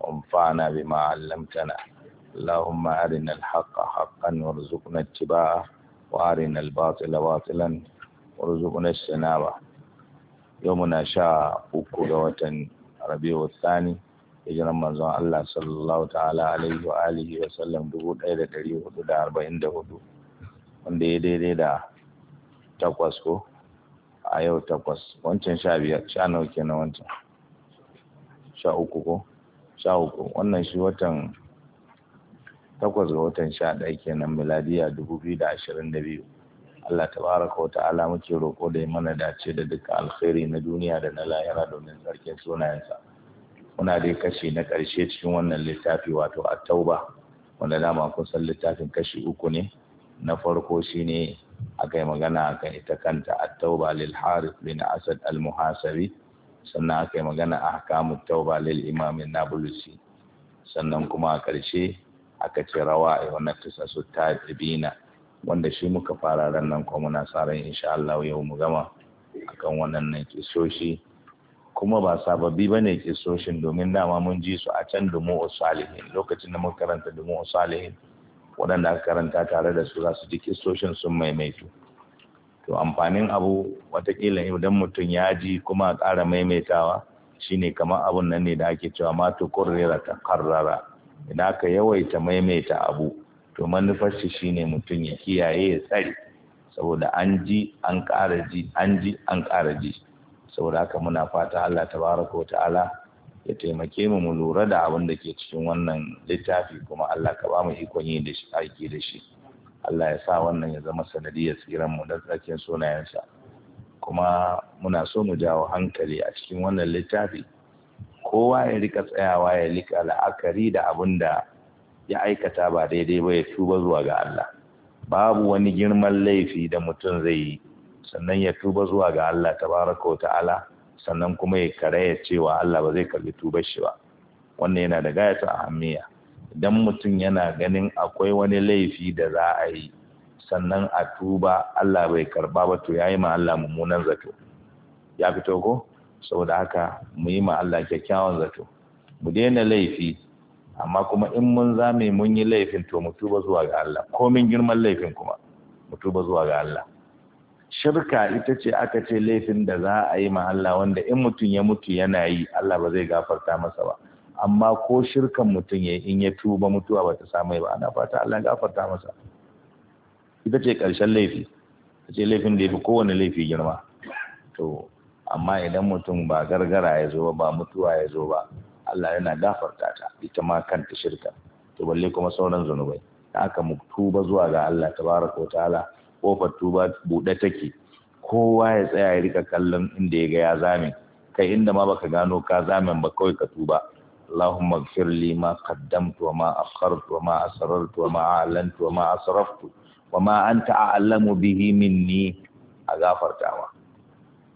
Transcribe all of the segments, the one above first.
وانفعنا بما علمتنا اللهم أرنا الحق حقا وارزقنا اتباعه وأرنا الباطل باطلا وارزقنا اجتنابه يومنا شاء أكل ربيع الثاني hijiran manzon Allah sallallahu ta'ala alaihi da ɗari da arba'in ya daidai da takwas a sha uku ko sha uku wannan shi watan takwas ga watan sha ɗaya kenan miladiya dubu biyu da ashirin da biyu Allah tabaraka wata alama muke roƙo da ya mana dace da duka alkhairi na duniya da na lahira domin sarkin sunayensa muna dai kashi na ƙarshe cikin wannan littafi wato a tauba wanda dama kusan littafin kashi uku ne na farko shine aka yi magana kan ita kanta at-tauba lil harith bin asad al-muhasari sannan aka yi magana a hakamun tauba lil imamin nabulusi sannan kuma a ƙarshe aka ce rawa a wannan tisa su ta ibina wanda shi muka fara rannan kuma muna sa ran insha Allah yau mu gama akan wannan nan kisoshi kuma ba sababbi ba ne kisoshin domin dama mun ji su a can dumu usalihin lokacin da muka karanta dumu salihin waɗanda aka karanta tare da su za su ji kisoshin sun maimaitu to amfanin abu watakila idan mutum ya ji kuma ƙara maimaitawa shine kamar abun nan ne da ake cewa ma to kurrera ta karrara idan aka yawaita maimaita abu to manufar shi shine mutum ya kiyaye ya tsare saboda an ji an ƙara ji an ji an ƙara ji saboda haka muna fata Allah tabaraka ta'ala ya taimake mu mu lura da abin da ke cikin wannan littafi kuma Allah ka ba mu ikon yi da shi aiki da shi Allah ya sa wannan ya zama sanadiyar tsiran mu da tsakin sunayensa kuma muna so mu jawo hankali a cikin wannan littafi kowa ya rika tsayawa ya rika la'akari da abin da ya aikata ba daidai ba ya tuba zuwa ga Allah babu wani girman laifi da mutum zai yi sannan ya tuba zuwa ga Allah tabaraka ta'ala sannan kuma ya ya cewa Allah ba zai karbi tubar shi ba wannan yana da a ahammiya dan mutum yana ganin akwai wani laifi da za a yi sannan a tuba Allah bai karba ba to yayi ma Allah mummunan zato ya fito ko saboda haka mu yi ma Allah kyakkyawan zato mu daina laifi amma kuma in mun zame mun yi laifin to mu tuba zuwa ga Allah komin girman laifin kuma mu tuba zuwa ga Allah shirka ita ce aka ce laifin da za a yi ma Allah wanda in mutum ya mutu yana yi Allah ba zai gafarta masa ba amma ko shirkan mutum ya in ya tuba mutuwa ba ta samu ba ana fata Allah gafarta masa ita ce ƙarshen laifi ta ce laifin da ya fi kowane laifi girma to amma idan mutum ba gargara ya zo ba mutuwa ya zo ba Allah yana gafarta ta ita ma kanta shirka to balle kuma sauran zunubai da aka mu tuba zuwa ga Allah tabaraka wa ta'ala kofar tuba buɗe take kowa ya tsaya ya rika kallon inda ya ga ya zame kai inda ma baka gano ka zamen ba kawai ka tuba اللهم اغفر لي ما قدمت وما أخرت وما أسررت وما أعلنت وما أسرفت وما أنت أعلم به مني أغافر تعوى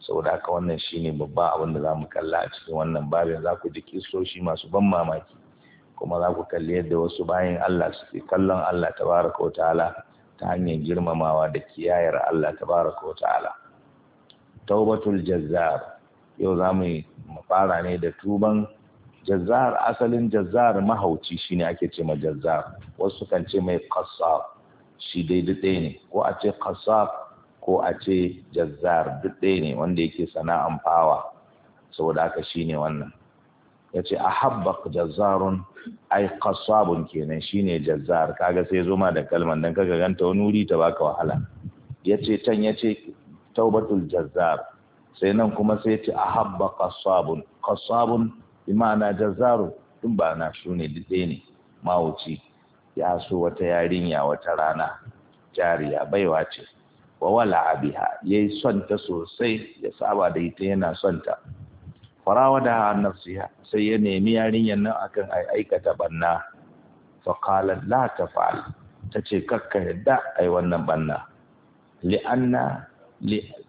saboda haka wannan shine babban abin da zamu kalla a cikin wannan babin za ku ji kisoshi masu ban mamaki kuma za ku kalli yadda wasu bayan Allah suke kallon Allah ta wa ta'ala ta hanyar girmamawa da kiyayar Allah ta wa ta'ala taubatul jazzar yau za mu fara ne da tuban jazzar asalin jazzar mahauci shine ake ce ma jazzar wasu kan ce mai qassab shi dai duk ne ko a ce qassab ko a ce jazzar duk ɗaya ne wanda yake sana'an fawa saboda haka shine wannan yace habbak jazzarun ai qassabun kenan shine jazzar kaga sai zo ma da kalman dan kaga ganta wani wuri ta baka wahala yace can yace taubatul jazzar sai nan kuma sai yace ahabba qassabun qassabun Imana jazaru tun ba na shi ne ne mawuci ya so wata yarinya wata rana jariya baiwa ce wa wala abiha yayi son ta sosai ya saba da ita yana sonta. ta farawa da nafsiya sai ya nemi yarinyar nan akan ai aikata banna la ta la ta ce kakka yadda ai wannan banna li'anna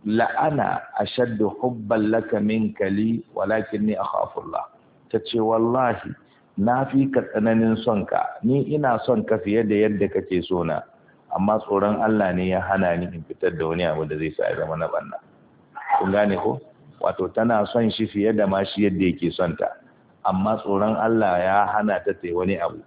la'ana ashaddu hubban laka kali walakin ne a Allah ta ce wallahi na fi ka tsananin son ka ni ina son ka fiye da yadda kake so na amma tsoron Allah ne ya hana ni in fitar da wani abu da zai sa ya zama na banna kun gane ko wato tana son shi fiye da ma shi yadda yake son ta amma tsoron Allah ya hana ta ta wani abu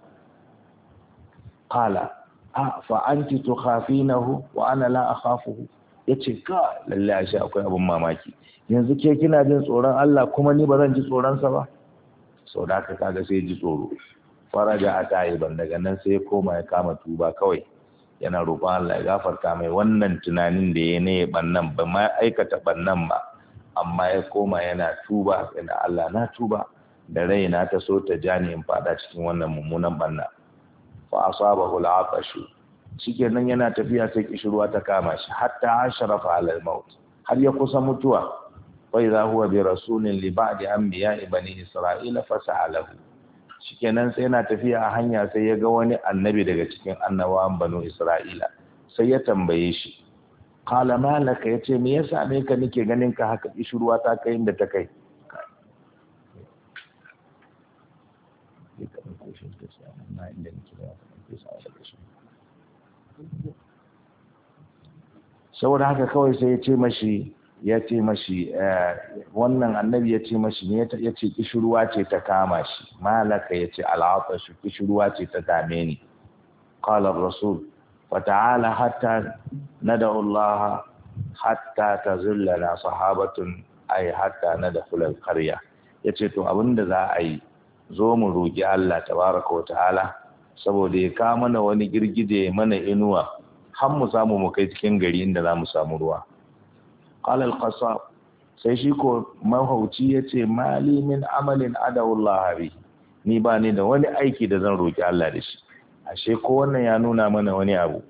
qala a fa anti tukhafinahu wa ana la akhafuhu yace ka lalle shi akwai abun mamaki yanzu ke kina jin tsoron Allah kuma ni ba zan ji tsoron sa ba sau da aka kaga sai ji tsoro faraja a ban daga nan sai ya koma ya kama tuba kawai yana roƙon Allah ya gafarta mai wannan tunanin da ya ne bannan ba ma aikata bannan ba amma ya koma yana tuba yana Allah na tuba da na ta so ta ja ni in fada cikin wannan mummunan banna fa asabahu al Cikin nan yana tafiya sai kishirwa ta kama shi hatta ashrafa sharafa al-maut har ya kusa mutuwa wa idza huwa bi rasulin li ba'di anbiya'i bani isra'ila fas'alahu shikenan sai yana tafiya a hanya sai ya ga wani annabi daga cikin annabawan banu isra'ila sai ya tambaye shi qala malaka yace me yasa me ka nake ganin ka haka ishurwa ta kai inda ta kai saboda haka kawai sai ya ce mashi ya ce mashi eh, wannan annabi ya ce mashi ne ya ce kishirwa ce ta kama shi malaka ya ce al'atashu kishirwa ce ta dame ni Kalar rasul wa ta'ala hatta da Allah hatta na sahabatun ai hatta na da fular karya Ya ce to abinda za a yi zo mu roƙi Allah tabaraka wa ta'ala saboda ya kama mana wani girgije mana inuwa har mu samu mu kai cikin gari inda za mu samu ruwa قال القصاب sai shi ko mahauci yace mali min amalin adawullah bi ni ba ni da wani aiki da zan roki Allah da shi ashe ko wannan ya nuna mana wani abu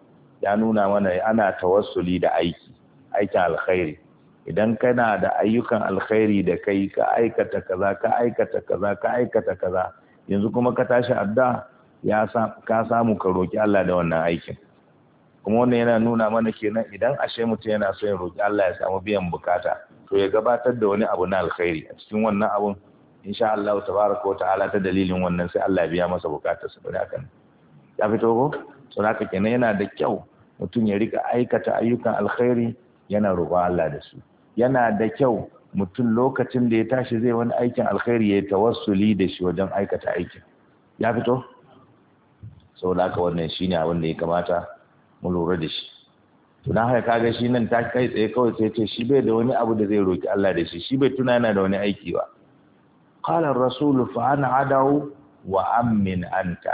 ya nuna mana ana tawassuli da aiki aikin alkhairi idan kana da ayyukan alkhairi da kai ka aikata kaza ka aikata kaza ka aikata kaza yanzu kuma ka tashi adda ya ka samu ka roki Allah da wannan aikin kuma wannan yana nuna mana kenan idan ashe mutum yana so ya roƙi Allah ya samu biyan bukata to ya gabatar da wani abu na alkhairi a cikin wannan abun insha Allah tabaraka ta'ala ta dalilin wannan sai Allah ya biya masa bukatar sa da kan ya fito ko to haka kenan yana da kyau mutum ya rika aikata ayyukan alkhairi yana roƙon Allah da su yana da kyau mutum lokacin da ya tashi zai wani aikin alkhairi ya yi tawassuli da shi wajen aikata aikin ya fito da haka wannan shine abin da ya kamata mu lura da shi to dan haka kaga shi nan ta kai tsaye kawai sai ce shi bai da wani abu da zai roki Allah da shi shi bai tuna yana da wani aiki ba qala ar-rasulu fa ana adau wa amin anta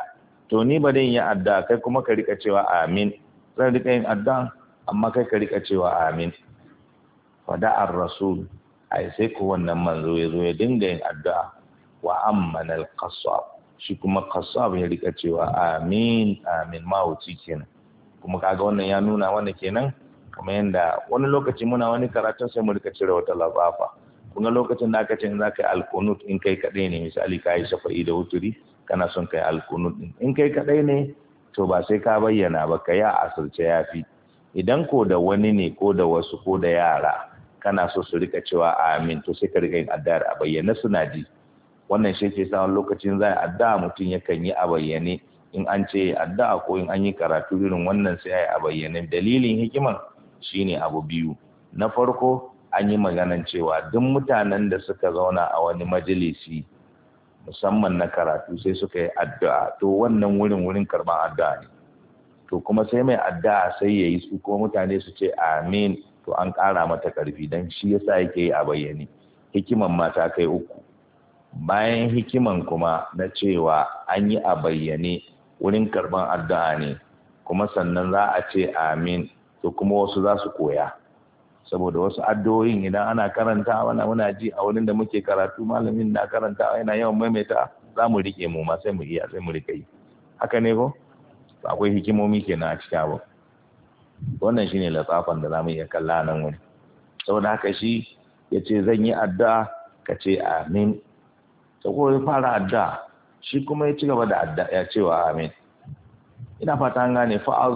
to ni ba dan yi adda kai kuma ka rika cewa amin zan rika yin addu'a amma kai ka rika cewa amin fa da ar-rasul ai sai ko wannan manzo ya zo ya dinga yin addu'a wa amman al-qassab shi kuma qassab ya rika cewa amin amin ma wuci kenan kuma kaga wannan ya nuna wannan kenan kuma yanda wani lokaci muna wani karatun sai mu rika cire wata lafafa kuma lokacin da aka ce in ka yi alkunut in kai kadai ne misali ka yi shafa'i da wuturi kana son ka yi alkunut din in kai kadai ne to ba sai ka bayyana ba ka ya asirce ya fi idan ko da wani ne ko da wasu ko da yara kana so su rika cewa amin to sai ka rika yin addu'ar a bayyane suna ji wannan shi ke sa lokacin za a addu'a mutum yakan yi a bayyane in an ce addu'a ko in an yi karatu irin wannan sai a bayyane dalilin hikimar shine abu biyu na farko an yi maganan cewa duk mutanen da suka zauna a wani majalisi musamman na karatu sai suka yi addu'a to wannan wurin wurin karban addu'a ne to kuma sai mai addu'a sai yayi su kuma mutane su ce amin to an ƙara mata ƙarfi don shi yasa yake yi a bayyane hikiman ma kai uku bayan hikiman kuma na cewa an yi a bayyane wurin karban addu'a ne kuma sannan za a ce amin to kuma wasu za su koya saboda wasu addu'o'in idan ana karanta wani muna ji a wurin da muke karatu malamin na karanta yana yawan maimaita za mu rike mu ma sai mu iya sai mu rike yi haka ne ko akwai hikimomi kenan a cikin abu wannan shine latsafan da zamu iya kalla nan wuri saboda haka shi yace zan yi addu'a ka ce amin ta ko fara addu'a shi kuma ya ci gaba da adda ya cewa amin ina fata an gane fa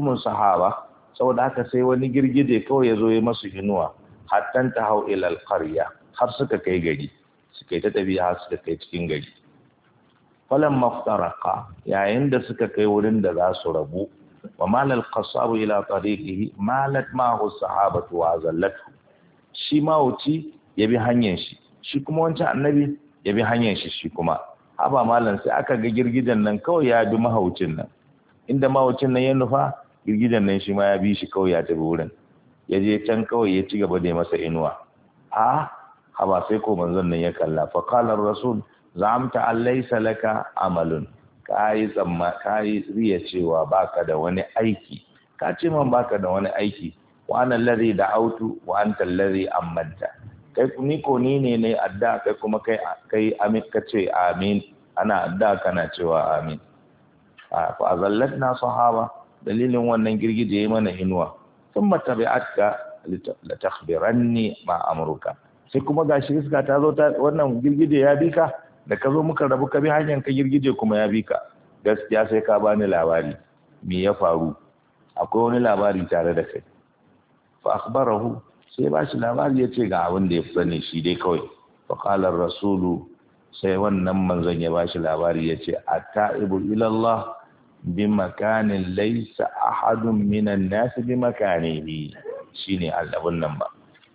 mun sahaba saboda haka sai wani girgije kawai ya zo ya masu inuwa hattan ta hau ilal qarya har suka kai gari suka yi ta tafiya har suka kai cikin gari falan maftaraka yayin da suka kai wurin da za su rabu wa malal qasabu ila tariqihi malat hu sahabatu wa zallatu shi mawuci ya bi hanyar shi shi kuma wancan annabi ya bi hanyar shi shi kuma haba malam sai aka ga girgijen nan kawai ya bi mahaucin nan inda mahaucin nan ya nufa girgijen nan shi ma ya bi shi kawai ya tafi wurin ya je can kawai ya ci gaba da masa inuwa a haba sai ko manzon nan ya kalla fa qala rasul zamta allaysa laka amalun kai zamma kai riya cewa baka da wani aiki ka ce man baka da wani aiki wa anallazi da'autu wa anta allazi amanta kai ni ko ni ne ne adda kai kuma kai kai amin ce amin ana adda kana cewa amin a fa zallatna sahaba dalilin wannan girgije yayi mana hinwa thumma tabi'atka la takhbiranni ma amruka sai kuma gashi iska ta zo ta wannan girgije ya bi ka da ka zo muka rabu ka bi hanyar ka girgije kuma ya bi ka gaskiya sai ka bani labari me ya faru akwai wani labari tare da kai fa akhbarahu sai ba shi labari ya ce ga abin da ya fi sani shi dai kawai faƙalar rasulu sai wannan manzon ya ba shi labari ya ce a ta'ibu ilallah bi makanin laisa ahadun minan nasu bi makanihi shine allabin nan ba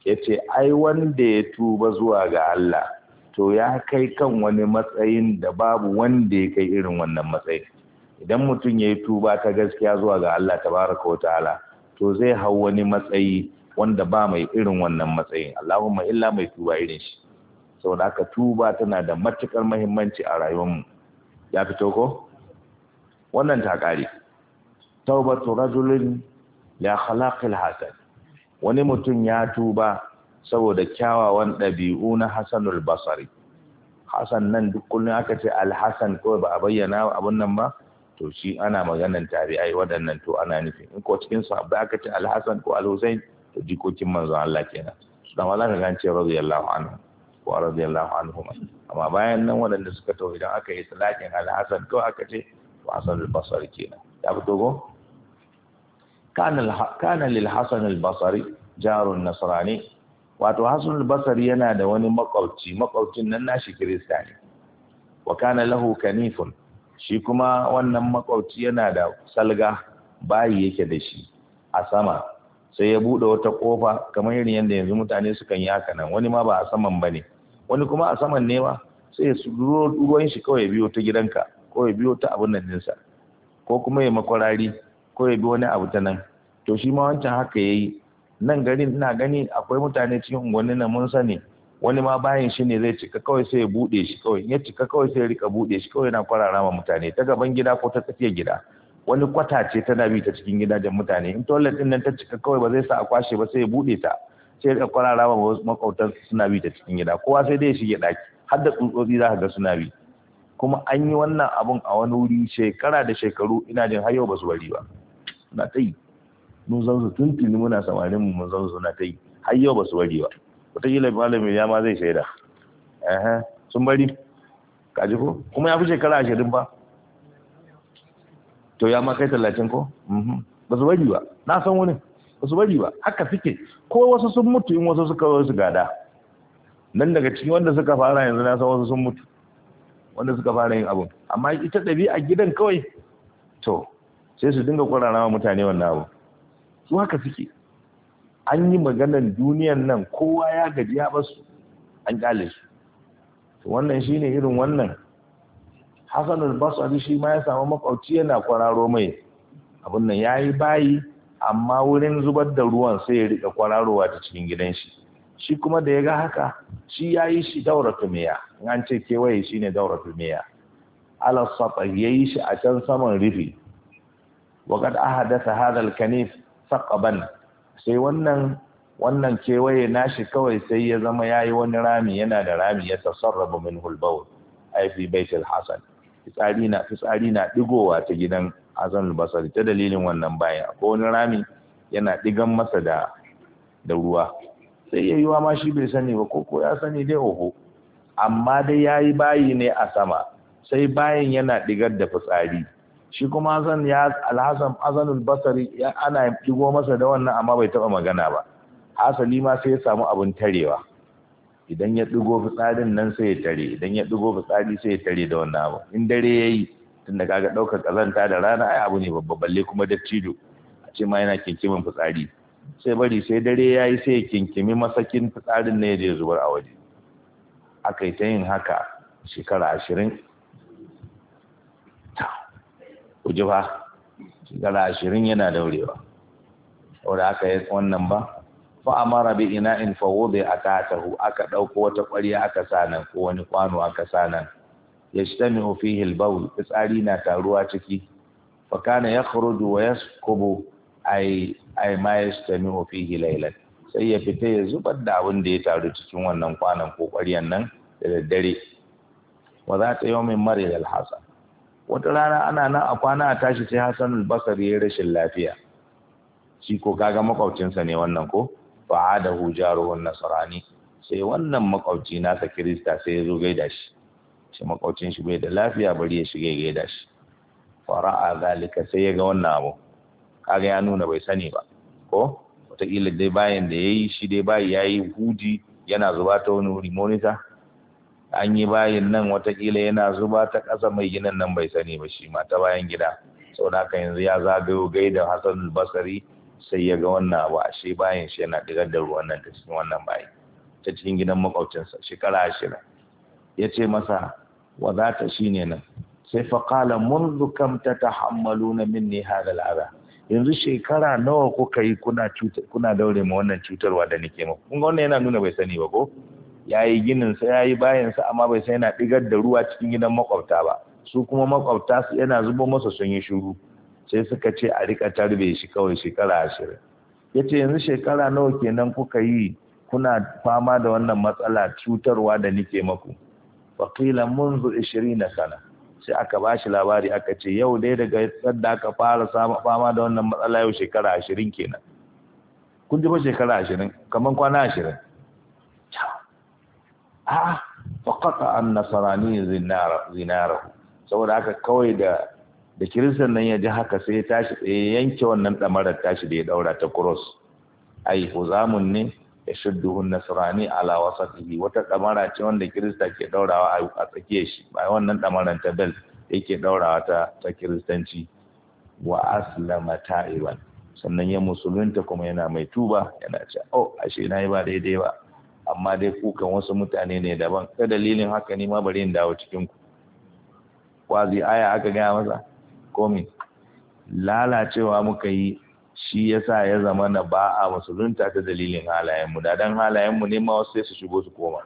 ya ce ai wanda ya tuba zuwa ga Allah to ya kai kan wani matsayin da babu wanda ya kai irin wannan matsayin idan mutum ya yi tuba ta gaskiya zuwa ga Allah ta wa ta'ala to zai hau wani matsayi wanda ba mai irin wannan matsayin Allahumma illa mai tuba irin shi saboda haka tuba tana da matukar muhimmanci a rayuwarmu ya fito ko wannan ta kare taubatu rajulin la khalaqil hasan wani mutum ya tuba saboda kyawawan ɗabi'u na hasanul Basari Hassan nan duk kullum aka ce alhasan ko ba a bayyana abun nan ba to shi ana maganan tabi'ai waɗannan to ana nufi in ko cikin ba aka ce Alhassan ko al jikokin manzo Allah kenan su da za ka gane cewa radiyallahu anhu wa radiyallahu anhu amma bayan nan waɗanda suka tawo idan aka yi talakin al-hasan to aka ce wa hasan al-basri kenan ya fito go kana kana lil hasan al-basri jarun nasrani wato hasan al-basri yana da wani makauci makaucin nan nashi kirista ne wa kana lahu kanifun shi kuma wannan makauci yana da salga bayi yake da shi a sama sai ya buɗe wata ƙofa kamar irin yadda yanzu mutane sukan yi haka nan wani ma ba a saman ba ne wani kuma a saman ne ma sai ya ruwan shi kawai biyo ta gidanka ko ya biyo ta abin nan dinsa ko kuma ya makwarari ko ya bi wani abu ta nan to shi ma wancan haka ya yi nan garin ina gani akwai mutane cikin unguwanni nan mun sani wani ma bayan shi ne zai cika kawai sai ya buɗe shi kawai ya cika kawai sai ya rika buɗe shi kawai yana kwarara ma mutane ta gaban gida ko ta tsakiyar gida wani kwata ce tana bi ta cikin gidajen mutane in toilet din nan ta cika kawai ba zai sa a kwashe ba sai ya bude ta sai ya kwarara ma makautan suna bi ta cikin gida kowa sai dai ya shige daki har da tsutsotsi za ka ga suna bi kuma an yi wannan abun a wani wuri shekara da shekaru ina jin har yau ba su bari ba na ta yi mun zan su tuntuni muna samarin mu mun zan su na ta yi har yau ba su bari ba wataƙila malamin ya ma zai shaida sun bari kaji ko kuma ya fi shekara ashirin ba to ya ma kai talatin ko mhm. ba su bari ba na san wani ba su bari ba haka suke ko wasu sun mutu in wasu suka wasu gada nan daga cikin wanda suka fara yanzu na san wasu sun mutu wanda suka fara yin abu amma ita ɗabi a gidan kawai to sai su dinga kwarara wa mutane wannan abu su haka suke an yi maganan duniyan nan kowa ya gaji ya basu an kyale su to wannan shine irin wannan hasanul basari shi ma ya samu makwabci yana kwararo mai abin nan ya yi bayi amma wurin zubar da ruwan sai ya riƙa kwararowa ta cikin gidan shi shi kuma da ya ga haka shi ya yi shi daura tumiya in an ce kewaye shi ne daura tumiya alasafa ya yi shi a can saman rufi waƙad ahadasa hadal kanif saƙaban sai wannan wannan kewaye nashi kawai sai ya zama ya yi wani rami yana da rami ya tasarrafa min hulbawar aifi baitul hasan fitsari na fitsari na digowa ta gidan Hassan al ta dalilin wannan bayan ko wani rami yana digan masa da da ruwa sai ya yiwa ma shi bai sani ba ko ko ya sani dai oho amma dai yayi bayi ne a sama sai bayan yana digar da fitsari shi kuma Hassan ya Al-Hasan Hassan al ana digo masa da wannan amma bai taba magana ba Asali ma sai ya samu abun tarewa idan ya ɗigo fitsarin nan sai ya tare idan ya ɗigo fitsari sai ya tare da wannan abu in dare ya yi tunda kaga ɗaukar ƙazanta da rana ai abu ne babba balle kuma dattijo a ce ma yana kinkimin fitsari sai bari sai dare ya yi sai ya kinkimi masakin fitsarin ne da ya zubar a waje aka yi ta yin haka shekara ashirin ku shekara ashirin yana daurewa saboda aka yi wannan ba fa amara bi ina'in fa wudi'a aka dauko wata ƙwarya aka sa nan ko wani kwano aka sa nan yajtami'u fihi al-bawl tsari na taruwa ciki fa kana yakhruju wa yaskubu ay ay ma yajtami'u fihi laylan sai ya fita ya zuba da abin da ya taru cikin wannan kwanan ko ƙwaryan nan da daddare wa za ta yawmin min al-hasan wata rana ana nan a kwana a tashi sai Hassan al-Basri ya rashin lafiya shi ko kaga makwabcinsa ne wannan ko fa'adahu jaruhun nasarani sai wannan makwabci nasa kirista sai ya zo gaida shi shi makaucin shi bai da lafiya bari ya shiga gaida shi fara'a zalika sai ya ga wannan abu kaga ya nuna bai sani ba ko wataƙila dai bayan da ya yi shi dai bayi ya yi huji yana zuba ta wani wuri monita an yi bayin nan wataƙila yana zuba ta ƙasa mai ginin nan bai sani ba shi ma ta bayan gida da haka yanzu ya zagayo gaida hasan basari sai ya ga wannan abu ashe bayan shi yana digar da ruwan nan da cikin wannan bayi ta cikin gidan makwabcinsa shekara ashirin ya ce masa wa za ta shi ne nan sai faƙala Mundu kam ta tahammalu na min minni hada al'ada yanzu shekara nawa kuka yi kuna kuna daure ma wannan cutarwa da nake muku kun ga wannan yana nuna bai sani ba ko Ya yi ginin sa ya yi bayan sa amma bai san yana ɗigar da ruwa cikin gidan makwabta ba su kuma makwabta yana zubo masa sun yi shuru. sai suka ce a rika tarbe shi kawai shekara ashirin ya ce yanzu shekara nawa kenan kuka yi kuna fama da wannan matsala cutarwa da nike maku faƙila munzu ishirin na sana sai aka ba shi labari aka ce yau dai daga yadda aka fara fama da wannan matsala yau shekara ashirin kenan kun ji ba shekara ashirin kamar kwana ashirin a ah, faƙaƙa an nasarani zinara saboda haka kawai da da kiristan nan ya ji haka sai ya tashi tsaye yanke wannan ɗamarar tashi da ya ɗaura ta cross ai huzamun ne ya hun nasrani ala wasafihi wata ɗamara ce wanda kirista ke ɗaurawa a tsakiyar shi ba wannan ɗamarar ta bel yake ɗaurawa ta ta kiristanci wa aslama ta'iban sannan ya musulunta kuma yana mai tuba yana ce oh ashe na yi ba daidai ba amma dai kukan wasu mutane ne daban ta dalilin haka ne ma bari in dawo cikin ku wazi aya aka gaya masa komi lalacewa muka yi shi yasa ya zama na ba a musulunta ta dalilin halayenmu da dan halayenmu ne ma wasu sai su shigo su koma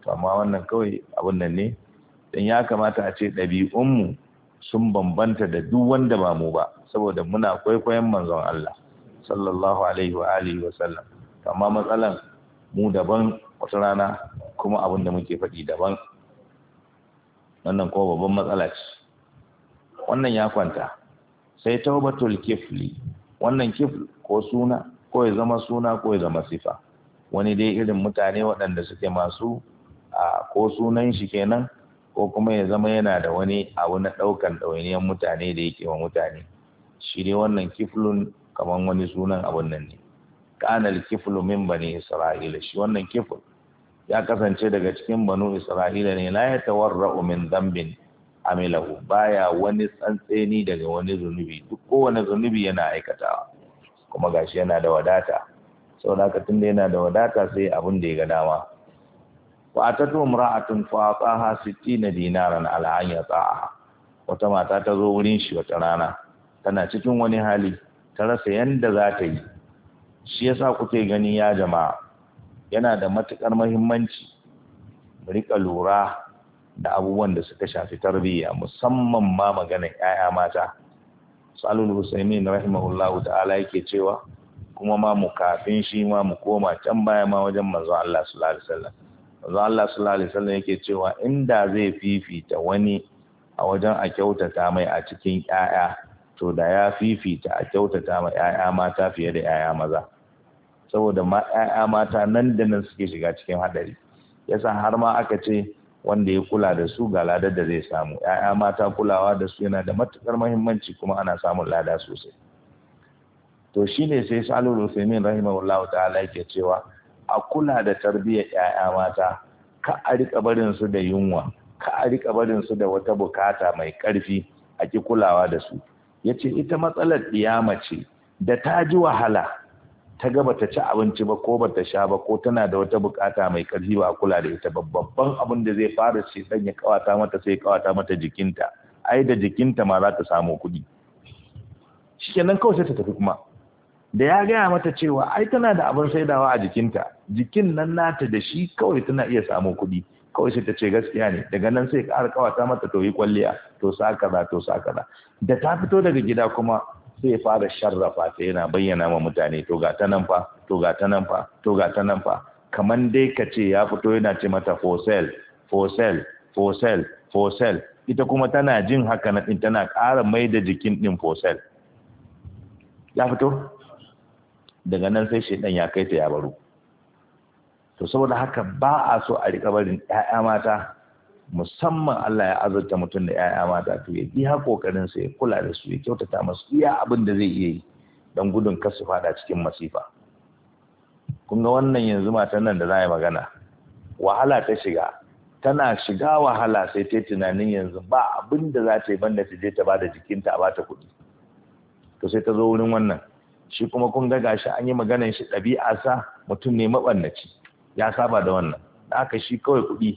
to amma wannan kawai abun nan ne dan ya kamata a ce ɗabi'unmu sun bambanta da duk wanda ba mu ba saboda muna kwaikwayon manzon Allah sallallahu alaihi wa alihi wa sallam amma matsalan mu daban wata rana kuma abin da muke faɗi daban wannan kuma babban matsala ce wannan ya kwanta sai taubatul kifli wannan kifl ko suna ko ya zama suna ko ya zama sifa wani dai irin mutane waɗanda suke masu a ko sunan shi kenan ko kuma ya zama yana da wani abu na ɗaukan ɗawainiyar mutane da yake wa mutane shi ne wannan kiflun kamar wani sunan abun nan ne kanal kiflu min bani isra'ila shi wannan kifl ya kasance daga cikin banu isra'ila ne la yatawarra'u min zambin. amilahu baya wani tsantseni daga wani zunubi duk kowane zunubi yana aikatawa kuma gashi yana da wadata sau da tun da yana da wadata sai abin da ya ga dama wa atatu imra'atun fa ataha na dinaran ala ya wata mata ta zo wurin shi wata rana tana cikin wani hali ta rasa yadda za ta yi shi yasa kuke gani ya jama'a yana da matukar muhimmanci rika lura da abubuwan da suka shafi tarbiyya musamman ma maganar 'ya'ya mata salul husaimin rahimahullahu ta'ala yake cewa kuma ma mu kafin shi ma mu koma can baya ma wajen Manzo Allah sallallahu alaihi wasallam Manzo Allah sallallahu alaihi wasallam yake cewa inda zai fifita wani a wajen a kyautata mai a cikin 'ya'ya to da ya fifita a kyautata ma 'ya'ya mata fiye da 'ya'ya maza saboda ma 'ya'ya mata nan da nan suke shiga cikin hadari yasa har ma aka ce wanda ya kula da su ga lada da zai samu ‘ya'ya mata kulawa da su yana da matukar mahimmanci kuma ana samun lada sosai to shine ne sai salul usaimin rahimahullahu ta'ala yake cewa a kula da tarbiyyar ‘ya'ya mata ka a rika barin su da yunwa ka a rika barin su da wata bukata mai ƙarfi a ki kulawa da su yace ita matsalar ɗiyama ce da ta ji wahala ta gaba ta ci abinci ba ko bata sha ba ko tana da wata bukata mai karfi ba a kula da ita ba babban abin da zai fara shi dan ya kawata mata sai kawata mata jikinta ai da jikinta ma za ta samu kuɗi shikenan kawai sai ta tafi kuma da ya gaya mata cewa ai tana da abin saidawa a jikinta jikin nan nata da shi kawai tana iya samu kuɗi kawai sai ta ce gaskiya ne daga nan sai ƙara kawata mata to yi kwalliya to sa kaza to sa da ta fito daga gida kuma sai fara sharrafa ta yana bayyana ma mutane to ga ta nan fa to ga ta nan fa to ga ta nan fa kaman dai ka ce ya fito yana ce mata for sale for sale for sale for sale ita kuma tana jin haka na din tana ƙara mai da jikin din for sale ya fito daga nan sai shedan ya kai ta ya baro to saboda haka ba a so a riƙa barin ƴaƴa mata musamman Allah ya azurta mutum da ‘ya'ya mata to ya biya kokarin sa ya kula da su ya kyautata masu iya abin da zai iya yi don gudun kar su fada cikin masifa kun ga wannan yanzu matan nan da za magana wahala ta shiga tana shiga wahala sai ta tunanin yanzu ba abin da za ta yi banda ta je ta ba da jikinta a bata kuɗi to sai ta zo wurin wannan shi kuma kun ga gashi an yi maganan shi ɗabi'a sa mutum ne maɓannaci ya saba da wannan da aka shi kawai kuɗi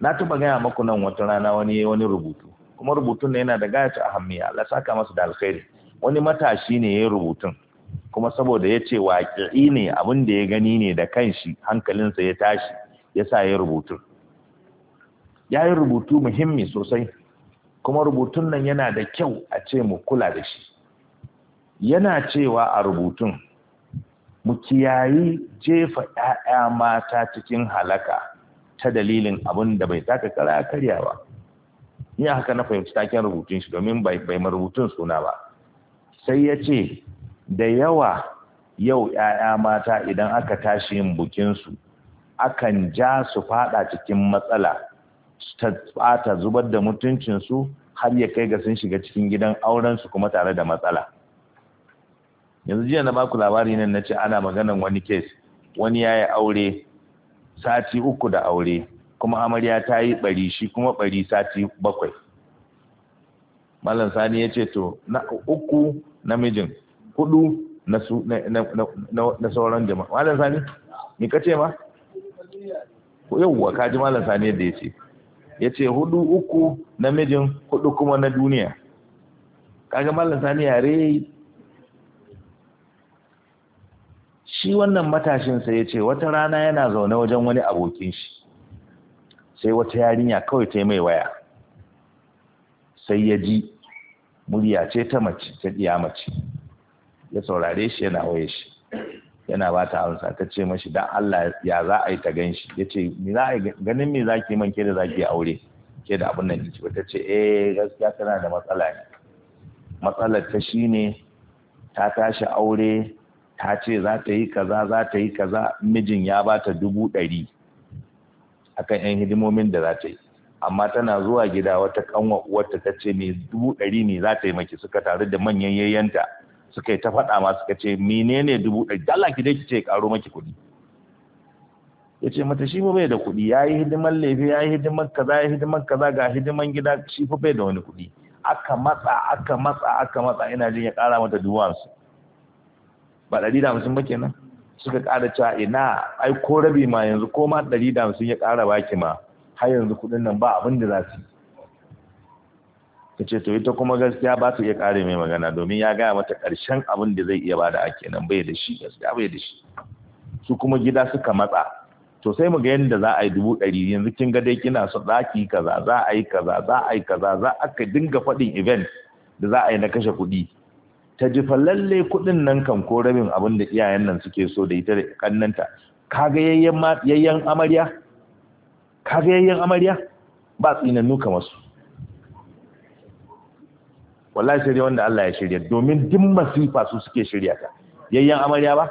na taba gaya maku nan wata rana wani yi wani rubutu kuma rubutun ne yana da gayatu ahammiya Allah saka masa da alkhairi wani matashi ne ya yi rubutun kuma saboda ya ce waƙi ne abin da ya gani ne da kanshi hankalinsa ya tashi ya sa ya rubutu ya yi rubutu muhimmi sosai kuma rubutun nan yana da kyau a ce mu kula da shi yana cewa a rubutun mu kiyayi jefa ‘ya'ya mata cikin halaka ta dalilin abin da bai taka kara karya ba ni haka na fahimci taken rubutun shi domin bai bai marubutun suna ba sai ya ce da yawa yau ‘ya'ya mata idan aka tashi yin bukinsu akan ja su fada cikin matsala ta tsata zubar da mutuncinsu har ya kai ga sun shiga cikin gidan aurensu kuma tare da matsala yanzu jiya na baku labari nan na ce ana maganan wani kes wani ya yi aure sati uku da aure kuma amarya ta yi bari shi kuma bari sati bakwai malam sani ya ce to na uku namijin hudu na su na sauran jama'a malam sani ni ka ce ma yauwa ka ji malam sani yadda ya ce ya ce hudu uku namijin hudu kuma na duniya kaga malam sani yare shi wannan matashin sai ya ce wata rana yana zaune wajen wani abokin shi sai wata yarinya kawai ta mai waya sai ya ji murya ce ta mace ta diya mace ya saurare shi yana waye shi yana ba ta amsa ta ce mashi dan Allah ya za a yi ta gan shi ya ce ganin me za ki man ke da za ki aure ke da abin nan ki ba ta ce eh gaskiya tana da matsala ne matsalar ta shine ta tashi aure ta ce za ta yi kaza za ta yi kaza mijin ya ba ta dubu ɗari akan yan hidimomin da za ta yi amma tana zuwa gida wata kanwa wata ta ce mai dubu ɗari ne za ta yi maki suka taru da manyan yayyanta suka yi ta faɗa ma suka ce menene dubu ɗari dala ki dai ki ce karo maki kuɗi ya ce mata shi bai da kuɗi ya yi hidiman lefe ya yi hidiman kaza ya yi hidiman kaza ga hidiman gida shi bai da wani kuɗi aka matsa aka matsa aka matsa ina jin ya ƙara mata dubu hamsin ba ɗari da hamsin ba kenan suka ƙara cewa ina ai ko rabi ma yanzu ko ma ɗari da hamsin ya ƙara baki ma har yanzu kuɗin nan ba abin da za su yi ta ce to ita kuma gaskiya ba su iya ƙare mai magana domin ya gaya mata ƙarshen abin da zai iya bada a kenan bai da shi gaskiya bai da shi su kuma gida suka matsa to sai mu ga yadda za a yi dubu ɗari yanzu kin ga dai kina so za ki kaza za a yi kaza za a yi kaza za a dinga faɗin event da za a yi na kashe kuɗi ta ji lalle kuɗin nan kan ko rabin abin da iyayen nan suke so da ita da kannanta kaga yayyan amarya kaga yayyan amarya ba tsinannu kamar su wallahi sai wanda Allah ya shirya domin din masifa su suke shirya ta yayyan amarya ba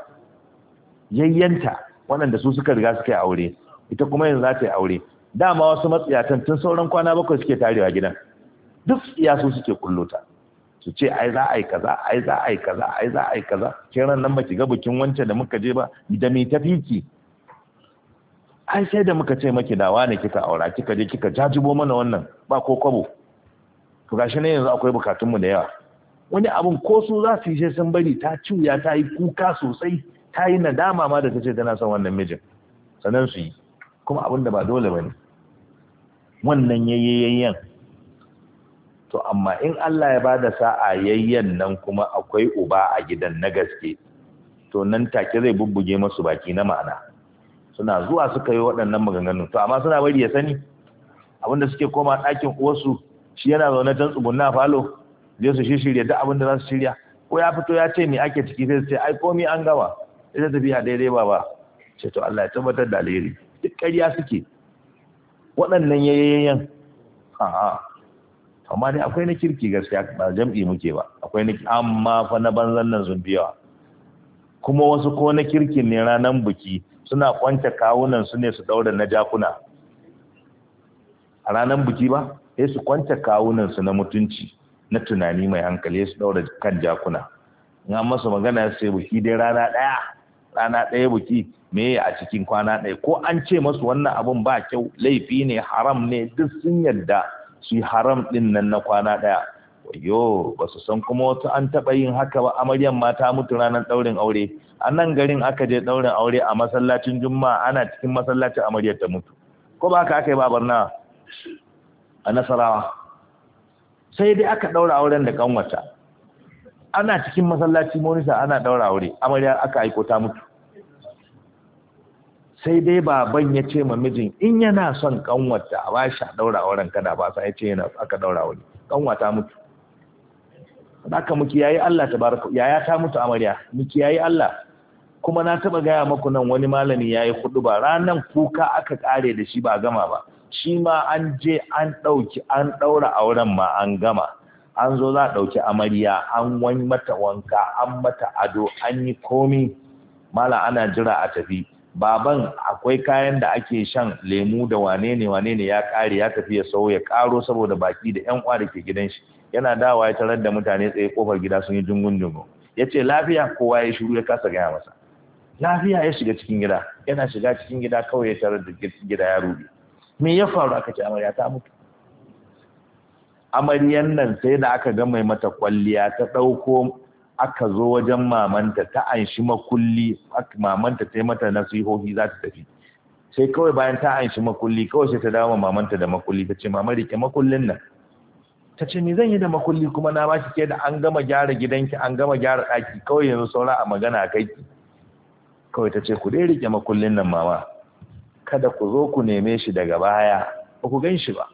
yayyanta waɗanda su suka riga suka yi aure ita kuma yanzu za ta yi aure dama wasu matsiyatan tun sauran kwana bakwai suke tarewa gidan duk iya su suke kullota su ce ai za a yi kaza ai za a yi kaza ai za a yi kaza Kiran ran nan baki ga bikin wancan da muka je ba da me tafi ai sai da muka ce maki da ne kika aura kika je kika jajibo mana wannan ba ko kwabo to gashi ne yanzu akwai bukatun mu da yawa wani abun ko su za su yi sai bari ta cuya ta yi kuka sosai ta yi nadama ma da ta ce tana son wannan mijin sannan su yi kuma abin da ba dole ba ne wannan yayyayyen to amma in Allah ya bada sa'a yayyan nan kuma akwai uba a gidan na gaske to nan take zai bubbuge masu baki na ma'ana suna zuwa suka yi waɗannan maganganu to amma suna bari ya sani abinda suke koma ɗakin uwarsu shi yana zaune can na falo zai su shirya duk abinda za su shirya ko ya fito ya ce me ake ciki sai su ce ai komi an gama ta tafiya daidai ba ba ce to Allah ya tabbatar da alheri duk ƙarya suke waɗannan yayyayen a'a amma dai akwai na kirki gaskiya ba jam'i muke ba akwai na amma fa na banzan nan sun yawa kuma wasu ko na kirki ne ranan buki suna kwanta kawunan su ne su daura na jakuna a ranan buki ba sai su kwanta kawunan su na mutunci na tunani mai hankali su daura kan jakuna in an masa magana sai buki dai rana daya rana daya buki me a cikin kwana daya ko an ce masu wannan abun ba kyau laifi ne haram ne duk sun yarda su yi haram ɗin nan na kwana ɗaya wayo ba su san kuma wasu an taɓa yin haka ba amaryan ma ta mutu ranar ɗaurin aure a nan garin aka je ɗaurin aure a masallacin juma'a ana cikin masallacin amaryar ta mutu ko ba haka aka yi babar na a nasarawa sai dai aka ɗaura auren da kanwata ana cikin masallaci monisa ana ɗaura aure amarya aka aiko ta mutu sai dai baban ya ce ma mijin in yana son kanwata a bashi a daura auren kada ba sai ya ce yana aka daura wani kanwata mutu haka muki yayi Allah tabaraka yaya ta mutu amarya muki yayi Allah kuma na taba gaya maku nan wani malami yayi hudu ba ranan kuka aka kare da shi ba gama ba shi ma an je an dauki an daura auren ma an gama an zo za a dauki amarya an wani mata wanka an mata ado an yi komi mala ana jira a tafi baban akwai kayan da ake shan lemu da wane ne wane ne ya kare ya tafi ya sau ya karo saboda baki da yan uwa da ke gidan shi yana dawa ya tarar da mutane tsaye kofar gida sun yi jungun jungun ya ce lafiya kowa ya shiru ya kasa gaya masa lafiya ya shiga cikin gida yana shiga cikin gida kawai ya tarar da gida ya rubi me ya faru aka ce amarya ta mutu amaryan nan sai da aka ga mai mata kwalliya ta ɗauko aka zo wajen mamanta ta anshi makulli mamanta ta yi mata nasihohi za ta tafi sai kawai bayan ta anshi makulli kawai sai ta dawo mamanta da makulli ta ce mama rike makullin nan ta ce me zan yi da makulli kuma na ba shi ke da an gama gyara gidanki an gama gyara ɗaki kawai yanzu saura a magana a kai kawai ta ce ku dai rike makullin nan mama kada ku zo ku neme shi daga baya ba ku gan shi ba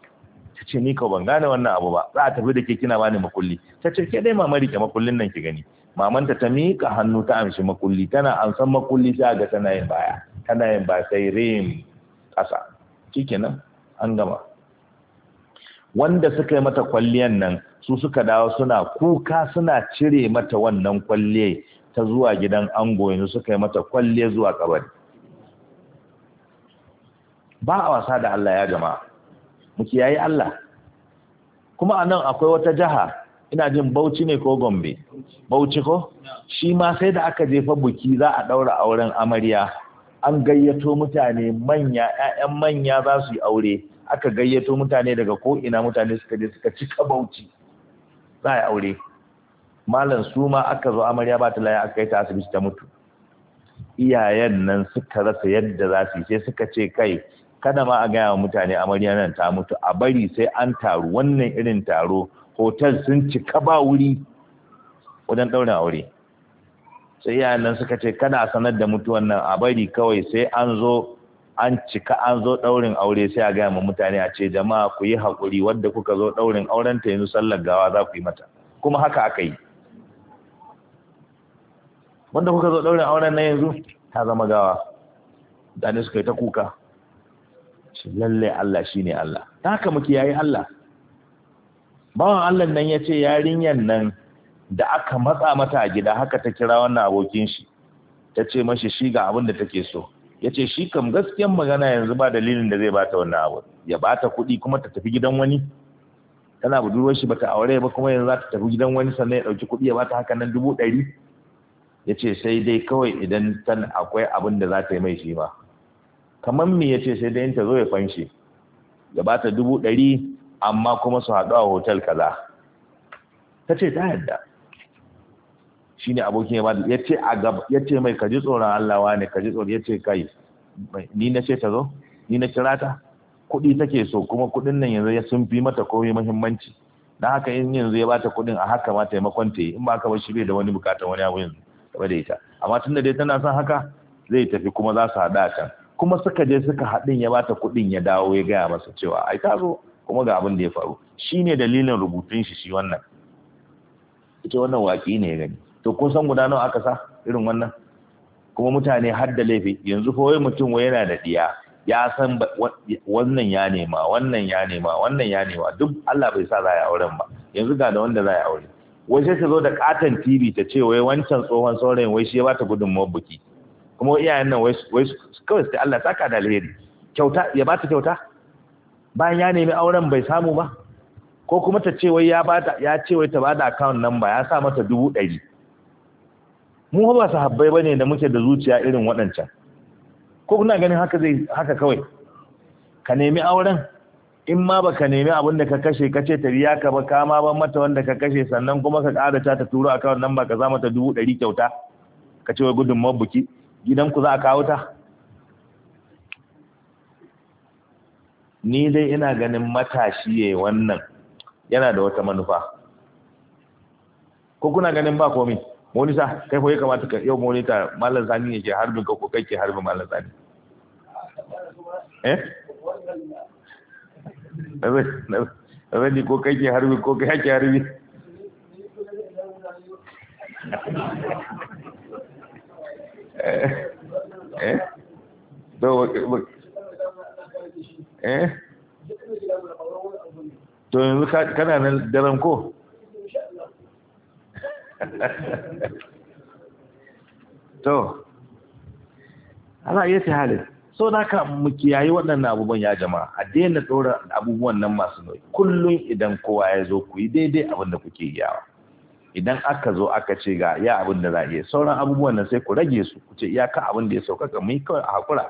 ta ce ni ka ban gane wannan abu ba za a tafi da ke kina bani makulli ta ce ke dai mama rike makullin nan ki gani mamanta ta miƙa hannu ta amshi makulli tana san makulli sai ga tana yin baya tana yin ba sai rim ƙasa shikenan an gama wanda suka yi mata kwalliyan nan su suka dawo suna kuka suna cire mata wannan kwalliye ta zuwa gidan ango yanzu suka yi mata kwalliye zuwa kabari ba a wasa da Allah ya jama'a mu kiyaye Allah kuma anan akwai wata jaha ina jin Bauchi ne ko Gombe Bauchi ko shi ma sai da aka jefa buki za a daura auren amarya an gayyato mutane manya ƴaƴan manya za su yi aure aka gayyato mutane daga ko ina mutane suka je suka cika Bauchi za a aure malam su ma aka zo amarya ba ta laya aka yi ta asibiti ta mutu iyayen nan suka rasa yadda za su yi sai suka ce kai kada ma a gaya wa mutane amarya nan ta mutu a bari sai an taru wannan irin taro hotel sun cika ba wuri wajen ɗaurin aure sai iyayen nan suka ce kada sanar da mutuwan nan a bari kawai sai an zo an cika an zo ɗaurin aure sai a gaya ma mutane a ce jama'a ku yi haƙuri wadda kuka zo ɗaurin auren ta yanzu sallar gawa za ku yi mata kuma haka aka yi wanda kuka zo ɗaurin auren na yanzu ta zama gawa da suka yi ta kuka lalle Allah shine Allah haka muke yayi Allah bawan Allah nan ya ce yarinyan nan da aka matsa mata a gida haka ta kira wannan abokin shi ta ce mashi shi ga abin da take so ya ce shi kam gaskiyan magana yanzu ba dalilin da zai bata wannan abu ya bata kuɗi kuma ta tafi gidan wani tana budurwar shi bata aure ba kuma yanzu za ta tafi gidan wani sannan ya ɗauki kuɗi ya bata haka nan dubu ɗari ya ce sai dai kawai idan tan akwai abin da za ta yi mai shi ma kamar me yace sai dai ta zo ya fanshe ya ba ta dubu ɗari amma kuma su haɗu a hotel kaza ta ce ta yadda shi ne abokin ya bada ya ce a mai kaji tsoron Allah ne kaji tsoron ya ce kai ni na ce ta zo ni na kira ta kuɗi take so kuma kuɗin nan yanzu ya sun fi mata komai muhimmanci dan haka in yanzu ya bata kuɗin a haka ma taimakon ta yi in ba ka ba shi bai da wani bukatar wani abu yanzu da ita amma tun da dai tana son haka zai tafi kuma za su a can kuma suka je suka haɗin ya bata kuɗin ya dawo ya gaya masa cewa ai ka zo kuma ga abin da ya faru Shi ne dalilin rubutun shi shi wannan ita wannan waƙi ne ya gani to kun san guda nawa aka sa irin wannan kuma mutane har da laifi yanzu ko wai mutum wai yana da diya ya san wannan ya nema wannan ya nema wannan ya nema duk Allah bai sa za ya auren ba yanzu ga da wanda za ya aure wai sai ta zo da katon TV ta ce wai wancan tsohon saurayin wai shi ya bata gudunmawar buki kuma iyayen nan wai kawai su Allah saka da alheri kyauta ya bata kyauta bayan ya nemi auren bai samu ba ko kuma ta ce wai ya bata ya ce wai ta bada account number ya sa mata dubu ɗari mu ba sahabbai bane da muke da zuciya irin waɗancan ko kuna ganin haka zai haka kawai ka nemi auren in ma baka nemi abin da ka kashe ka ce ta riya ka ba kama ban mata wanda ka kashe sannan kuma ka ƙara ta ta turo account number ka za mata dubu ɗari kyauta ka ce wai gudun mabuki gidanku za a kawo ta ni dai ina ganin matashi yayi wannan yana da wata manufa ko kuna ganin ba komi monita kai ko ya kamata ka yau monita mallan sani ke harbin ka ko ke harbin mallan sani eh ni ko kai ke harbi ko kai ke harbi Eh? Eh? eh to yanzu kana nan daren ko to ala iya fi so da ka mu kiyaye waɗannan abubuwan ya jama'a a daina tsoron abubuwan nan masu nau'i kullum idan kowa ya zo ku yi daidai abin da kuke yawa idan aka zo aka ce ga ya abin da za a iya sauran abubuwan nan sai ku rage su ku ce iyaka abin da ya saukaka mu yi kawai a hakura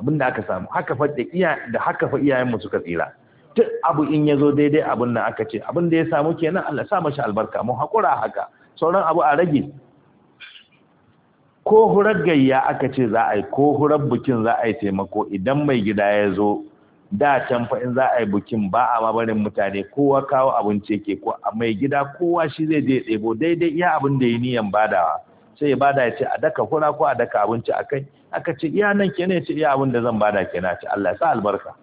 abin da aka samu haka fa da iya da haka fa iyayen mu suka tsira duk abu in ya zo daidai abin nan aka ce abin da ya samu kenan Allah sa mashi albarka mu hakura haka sauran abu a rage ko hurar gayya aka ce za a yi ko hurar bikin za a yi taimako idan mai gida ya zo da can fa in za a yi bukin ba a ma barin mutane kowa kawo abinci yake ko a mai gida kowa shi zai je ɗebo daidai iya abin da ya niyan badawa sai ya bada ya ce a daka kura ko a daka abinci a kai aka ce iya nan kenan ya ce iya abin da zan bada kenan ce Allah ya sa albarka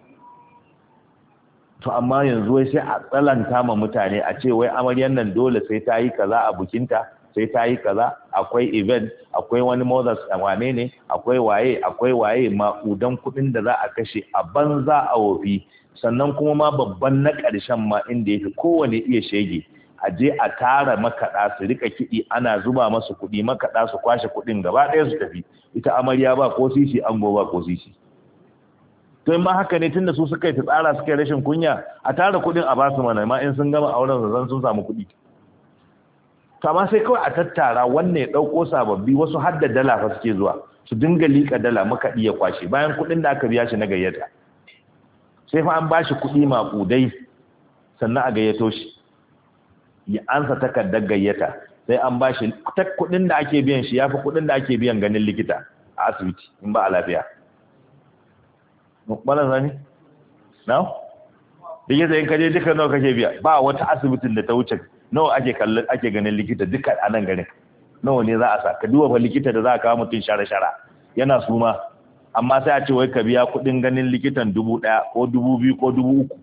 to amma yanzu wai sai a tsalanta ma mutane a ce wai amaryar nan dole sai ta yi kaza a bukinta sai ta yi kaza akwai event akwai wani mothers wane ne akwai waye akwai waye maƙudan kuɗin da za a kashe a banza a wofi sannan kuma ma babban na ƙarshen ma inda yake kowane iya shege a je a tara makaɗa su rika kiɗi ana zuba masu kuɗi makaɗa su kwashe kuɗin gaba ɗaya su tafi ita amarya ba ko sisi ango ba ko sisi to in ma haka ne tunda su suka yi tsara suka yi rashin kunya a tara kuɗin a basu mana ma in sun gama auren zan sun samu kuɗi amma sai kawai a tattara wannan ya ɗauko sababbi wasu hadda dala fa suke zuwa su dinga liƙa dala maka iya kwashe bayan kuɗin da aka biya shi na gayyata sai fa an ba shi kuɗi maƙudai sannan a gayyato shi ya ansa takardar gayyata sai an ba shi kuɗin da ake biyan shi ya fi kuɗin da ake biyan ganin likita a asibiti in ba a lafiya. Mukbala zani? Na? Da ke zai kaje duka nawa kake biya ba wata asibitin da ta wuce nawa ake kallon ake ganin likita duka a nan ganin? nawa ne za a sa ka duba fa likita da za a kawo mutum shara shara yana suma amma sai a ce wai ka biya kuɗin ganin likitan dubu ɗaya ko dubu biyu ko dubu uku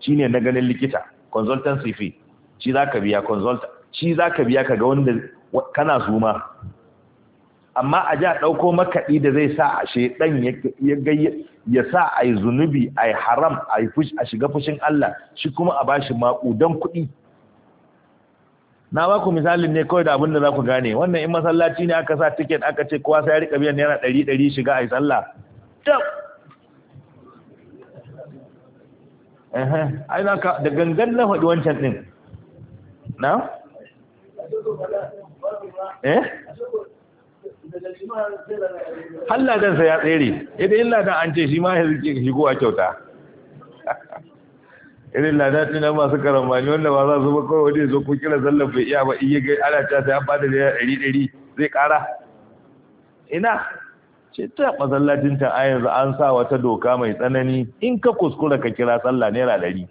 shine na ganin likita consultancy fee shi za ka biya consult shi za ka biya ka ga wanda kana suma amma a ja ɗauko makaɗi da zai sa a shaidan ya sa a yi zunubi a yi haram a shiga fushin Allah shi kuma a bashi maƙudan kuɗi na ba ku misalin ne kawai da abin da za ku gane wannan in masallaci ne aka sa tiket aka ce kowa sai ya rika biyan naira ɗari ɗari shiga a yi sallah tab ai na ka da gangan na faɗi wancan ɗin na eh halladan ya tsere idan yin dan an ce shi ma ya kowa kyauta irin ladati na masu karamani wanda ba za su ba kawai wani zo ko kira sallar bai iya ba iya ga ana ta sai an bada da ɗari ɗari zai ƙara ina ce ta masallacin ta a yanzu an sa wata doka mai tsanani in ka kuskura ka kira sallah naira ɗari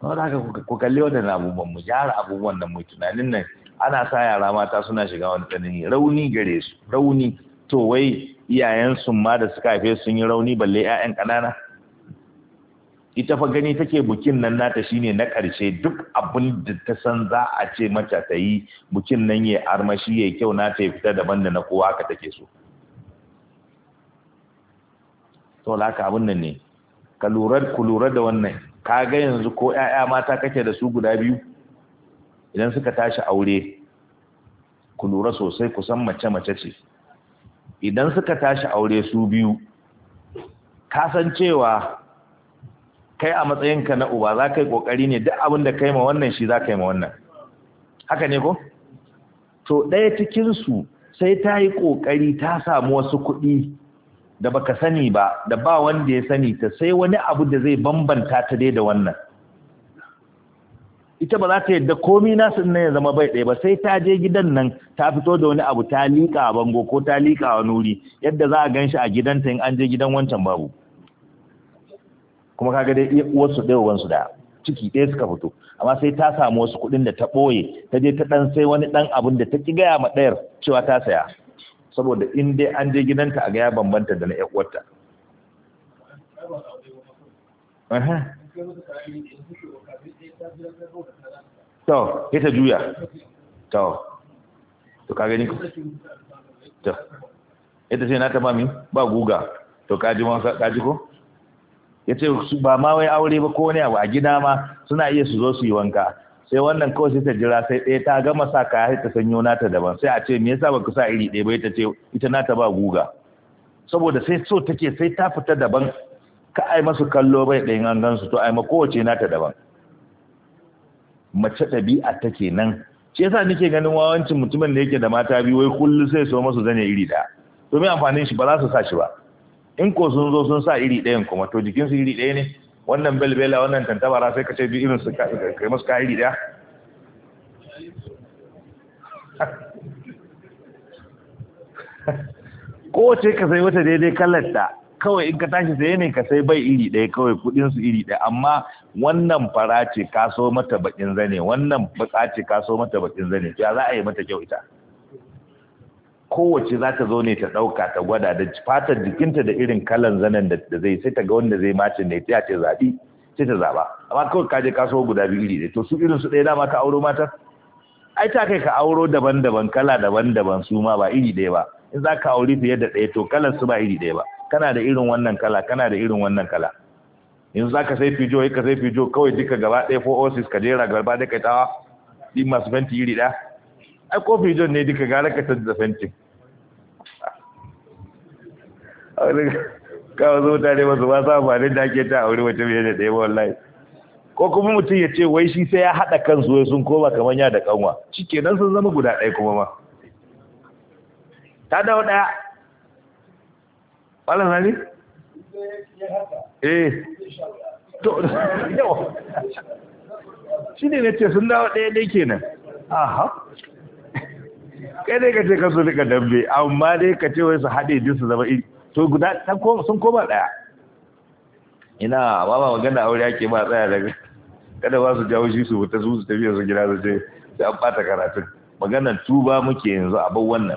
wata haka ku kalli na abubuwan mu gyara abubuwan nan mu tunanin nan ana sa yara mata suna shiga wani tsanani rauni gare su rauni to wai iyayensu ma da suka haife sun yi rauni balle 'ya'yan ƙanana ita fa gani take bukin nan nata shine na ƙarshe duk abin da ta san za a ce mata ta yi bukin nan ya armashi ya kyau nata ya fita daban da na kowa haka take so to laka abin nan ne ka lura ku lura da wannan ka ga yanzu ko 'ya'ya mata kake da su guda biyu idan suka tashi aure ku lura sosai ku san mace mace ce idan suka tashi aure su biyu kasancewa kai a matsayinka na uba za ka yi ƙoƙari ne duk abin da kai ma wannan shi za ka yi ma wannan haka ne ko? to ɗaya cikinsu sai ta yi ƙoƙari ta samu wasu kuɗi da baka sani ba da ba wanda ya sani ta sai wani abu da zai bambanta ta dai da wannan ita ba za ta yadda komi nasu ne ya zama bai ɗaya ba sai ta je gidan nan ta fito da wani abu ta liƙa a bango ko ta liƙa a nuri yadda za a gan shi a gidanta in an je gidan wancan babu kuma kaga dai uwarsu ɗaya wansu da ciki ɗaya suka fito amma sai ta samu wasu kuɗin da ta ɓoye ta je ta ɗan sai wani ɗan abin da ta ƙi gaya ma ɗayar cewa ta saya saboda in dai an je gidanta a ga ya bambanta da na ƴan uwarta. to ya ta juya to to ka gani to ita ce na ta ba guga to kaji kaji ko ya ce ba ma wai aure ba ko ne a gida ma suna iya su zo su yi wanka sai wannan kawai sai ta jira sai ɗaya ta gama sa kaya sai ta sanyo nata daban sai a ce me yasa baka sa iri ɗaya ba ita ce ita nata ba guga saboda sai so take sai ta fita daban ka ai masu kallo bai ɗayin an gansu to ai ma kowace ta daban mace ɗabi'a ta kenan shi yasa nake ganin wawancin mutumin da yake da mata biyu wai kullu sai so masu zane iri ɗaya to me amfanin shi ba za su sa shi ba in ko sun zo sun sa iri ɗayan kuma to jikinsu iri ɗaya ne wannan belbela wannan tantabara sai ka ce bi irin su kai masu ka iri ɗaya kowace ka sai wata daidai kallarta kawai in ka tashi sai ne ka sai bai iri ɗaya kawai kuɗin su iri ɗaya amma wannan fara ce ka so mata bakin zane wannan baka ce ka so mata bakin zane ya za a yi mata kyau ita kowace za ta zo ne ta ɗauka ta gwada da fatar jikinta da irin kalan zanen da zai sai ta ga wanda zai mace ne ta ce zaɓi sai ta zaɓa amma kawai ka je ka so guda biyu iri ɗaya to su irin su ɗaya dama ka auro mata ai ta kai ka auro daban-daban kala daban-daban su ma ba iri ɗaya ba in za ka auri fiye da ɗaya to kalan su ba iri ɗaya ba kana da irin wannan kala kana da irin wannan kala yanzu za ka sai fijo ka sai fijo kawai duka gaba ɗaya ko osis ka jera gaba da kai tawa ɗin masu fenti iri ɗaya ai ko fijo ne duka gara ka da fentin kawo zo mutane masu ba sa amfanin da ake ta aure wata mai da ɗaya wallahi ko kuma mutum ya ce wai shi sai ya haɗa kansu wai sun koma kamar ya da kanwa shi kenan sun zama guda ɗaya kuma ma ta dawo ɗaya malam ni? eh to yo shi ne na ce sun dawo ɗaya dai kenan aha kai dai ka ce ka so ka dambe amma dai ka ce wai su haɗe din su zama iri to guda sun koma ɗaya ina ba ba magana aure ake ba tsaya daga kada ba su jawo shi su fita su su tafiya su gida su ce da an ɓata karatun maganar tuba muke yanzu a bar wannan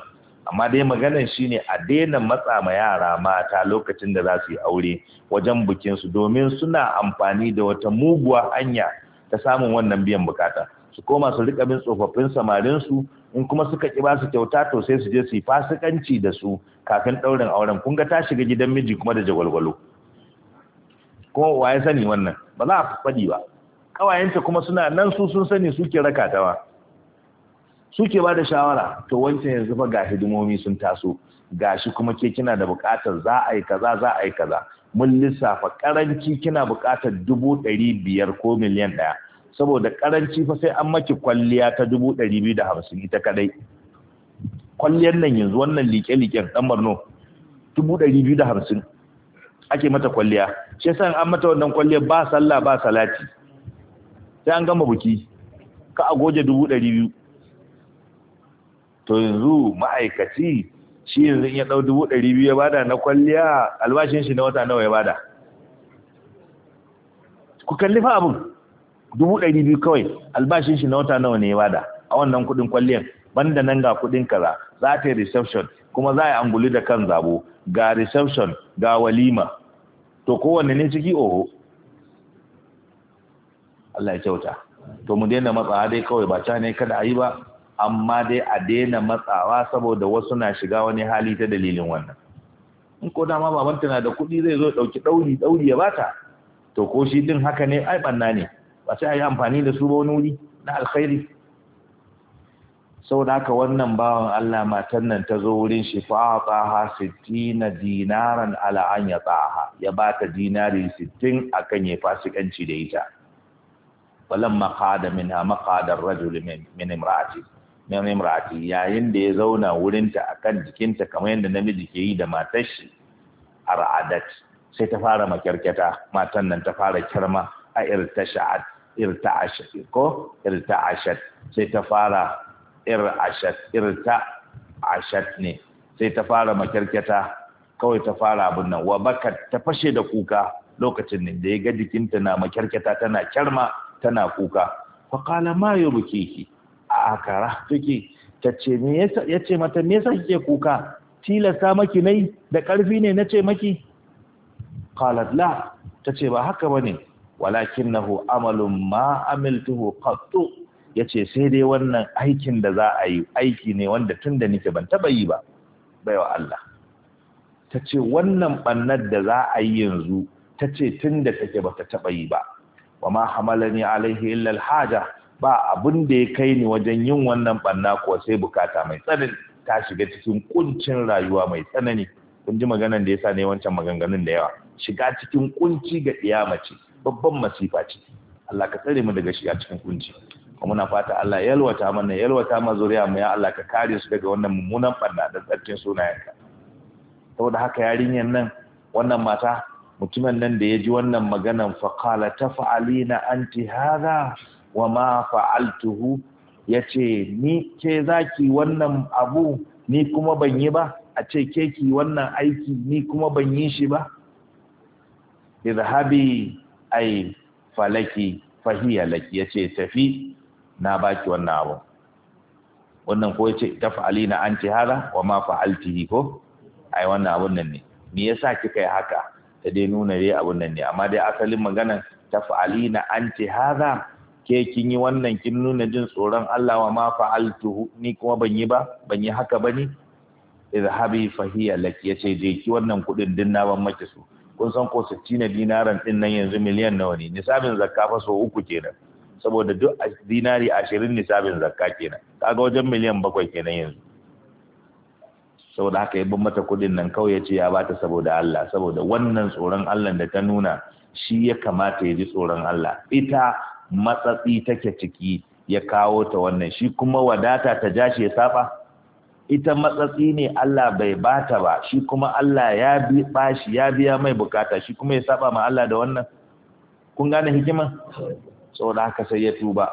amma dai maganan shine a daina matsa ma yara mata lokacin da za su yi aure wajen bikin su domin suna amfani da wata muguwa hanya ta samun wannan biyan bukata su koma su rika bin tsofaffin samarinsu in kuma suka ki ba su kyauta to sai su je su yi fasikanci da su kafin ɗaurin auren kun ga ta shiga gidan miji kuma da jagwalgwalo kuma wa ya sani wannan ba za a faɗi ba ƙawayenta kuma suna nan su sun sani suke ba. suke ba da shawara to wancan yanzu fa ga hidimomi sun taso gashi kuma ke kina da buƙatar za a yi kaza za a yi kaza mun lissafa karanci kina buƙatar dubu ɗari biyar ko miliyan ɗaya saboda karanci fa sai an maki kwalliya ta dubu ɗari biyu da hamsin ita kadai kwalliyar nan yanzu wannan liƙe-liƙen ɗan barno dubu ɗari biyu da hamsin ake mata kwalliya shi yasa an mata wannan kwalliyar ba sallah ba salati sai an gama buki ka a goje dubu ɗari biyu to yanzu ma'aikaci shi yanzu in ya ɗau dubu ɗari biyu ya bada na kwalliya albashin shi na wata nawa ya bada ku kalli fa abin dubu ɗari biyu kawai albashin shi na wata nawa ne ya bada a wannan kuɗin kwalliyan banda nan ga kuɗin kaza za ta yi reception kuma za a yi anguli da kan zabo ga reception ga walima to kowanne ne ciki oho Allah ya kyauta to mu daina matsawa dai kawai ba ta ne kada a yi ba amma dai a daina matsawa saboda wasu na shiga wani hali ta dalilin wannan in ko dama babanta na da kuɗi zai zo ɗauki ɗauri ɗauri ya bata to ko shi din haka ne ai banna ne ba sai a yi amfani da su ba wani wuri na alkhairi saboda haka wannan bawan Allah matan nan ta zo wurin shi fa ha sittina dinaran ala an ya tsaha ya bata dinari sittin akan ya fasikanci da ita walamma qada minha maqada ar-rajul min imra'atihi min rati, yayin da ya zauna wurinta a kan jikinta kamar yadda namiji ke yi da matar shi ra'adat sai ta fara makyarkyata matan nan ta fara kirma a irtasha'at irta'ashat ko irta'ashat sai ta fara ir'ashat irta'ashat ne sai ta fara makyarkyata kawai ta fara abin nan wa bakat ta fashe da kuka lokacin ne da ya ga jikinta na makyarkyata tana kyarma tana kuka faƙala ma yau a kara take ta ce ya ce mata me yasa kike kuka tilasta maki nai da karfi ne na ce maki qalat la ta ce ba haka bane walakinahu amalun ma amiltuhu qattu yace sai dai wannan aikin da za a yi aiki ne wanda tunda nake ban taba yi ba baiwa Allah tace wannan bannar da za a yi yanzu tace tunda take bata taba yi ba wama hamalani alaihi illa alhaja ba abin da ya kai ni wajen yin wannan banna kuwa sai bukata mai tsanani ta shiga cikin kuncin rayuwa mai tsanani kun ji maganan da ya sa ne wancan maganganun da yawa shiga cikin kunci ga kiyama ce babban masifa ce Allah ka tsare mu daga shiga cikin kunci kuma muna fata Allah yalwata mana yalwata ma zuriya mu ya Allah ka kare su daga wannan mummunan banna da tsarkin sunayenka saboda haka yarinyar nan wannan mata mutumin nan da ya ji wannan maganan faqala taf'alina anti hadha wa ma fa'altuhu yace ni ke zaki wannan abu ni kuma ban yi ba a ce keki wannan aiki ni kuma ban yi shi ba izhabi ay falaki fahiya laki yace tafi na baki wannan abu wannan ko yace taf'alina anti hada wa ma fa'altihi ko ai wannan abun nan ne me yasa kika yi haka ta dai nuna dai abun nan ne amma dai asalin maganar taf'alina anti hada ke kin yi wannan kin nuna jin tsoron Allah wa ma fa'altuhu ni kuma ban yi ba ban yi haka bane izhabi fahiya laki yace je ki wannan kudin din na ban maki su kun san ko 60 dinaran din nan yanzu miliyan nawa ne nisabin zakka fa so uku kenan saboda duk dinari 20 nisabin zakka kenan kaga wajen miliyan bakwai kenan yanzu saboda haka ya bin mata kudin nan kawai yace ya bata saboda Allah saboda wannan tsoron Allah da ta nuna shi ya kamata ya ji tsoron Allah ita matsatsi take ciki ya kawo ta wannan shi kuma wadata ta jashi ya saba ita matsatsi ne Allah bai bata ba shi kuma Allah ya bi bashi ya biya mai bukata shi kuma ya saba ma Allah da wannan kun gane hikima da haka sai ya tuba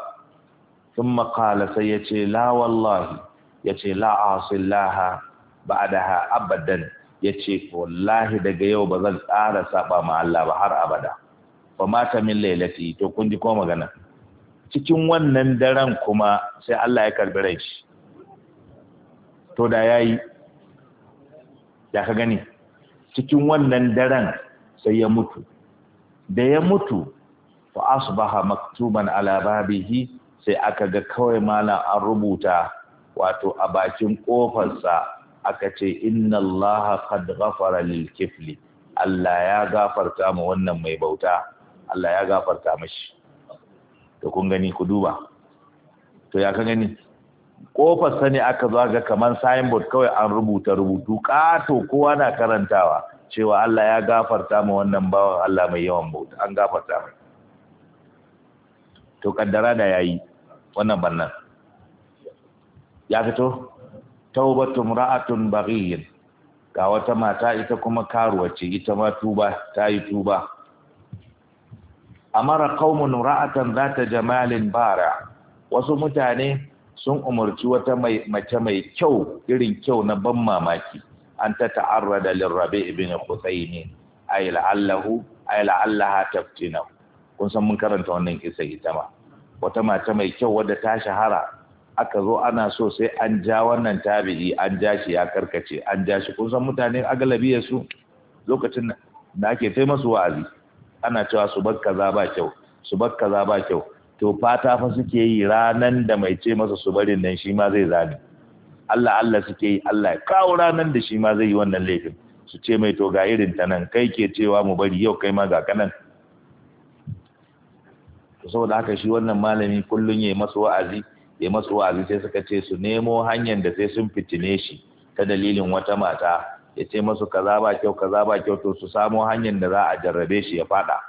Sun qala sai ya ce la wallahi ya ce la asillaha ba'daha abadan ya ce wallahi daga yau ba zan tsara saba ma Allah ba har abada wa mata min lailati to kun ji ko magana cikin wannan daren kuma sai Allah ya karbi rai shi to da yayi ya ka gani cikin wannan daren sai ya mutu da ya mutu fa asbaha maktuban ala babihi sai aka ga kawai malam an rubuta wato a bakin kofarsa aka ce inna Allah qad ghafara lil kifli Allah ya gafarta mu wannan mai bauta Allah ya gafarta mashi to kun gani ku duba to ya ka gani kofar sani aka zo ga kamar signboard kawai an rubuta rubutu kato kowa na karantawa cewa Allah ya gafarta mu wannan bawan Allah mai yawan bauta an gafarta mai to kaddara da yayi wannan bannan ya fito taubatu ra'atun baghiyin ga wata mata ita kuma karuwa ce ita ma tuba ta yi tuba amara qaumun ra'atan zata jamalin bara wasu mutane sun umarci wata mai mace mai kyau irin kyau na ban mamaki an ta ta'arrada lirrabi ibn husayn ay la'allahu ay la'allaha taftina kun san mun karanta wannan kisa ita ma wata mace mai kyau wadda ta shahara aka zo ana so sai an ja wannan tabi'i an ja shi ya karkace an ja shi kun san mutane agalabiyar su lokacin da ake taimasu wa'azi ana cewa su bar kaza ba kyau su bar kaza ba kyau to fata fa suke yi ranan da mai ce masa su barin nan shi ma zai zane Allah Allah suke yi Allah ya kawo ranan da shi ma zai yi wannan laifin su ce mai to ga irin ta nan kai ke cewa mu bari yau kai ma ga kanan to saboda haka shi wannan malami kullun yayi masa wa'azi yayi masa wa'azi sai suka ce su nemo hanyar da sai sun fitine shi ta dalilin wata mata ya ce masu kaza ba kyau kaza ba kyau to su samo hanyar da za a jarrabe shi ya fada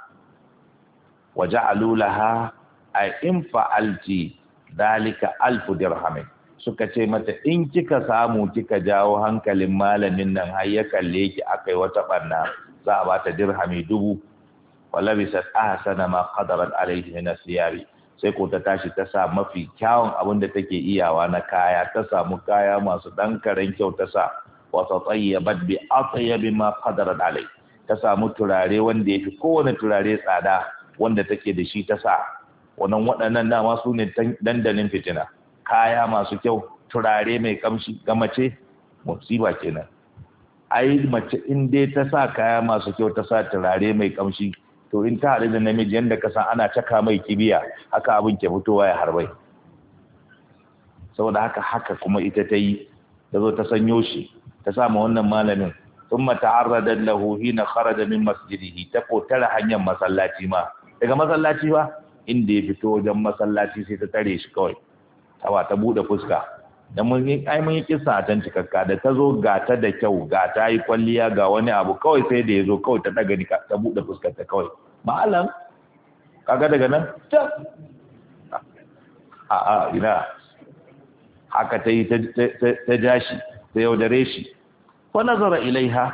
waje alulaha a in fa'alti dalika alfu dirhamin suka ce mata in kika samu kika jawo hankalin malamin nan har ya kalle ki akai wata barna za a bata dirhami dubu walabisat ahsana ma qadarat alayhi min asiyari sai ko ta tashi ta sa mafi kyawun abin da take iyawa na kaya ta samu kaya masu dan karen kyau ta sa wa tatayyabat bi atyab ma qadarat alai ta samu turare wanda fi kowane turare tsada wanda take da shi ta sa wannan waɗannan dama su ne dandalin fitina kaya masu kyau turare mai kamshi ga mace musiba kenan ai mace in dai ta sa kaya masu kyau ta sa turare mai kamshi to in ta haɗu da namiji yadda ka san ana caka mai kibiya haka abin ke fitowa ya harbai saboda haka haka kuma ita ta yi ta zo ta sanyo shi ta sa ma wannan malamin thumma ta'arradat lahu na kharaja min masjidihi ta kotara hanyar masallaci ma daga masallaci ba inda ya fito wajen masallaci sai ta tare shi kawai tawa ta bude fuska da mun yi ai mun yi kissa a can cikakka da ta zo gata da kyau ga ta yi kwalliya ga wani abu kawai sai da ya zo kawai ta daga ta bude fuskar ta kawai malam kaga daga nan ta a a ina haka ta yi ta jashi ta yaudare shi fa ilaiha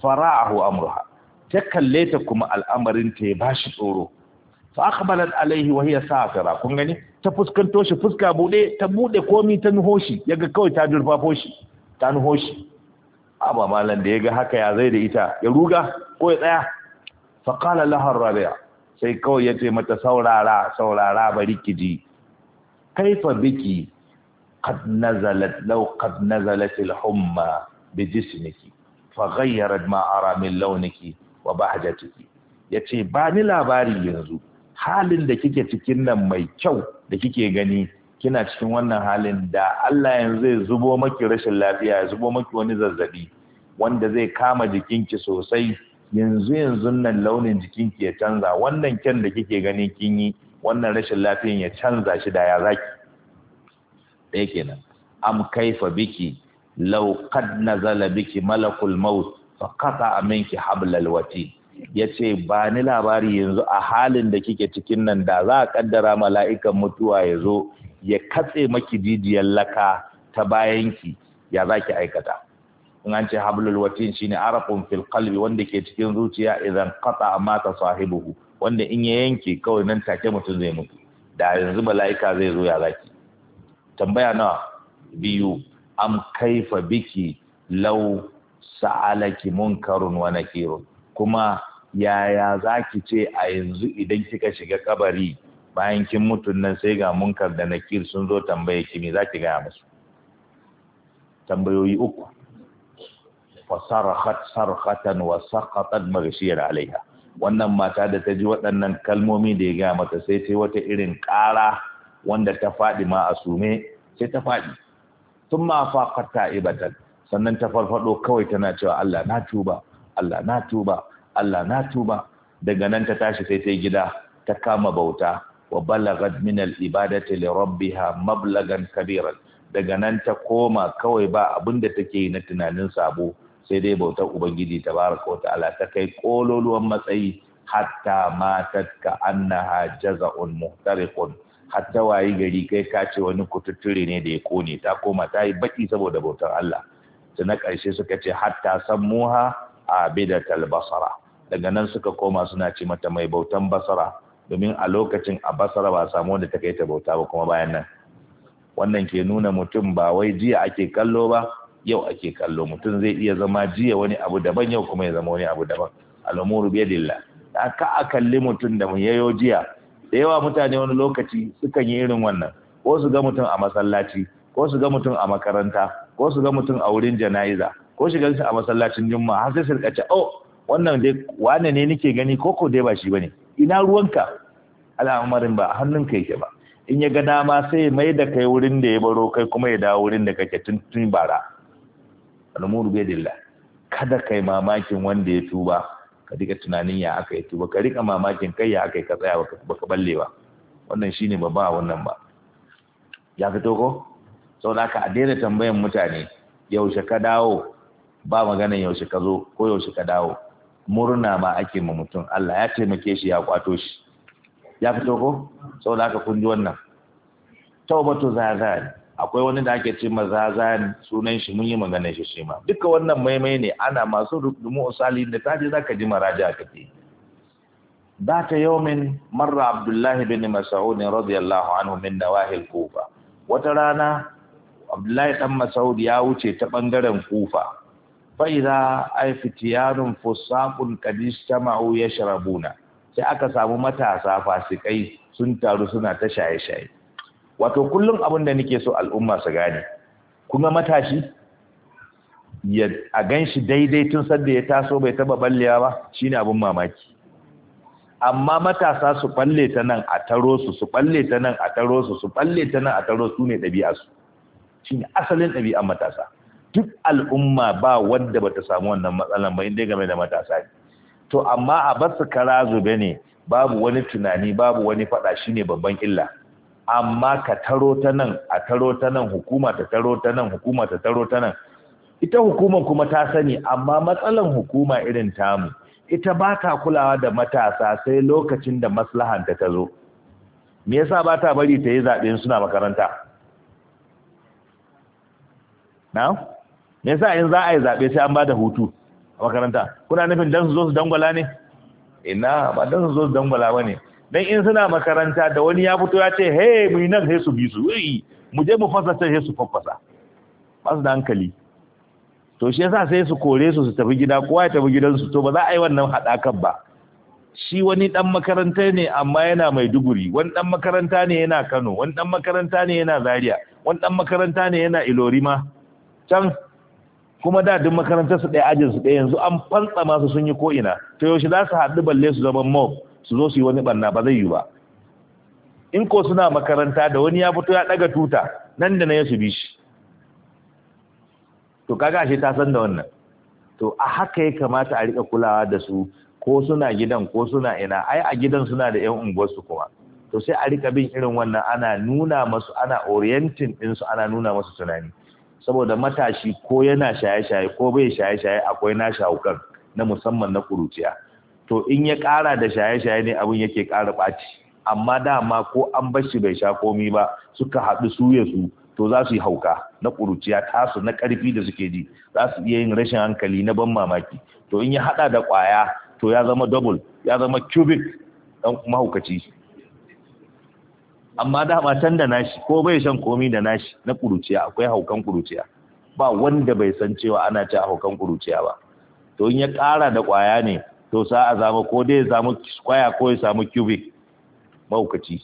fara'ahu amruha ta kalle ta kuma al'amarin ta ya bashi tsoro fa aqbalat alaihi wa hiya safira kun gani ta fuskanto shi fuska bude ta bude komi ta nuho shi yaga kawai ta durfafo shi ta nuho shi aba malan da yaga haka ya zai da ita ya ruga ko ya tsaya fa qala laha rabi'a sai kawai ya ce mata saurara saurara bari ki ji kaifa biki qad nazalat law qad nazalat al humma bi jismiki fa ghayyarat ma ara min launiki wa bahjatiki yace ba ni labari yanzu halin da kike cikin nan mai kyau da kike gani kina cikin wannan halin da Allah yanzu zai zubo maki rashin lafiya ya zubo maki wani zazzabi wanda zai kama jikinki sosai yanzu yanzu nan launin jikinki ya canza wannan kyan da kike gani kin yi wannan rashin lafiyan ya canza shi da ya zaki ɗaya kenan am kaifa biki law qad nazala biki malakul maut fa qata minki hablal wati yace ba ni labari yanzu a halin da kike cikin nan da za a kaddara mala'ikan mutuwa ya zo ya katse maki jijiyar laka ta bayanki ya za ki aikata in an ce hablul watin shine arafun fil qalbi wanda ke cikin zuciya idan qata ta sahibihi wanda in ya yanke kawai nan take mutum zai mutu da yanzu mala'ika zai zo ya zaki tambaya nawa biyu am kaifa biki lau sa'alaki munkarun wa nakirun kuma yaya zaki ce a yanzu idan kika shiga kabari bayan kin mutun nan sai ga munkar da nakir sun zo tambaye ki me zaki gaya musu tambayoyi uku fasarhat sarhatan wa saqatat maghshir alaiha wannan mata da ta ji waɗannan kalmomi da ya gaya mata sai ta wata irin ƙara wanda ta faɗi ma a sume sai ta faɗi sun ma faƙar sannan ta farfado kawai tana cewa Allah na tuba Allah na tuba Allah na tuba daga nan ta tashi sai ta gida ta kama bauta wa balagat min al-ibadati li rabbiha mablagan kabiran daga nan ta koma kawai ba abinda da take yi na tunanin sabo sai dai bautar ubangiji tabaraka wa ta'ala ta kai kololuwan matsayi hatta matat ka annaha jaza'un muhtariqun hatta wayi gari kai ka ce wani kututture ne da ya kone ta koma ta yi baki saboda bautar Allah ta na ƙarshe suka ce hatta san muha a bidatal talbasara, daga nan suka koma suna ce mata mai bautan basara domin a lokacin a basara ba samu wanda ta kai ta bauta ba kuma bayan nan wannan ke nuna mutum ba wai jiya ake kallo ba yau ake kallo mutum zai iya zama jiya wani abu daban yau kuma ya zama wani abu daban al'umuru biyadillah da ka a kalli mutum da mu yayo jiya da yawa mutane wani lokaci sukan yi irin wannan ko su ga mutum a masallaci ko su ga mutum a makaranta ko su ga mutum a wurin jana'iza ko shiga su a masallacin juma'a har sai su rika ce oh wannan dai wane ne nake gani ko ko dai ba shi bane ina ruwanka al'amarin ba hannun ka yake ba in ya ga dama sai mai da kai wurin da ya baro kai kuma ya dawo wurin da kake tun tun bara al'umuru bai dilla kada kai mamakin wanda ya tuba ka rika tunanin ya aka yi tuba ka rika mamakin kai ya aka yi ka tsaya baka balle ba wannan shine ba ba wannan ba ya fito ko da haka a daina tambayan mutane yaushe ka dawo ba maganan yaushe ka zo ko yaushe ka dawo murna ma ake ma mutum Allah ya taimake shi ya kwato shi ya fito ko sau haka kun ji wannan taubatu zazali akwai wani da ake ce mazazan sunan shi mun yi magana shi shi ma duka wannan maimai ne ana masu rudumu usali da ta za ka ji maraja ka ce ذات يوم min marra Abdullahi bin مسعود ne, radiyallahu عنه Min نواحي kufa wata rana abdullahi dan مسعود ya wuce ta ɓangaren Kufa fa idza ay fitiyanun fusaqun qad istama'u yashrabuna sai aka samu matasa fasikai sun taru suna ta shaye-shaye wato kullum abin da nake so al'umma su gane kuma matashi a gan shi daidai tun sadda ya taso bai taba ballewa ba shine abin mamaki amma matasa su balle ta nan a taro su su balle ta nan a taro su su balle ta nan a taro su ne ɗabi'a su shine asalin ɗabi'an matasa duk al'umma ba wanda bata samu wannan matsalan ba inda game da matasa ne to amma a basu kara zube ne babu wani tunani babu wani faɗa shine babban illa amma ka taro ta nan a taro ta nan hukuma ta taro ta nan hukuma ta taro ta nan ita hukuma kuma ta sani amma matsalan hukuma irin tamu ita ba ta kulawa da matasa sai lokacin da maslahanta ta zo me yasa ba ta bari ta yi zaɓe suna makaranta na me yasa in za a yi zaɓe sai an ba da hutu a makaranta kuna nufin dan su zo su dangwala ne ina ba dan su zo su dangwala ba ne dan in suna makaranta da wani ya fito ya ce hey mu nan sai su bi su mu je mu fasa sai su fafasa ba su da hankali to shi yasa sai su kore su su tafi gida kowa ya tafi gidan su to ba za a yi wannan hadakan ba shi wani dan makaranta ne amma yana mai duguri wani dan makaranta ne yana Kano wani dan makaranta ne yana Zaria wani dan makaranta ne yana Ilorima can kuma da duk makarantar su ɗaya ajin su ɗaya yanzu an fantsa masu sun yi ko ina to yaushe za su haɗu balle su zaman mob su zo su yi wani barna ba zai yi ba in ko suna makaranta da wani ya fito ya daga tuta nan da na yasu bi shi to kaga shi ta san da wannan to a haka ya kamata a rika kulawa da su ko suna gidan ko suna ina ai a gidan suna da yan unguwarsu kuma to sai a rika bin irin wannan ana nuna masu ana orienting ɗinsu ana nuna masu tunani saboda matashi ko yana shaye-shaye ko bai shaye-shaye akwai na shawukan na musamman na kuruciya to in ya ƙara da shaye-shaye ne abin yake ƙara ɓaci amma dama ko an bar bai sha komi ba suka haɗu su ya su to za su yi hauka na ƙuruciya tasu na ƙarfi da suke ji za su iya yin rashin hankali na ban mamaki to in ya haɗa da ƙwaya to ya zama double ya zama cubic ɗan mahaukaci amma dama can da nashi ko bai shan komi da nashi na ƙuruciya akwai haukan ƙuruciya ba wanda bai san cewa ana ci haukan ƙuruciya ba to in ya ƙara da ƙwaya ne to sa a zama ko dai ya samu square ko ya samu cubic maukaci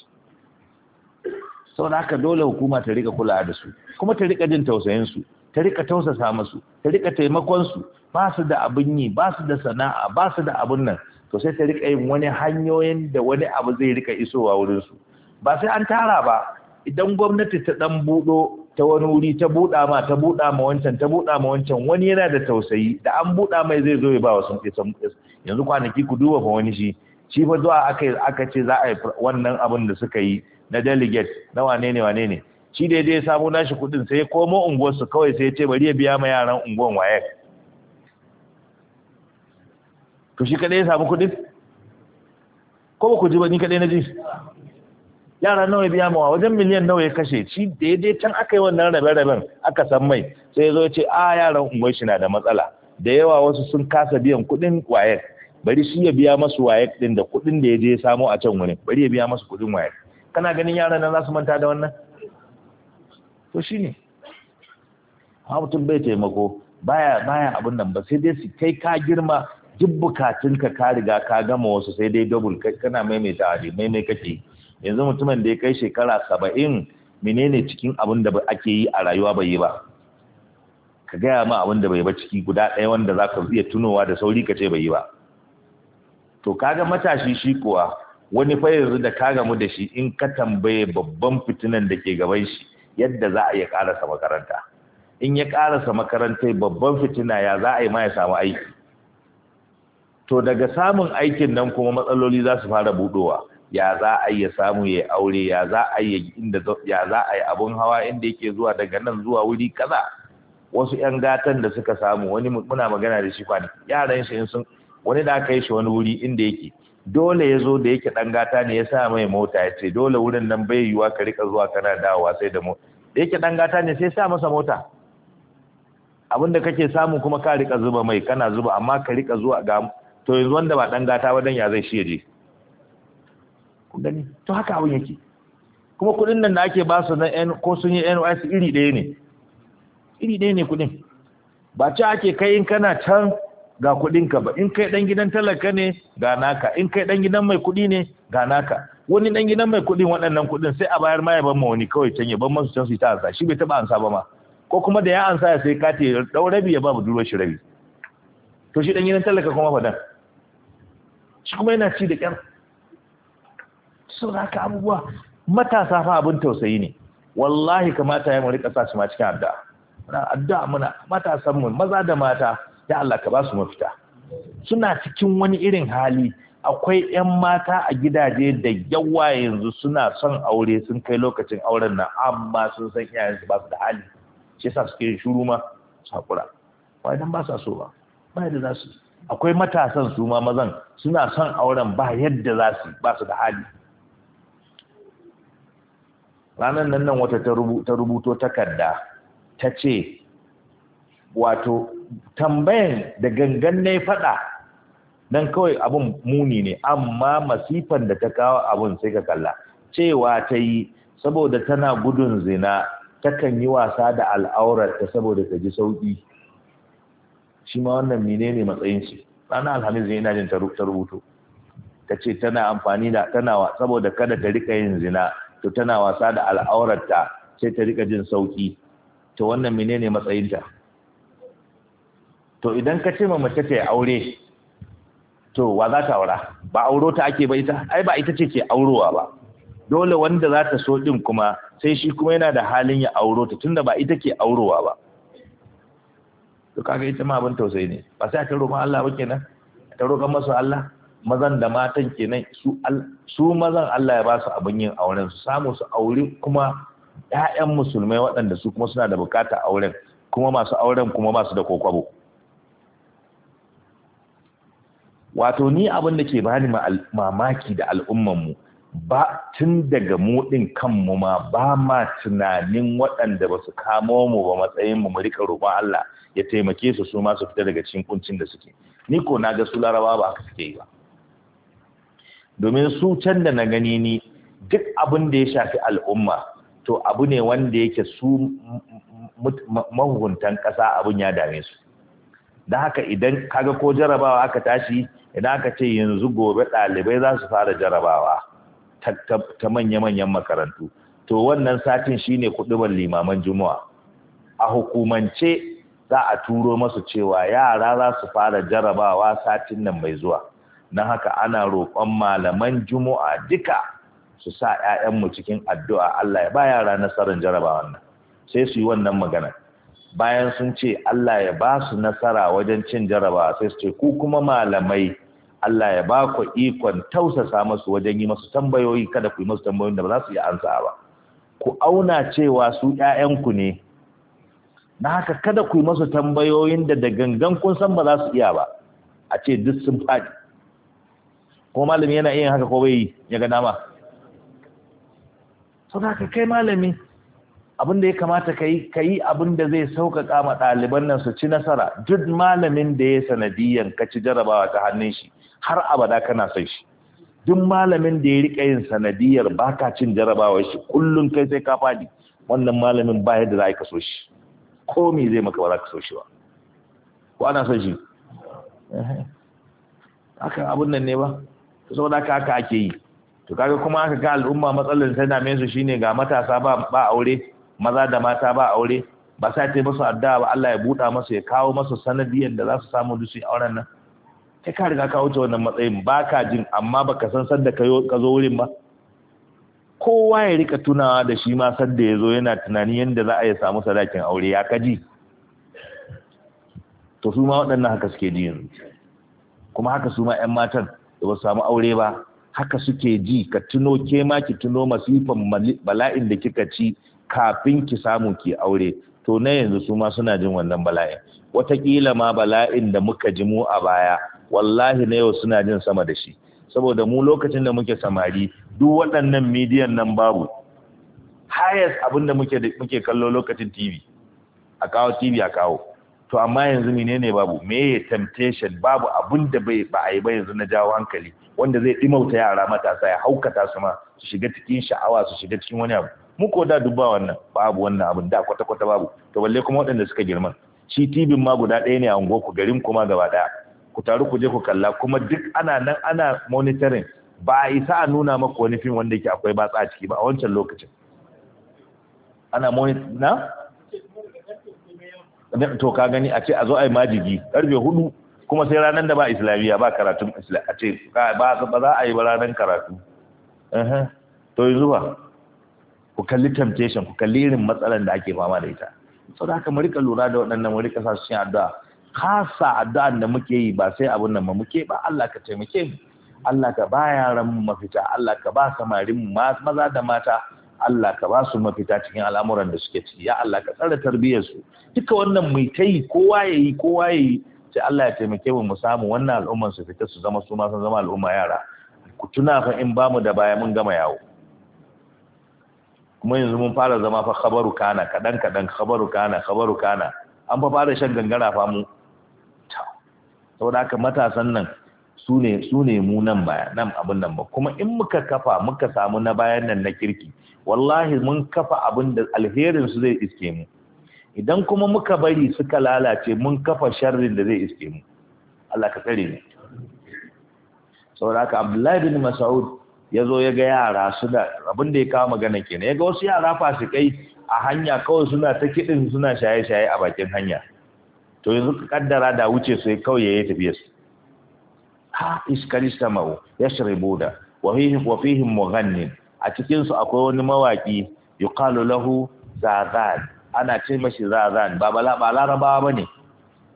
sau da haka dole hukuma ta rika kula da su kuma ta rika jin tausayin su ta rika tausasa su, ta rika taimakon su ba su da abin yi ba su da sana'a ba su da abin nan to sai ta rika yin wani hanyoyin da wani abu zai rika isowa wurin su ba sai an tara ba idan gwamnati ta dan budo ta wani wuri ta buɗa ma ta buɗa ma wancan ta buɗa ma wancan wani yana da tausayi da an buɗa mai zai zo ya ba wasu yanzu kwanaki ku duba fa wani shi shi fa zuwa aka aka ce za a yi wannan abin da suka yi na delegate na wane ne wane ne shi dai dai samu nashi kuɗin sai komo unguwarsu kawai sai ya ce bari ya biya ma yaran unguwar waye to shi kadai ya samu kuɗin ko ba ku ji ba ni kadai na ji yara nawa biya mawa wajen miliyan nawa ya kashe shi daidai can aka yi wannan rabe-raben aka san mai sai ya zo ce a yaran unguwar shi na da matsala da yawa wasu sun kasa biyan kuɗin wayek bari shi ya biya masu wayek din da kuɗin da ya je samo a can wurin bari ya biya masu kuɗin wayek kana ganin yaran nan za su manta da wannan to ne mutum bai taimako baya baya abin nan ba sai dai su kai ka girma duk bukatunka ka riga ka gama wasu sai dai double kana maimaita a mai maimai kake yanzu mutumin da ya kai shekara saba'in menene cikin abin da ake yi a rayuwa bai yi ba ka gaya ma abin da bai ba ciki guda ɗaya wanda za ka iya tunowa da sauri ka ce bai yi ba to kaga matashi shi kuwa wani fa yanzu da ka gamu da shi in ka tambaye babban fitinan da ke gaban shi yadda za a iya karasa makaranta in ya karasa makarantai babban fitina ya za a yi ma ya samu aiki to daga samun aikin nan kuma matsaloli za su fara budowa ya za a yi samu ya aure ya za a yi inda ya za a yi abun hawa inda yake zuwa daga nan zuwa wuri kaza wasu yan gatan da suka samu wani muna magana da shi kwana yaran shi sun wani da aka yi shi wani wuri inda yake dole ya zo da yake dan gata ne ya sa mai mota ya ce dole wurin nan bai yiwa ka rika zuwa kana dawowa sai da mota da yake dan gata ne sai sa masa mota abin da kake samu kuma ka rika zuba mai kana zuba amma ka rika zuwa ga to yanzu wanda ba dan gata ba dan ya zai shi ya je ku to haka abin yake kuma kuɗin nan da ake ba su na ko sun yi NYC iri ɗaya ne iri ɗaya ne kuɗin ba ci ake kai in kana can ga ka ba in kai ɗan gidan talaka ne ga naka in kai ɗan gidan mai kuɗi ne ga naka wani ɗan gidan mai kuɗi waɗannan kuɗin sai a bayar ma ya ban ma wani kawai can ya ban masu can su ta ansa shi bai taɓa ansa ba ma ko kuma da ya ansa ya sai kati ya ɗau rabi ya ba budurwar shi rabi to shi ɗan gidan talaka kuma dan shi kuma yana ci da ƙyar sau abubuwa matasa fa abin tausayi ne wallahi kamata ya murika sa su ma cikin addu'a muna addu'a muna matasan mu maza da mata ya Allah ka ba su mafita suna cikin wani irin hali akwai 'yan mata a gidaje da yawa yanzu suna son aure sun kai lokacin auren nan amma sun san iyayensu ba su da hali shi yasa suke shuru ma sakura ba idan ba sa so ba ba yadda za su akwai matasan su ma mazan suna son auren ba yadda za su ba su da hali ranar nan nan wata ta rubuto takarda ta ce wato tambayan da gangan na faɗa don kawai abin muni ne amma masifan da ta kawo abun sai ka kalla cewa ta yi saboda tana gudun zina takan yi wasa da ta saboda ta ji sauƙi shi ma wannan menene matsayin shi ranar alhamis ne ina jin ta rubuto ta ce tana amfani da tana saboda kada ta rika yin zina to tana wasa da al'aurarta sai ta rika jin sauki to wannan menene matsayinta to idan ka ce ma mace ta aure to wa za ta aura ba auro ta ake ba ita ai ba ita ce ke aurowa ba dole wanda za ta so din kuma sai shi kuma yana da halin ya auro ta tunda ba ita ke aurowa ba to kaga ita ma abin tausayi ne ba sai ta roƙon Allah ba kenan ta roƙon masa Allah mazan da matan kenan su su mazan Allah ya ba su abin yin auren su samu su aure kuma ƴaƴan musulmai waɗanda su kuma suna da bukata auren kuma masu auren kuma masu da kokwabo wato ni abin da ke bani mamaki da al'umman mu ba tun daga mu ɗin kanmu ma ba ma tunanin waɗanda ba su kamo mu ba matsayin mu mu rika roƙon Allah ya taimake su su ma su fita daga cikin kuncin da suke ni ko na ga su larabawa ba haka suke yi ba domin su can da na gani ni duk abin da ya shafi al'umma to abu ne wanda yake su mahukuntan ƙasa abin ya dame su da haka idan kaga ko jarabawa aka tashi idan aka ce yanzu gobe ɗalibai za su fara jarabawa ta manya-manyan makarantu to wannan satin shine kuɗuban limaman juma'a a hukumance za a turo masu cewa yara za su fara jarabawa satin nan mai zuwa na haka ana roƙon malaman juma'a duka su sa 'ya'yanmu cikin addu'a Allah ya ba yara nasarar jaraba wannan sai su yi wannan magana bayan sun ce Allah ya ba su nasara wajen cin jaraba sai su ce ku kuma malamai Allah ya ba ku ikon tausasa masu wajen yi masu tambayoyi kada ku yi masu tambayoyin da ba za su iya ansa ba ku auna cewa su 'ya'yanku ne na haka kada ku yi masu tambayoyin da da gangan kun san ba za su iya ba a ce duk sun faɗi ko malami yana iya haka ko bai ya ga dama so da kai malami abin ya kamata ka yi ka yi abin da zai sauƙaƙa ma ɗaliban nan su ci nasara duk malamin da ya sanadiyan ka ci jarabawa ta hannun shi har abada kana son shi duk malamin da ya riƙa yin sanadiyar baka cin jarabawa shi kullum kai sai ka fadi wannan malamin ba yadda za ka so shi ko me zai maka ba za ka so shi ba ko ana son shi eh. Haka abin nan ne ba to saboda ka haka ake yi to kaga kuma aka ga al'umma matsalar ta me su shine ga matasa ba ba aure maza da mata ba aure ba sai ta musu addu'a ba Allah ya buɗa masu ya kawo masu sanadiyan da za su samu duk su auren nan kai ka riga ka wuce wannan matsayin ba ka jin amma baka san sanda ka zo wurin ba kowa ya rika tunawa da shi ma sanda ya zo yana tunani yadda za a ya samu sadakin aure ya kaji to su ma waɗannan haka suke ji yanzu kuma haka su ma 'yan matan da ba samu aure ba haka suke ji ka tuno ke ma ki tuno masifan bala'in da kika ci kafin ki samu ki aure to na yanzu su ma suna jin wannan bala'in watakila ma bala'in da muka ji mu a baya wallahi na yau suna jin sama da shi saboda mu lokacin da muke samari duk waɗannan midiyan nan babu highest abinda da muke kallo lokacin TV a kawo TV a kawo to amma yanzu menene babu meye temptation babu abun da bai ba a yi ba yanzu na jawo hankali wanda zai dimauta yara matasa ya haukata su ma su shiga cikin sha'awa su shiga cikin wani abu mu ko da dubba wannan babu wannan abun da kwata kwata babu to balle kuma waɗanda suka girman shi tibin ma guda ɗaya ne a unguwarku garin kuma gaba ɗaya ku taru ku je ku kalla kuma duk ana nan ana monitoring ba a isa a nuna maka wani fim wanda yake akwai batsa a ciki ba a wancan lokacin ana monitoring na to ka gani a ce a zo a yi majigi karfe hudu kuma sai ranar da ba islamiyya ba karatun islam a ce ba za a yi ba ranar karatu to yanzu ba ku kalli temptation ku kalli irin matsalar da ake fama da ita sau da aka mu lura da waɗannan mu rika sa su addu'a kasa addu'an da muke yi ba sai abun nan ba muke ba Allah ka taimake mu Allah ka ba yaran mu mafita Allah ka ba samarin mu maza da mata Allah ka ba su mafita cikin al'amuran da suke ciki ya Allah ka tsara tarbiyyar su duka wannan mai ta yi kowa ya yi kowa ya yi sai Allah ya taimake mu mu samu wannan al'umman su fita su zama su ma san zama al'umma yara ku tuna fa in ba mu da baya mun gama yawo kuma yanzu mun fara zama fa khabaru kana kadan kadan khabaru kana khabaru kana an fa fara shan gangara fa mu saboda haka matasan nan su ne mu nan baya nan abin nan ba kuma in muka kafa muka samu na bayan nan na kirki wallahi mun kafa abin da alherin su zai iske mu idan kuma muka bari suka lalace mun kafa sharrin da zai iske mu Allah ka tsare ni saboda haka Abdullahi bin Mas'ud yazo zo ya ga yara suna abin da ya kawo magana kenan ya ga wasu yara fasikai a hanya kawai suna ta kiɗin suna shaye-shaye a bakin hanya to yanzu ka kaddara da wuce sai kawai ya yi tafiyarsu ha iskari sama ya wa fihi wa mughannin a cikinsu akwai wani mawaki yuqalu lahu zazan ana ce mashi zazan ba ba larabawa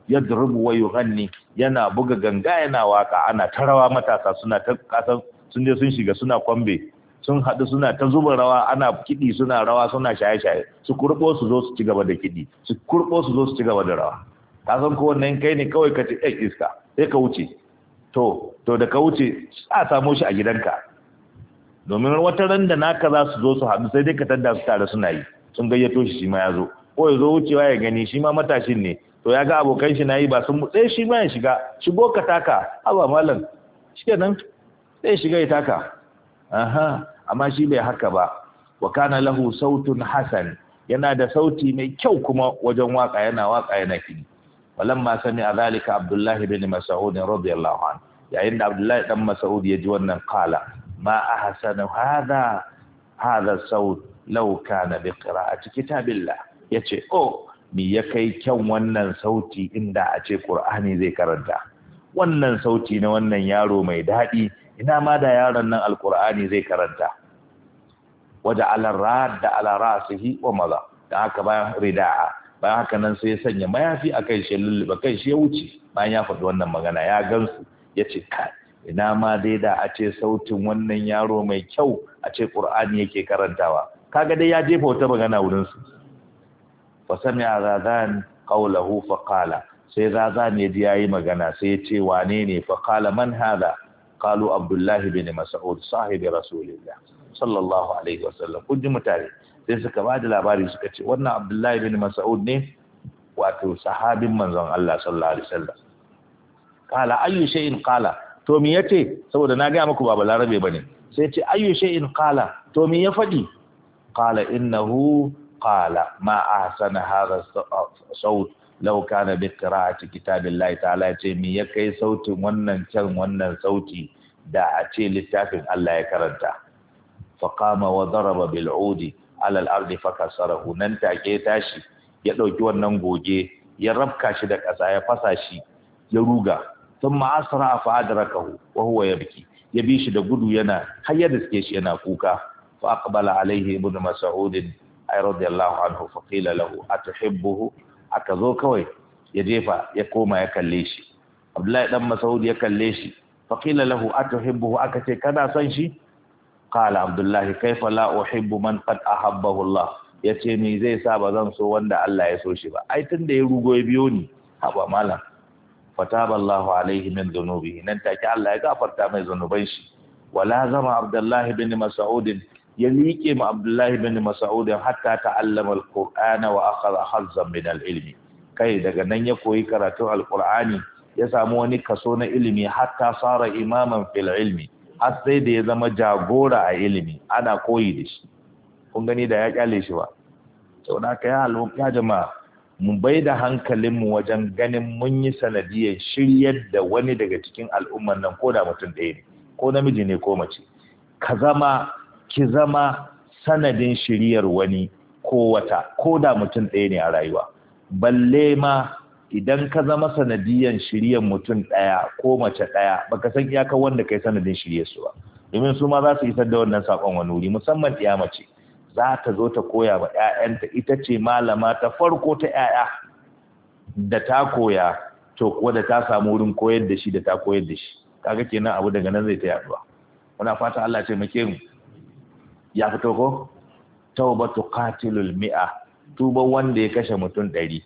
ya durubu wa yughanni yana buga ganga yana waka ana ta rawa matasa suna ta kasan sun je sun shiga suna kwambe sun haɗu suna ta zuba rawa ana kiɗi suna rawa suna shaye-shaye su kurɓo su zo su ci gaba da kiɗi su kurɓo su zo su ci gaba da rawa kasan san ko kai ne kawai ka ci ɗan iska sai ka wuce to to da ka wuce a samo shi a gidanka domin wata ran da naka za su zo su haɗu sai dai ka tadda su tare suna yi sun gayyato shi shi ma ya zo ko ya zo wucewa ya gani shi ma matashin ne to ya ga abokan shi na yi ba sun mutse shi ma ya shiga shigo ka taka haba malam shi nan sai shiga ya taka aha amma shi bai haka ba wa kana lahu sautun hasan yana da sauti mai kyau kuma wajen waka yana waka yana kini falamma sami'a zalika Abdullahi bin mas'ud radiyallahu anhu yayin da abdullah ɗan mas'ud ya ji wannan qala ma ahsanu hadha hadha saut law kana bi qira'ati kitabillah yace oh me ya kai kyau wannan sauti inda a ce qur'ani zai karanta wannan sauti na wannan yaro mai daɗi ina ma da yaron nan alqur'ani zai karanta waje alarrad da alarasihi wa maza da haka bayan rida'a bayan haka nan sai ya sanya mayafi a kan shi lulluɓe kan shi ya wuce bayan ya faɗi wannan magana ya gansu ya ce kai ina ma dai da a ce sautin wannan yaro mai kyau a ce ƙur'ani yake karantawa kaga dai ya jefa wata magana wurin su fa sami zazan qawlahu hu qala sai zazan ya ji yayi magana sai ya ce wane ne fa man hada qalu abdullahi bin mas'ud sahibi rasulillah sallallahu alaihi wasallam kun ji mutane sai suka ba da labari suka ce wannan abdullahi bin mas'ud ne wato sahabin manzon Allah sallallahu alaihi wasallam qala ayyu shay'in to me yace saboda na ga muku ba balarabe bane sai ce ayyu shay'in qala to me ya fadi qala innahu qala ma ahsana hadha saut law kana bi qira'ati kitabillahi ta'ala ce me ya kai sautin wannan can wannan sauti da a ce littafin Allah ya karanta faqama wa daraba alal ardi fakasarahu nan take tashi ya dauki wannan goge ya rafka shi da ƙasa ya fasa shi ya ruga sun ma'asara fa adrakahu wa huwa yabki ya bi shi da gudu yana har da suke shi yana kuka fa aqbala alaihi ibnu mas'ud ay radiyallahu anhu fa qila lahu atuhibbuhu aka zo kawai ya jefa ya koma ya kalle shi abdullahi dan mas'ud ya kalle shi fa qila lahu atuhibbuhu aka ce kana son shi qala abdullahi kaifa la uhibbu man qad ahabbahu allah yace ni zai sa ba zan so wanda Allah ya so shi ba ai tunda ya rugo ya biyo ni haba malam fataballahu alaihi min dhunubihi nan take Allah ya gafarta mai zanuban shi wala zama abdullahi bin mas'ud ya liƙe ma abdullahi bin mas'ud hatta ta'allama alqur'ana wa akhadha hazzan min alilmi kai daga nan ya koyi karatun alqur'ani ya samu wani kaso na ilimi hatta sara imaman fil ilmi har sai da ya zama jagora a ilimi ana koyi da shi kun gani da ya kyale shi ba sau da aka ya jama'a mu bai da hankalinmu wajen ganin mun yi sanadiyar shiryar da wani daga cikin al'ummar nan ko da mutum ɗaya ne ko namiji ne ko mace ka zama ki zama sanadin shiryar wani ko wata ko da mutum ɗaya ne a rayuwa balle ma idan ka zama sanadiyan shiryan mutum ɗaya ko mace ɗaya baka san iyakar wanda kai sanadin shirye su ba domin su ma za su isar da wannan sakon wani wuri musamman ya mace za ta zo ta koya wa ‘ya'yanta ita ce malama ta farko ta ‘ya'ya da ta koya to kuwa da ta samu wurin koyar da shi da ta koyar da shi kaga kenan abu daga nan zai ta yaduwa muna fata Allah ce muke ya fito ko tawbatu qatilul mi'a tuba wanda ya kashe mutum ɗari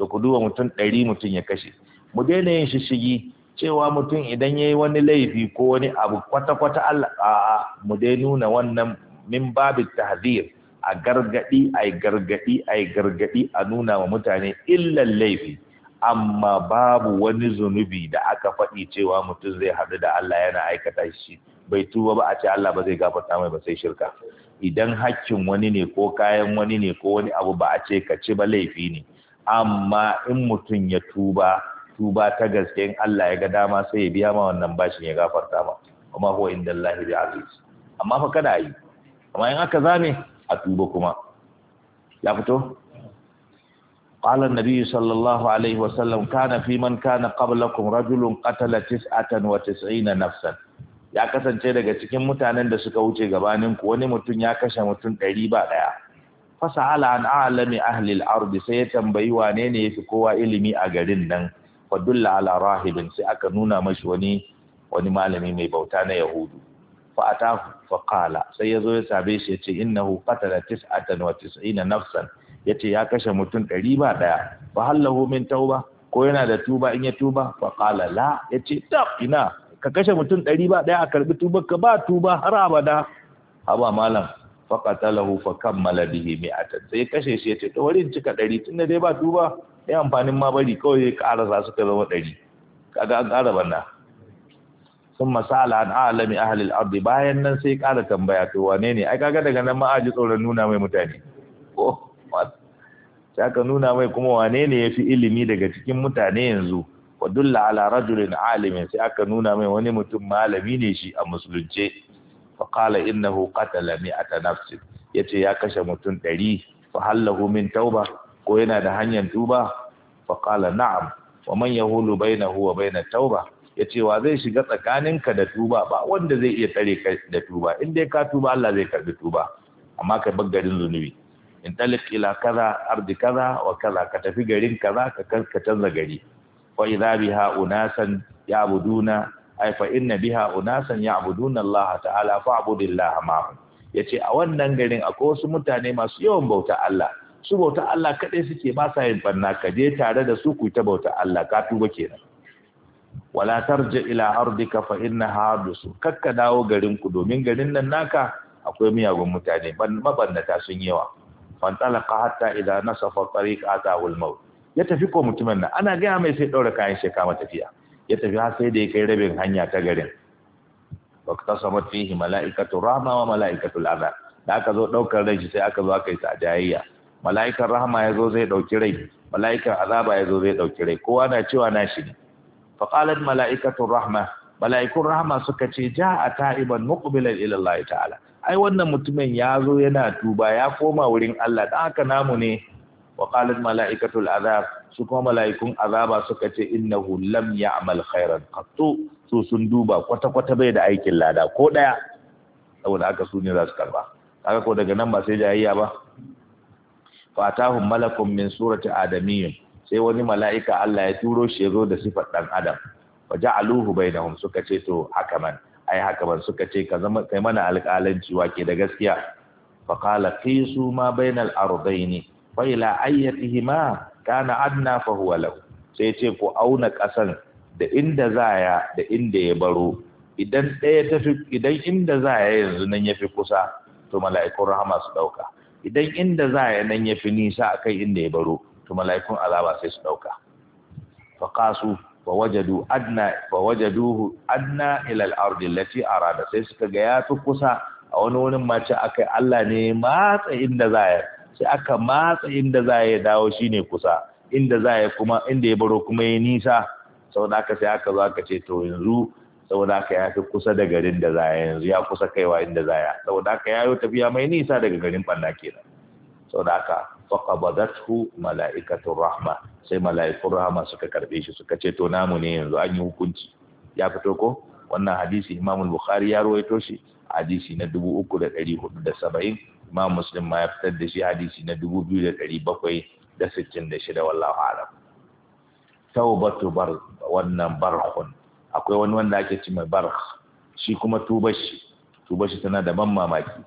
da ku duba mutum ɗari mutum ya kashe mu daina yin shishigi cewa mutum idan ya yi wani laifi ko wani abu kwata-kwata Allah a'a mu dai nuna wannan min babu tahzir a gargaɗi a gargadi a gargadi a nuna wa mutane illan laifi amma babu wani zunubi da aka faɗi cewa mutum zai haɗu da Allah yana aikata shi bai tuba ba a ce Allah ba zai gafarta mai ba sai shirka idan hakkin wani ne ko kayan wani ne ko wani abu ba a ce ka ci ba laifi ne amma in mutum ya tuba tuba ta gaske in Allah ya ga dama sai ya biya ma wannan bashin ya gafarta ma kuma huwa inda Allah bi aziz amma fa kada yi amma in aka zame a tuba kuma ya fito قال النبي صلى الله عليه وسلم كان في من كان قبلكم رجل قتل تسعة وتسعين نفسا ya kasance daga cikin mutanen da suka wuce gabaninku wani mutum ya kashe mutum ɗari ba ɗaya Fasa ala an alami ahli al-ardi sai ya tambayi wane ne yafi kowa ilimi a garin nan dulla ala rahibin sai aka nuna mashi wani wani malami mai bauta na yahudu fa atahu fa qala sai ya zo ya sabe shi yace innahu qatala tis'atan wa tis'ina nafsan yace ya kashe mutum ɗari ba ɗaya fa hallahu min tauba ko yana da tuba in ya tuba fa qala la yace ta ina ka kashe mutum ɗari ba ɗaya a karbi tubar ka ba tuba har abada haba malam lahu fa kammala bihi mi'atan sai kashe shi yace to warin cika ɗari tun da dai ba duba ya amfanin ma bari kawai ya karasa suka zama 100 kaga an kara banna thumma sa'ala an alami ahli al bayan nan sai ƙara tambaya to wane ne ai kaga daga nan ma tsoron nuna mai mutane ko sai aka nuna mai kuma wane ne fi ilimi daga cikin mutane yanzu wa dulla ala rajulin alimin sai aka nuna mai wani mutum malami ne shi a musulunce فقال إنه قتل مئة نفس يتي يا كشمتون تري فهل له من توبة كوينا دهنيا توبة فقال نعم ومن يهول بينه وبين التوبة yace wa zai shiga tsakaninka da tuba ba wanda zai iya tare ka da tuba in dai ka tuba Allah zai karbi tuba amma kai baggarin zunubi in talik ila kaza ardi kaza wa kaza ka tafi garin kaza ka ka canza gari wa idha biha unasan ya'buduna ai fa inna biha unasan ya'buduna Allah ta'ala fa'budillaha ma'hum yace a wannan garin akwai wasu mutane masu yawan bauta Allah su bauta Allah kadai suke ba sa yin banna ka je tare da su ku ta bauta Allah ka tuba kenan wala tarji ila ardika fa innaha dusu kakka dawo garin ku domin garin nan naka akwai miyagun mutane mabannata sun yawa fantalaka hatta idza nasafa tariq atahul maut ya tafi ko mutumin nan ana gaya mai sai daura kayan shi kama tafiya ya tafi har sai da ya kai rabin hanya ta garin wa kasamat fihi mala'ikatu rahma wa mala'ikatul aza. da aka zo ɗaukar rai shi sai aka zo aka yi sajayayya mala'ikan rahma ya zo zai dauki rai mala'ikan azaba ya zo zai ɗauki rai kowa na cewa na shi ne fa qalat mala'ikatu rahma mala'ikun rahma suka ce a ta'iban muqbilan ila Allah ta'ala ai wannan mutumin ya zo yana tuba ya koma wurin Allah dan haka namu ne wa qalat malaikatul azab su kuma malaikun azaba suka ce innahu lam ya'mal khairan qattu su sun duba kwata kwata bai da aikin lada ko daya saboda aka su ne za su karba kaga ko daga nan ba sai jayayya ba Fatahun malakun min surati adamiyyin sai wani mala'ika Allah ya turo shi zo da sifar ɗan adam wa ja'aluhu bainahum suka ce to haka man ai haka man suka ce ka zama kai mana alƙalanci wake da gaskiya fa qala qisu ma bainal ardaini fa ila ayyatihima kana adna fa huwa lahu sai ce ku auna ƙasan da inda za ya da inda ya baro idan ɗaya ta fi idan inda za ya yanzu nan ya fi kusa to mala'ikun rahama su ɗauka idan inda za ya nan ya fi nisa akai inda ya baro to mala'ikun azaba sai su ɗauka fa qasu fa wajadu adna fa wajaduhu adna ila al-ardi allati arada sai suka ga ya fi kusa a wani wurin ma ce akai Allah ne matsa inda za ya sai aka matsa inda za ya dawo shi ne kusa inda za ya kuma inda ya baro kuma ya nisa saboda haka sai aka zo aka ce to yanzu saboda haka ya fi kusa da garin da za ya yanzu ya kusa kaiwa inda za ya saboda haka ya yi tafiya mai nisa daga garin ɓanna kenan saboda haka faqabadathu mala'ikatu rahma sai mala'ikun rahma suka karbe shi suka ce to namu ne yanzu an yi hukunci ya fito ko wannan hadisi imamul Bukhari ya ruwaito shi hadisi na dubu uku da da hudu saba'in. ma muslim ma ya fitar da shi hadisi na dubu biyu da ɗari bakwai da sittin da shida wallahu alam taubatu bar wannan barhun akwai wani wanda ake ci mai barh shi kuma tubashi tubashi tana da ban mamaki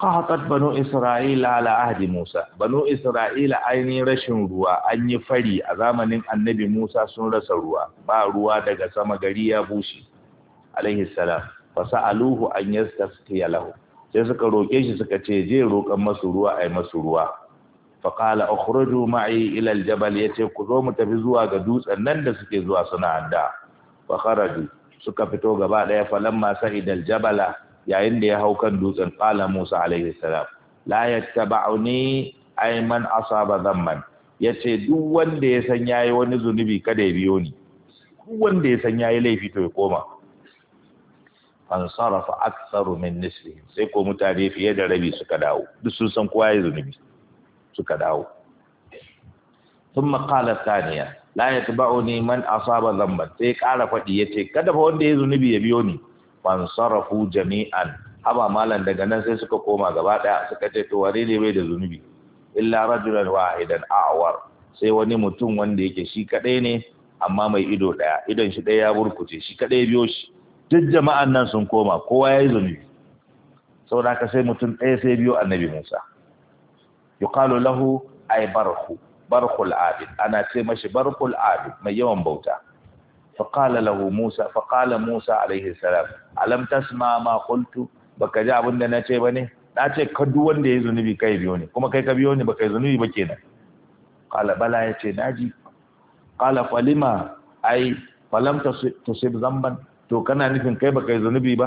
qahatat banu isra'ila ala ahdi musa banu isra'ila ainihin rashin ruwa an yi fari a zamanin annabi musa sun rasa ruwa ba ruwa daga sama gari ya bushe alaihi salam fasaluhu an yastaskiya lahu sai suka roƙe shi suka ce je roƙan masu ruwa ai masu ruwa faƙala qala ukhruju ma'i ila al-jabal yace ku zo mu tafi zuwa ga dutsen nan da suke zuwa suna Anda. wa kharaju suka fito gaba ɗaya falamma masu al-jabala yayin da ya hau kan dutsen qala Musa alaihi salam la yattaba'uni ay man asaba dhamman yace duk wanda ya san yayi wani zunubi kada ya biyo ni duk wanda ya san yayi laifi to ya koma fansarafa aksaru min nisfihim sai ko mutane fiye da rabi suka dawo duk sun san kowa ya zunubi suka dawo thumma qala thaniya la yatba'uni man asaba dhanban sai kara faɗi ya ce, kada fa wanda ya zunubi ya biyo ni fansarafu jami'an haba malan daga nan sai suka koma gaba ɗaya, suka ce to wane ne bai da zunubi illa rajulan wahidan a'war sai wani mutum wanda yake shi kadai ne amma mai ido ɗaya, idon shi ɗaya ya burkuce shi kadai biyo shi duk jama'an nan sun koma kowa ya yi zunubi da aka sai mutum ɗaya sai biyo annabi musa yuqalu lahu yi barhu barku abid ana ce mashi barhul abid mai yawan bauta faƙala lahu Musa faƙala musa عليه السلام alam tasma ma qultu baka ji abin da na ce ba ne? na ce ka duk wanda yi zunubi kai biyo ne kuma kai ka biyo ne baka yi zunubi ba kenan kala bala yace naji kala falima ai falam zamban to kana nufin kai baka yi zunubi ba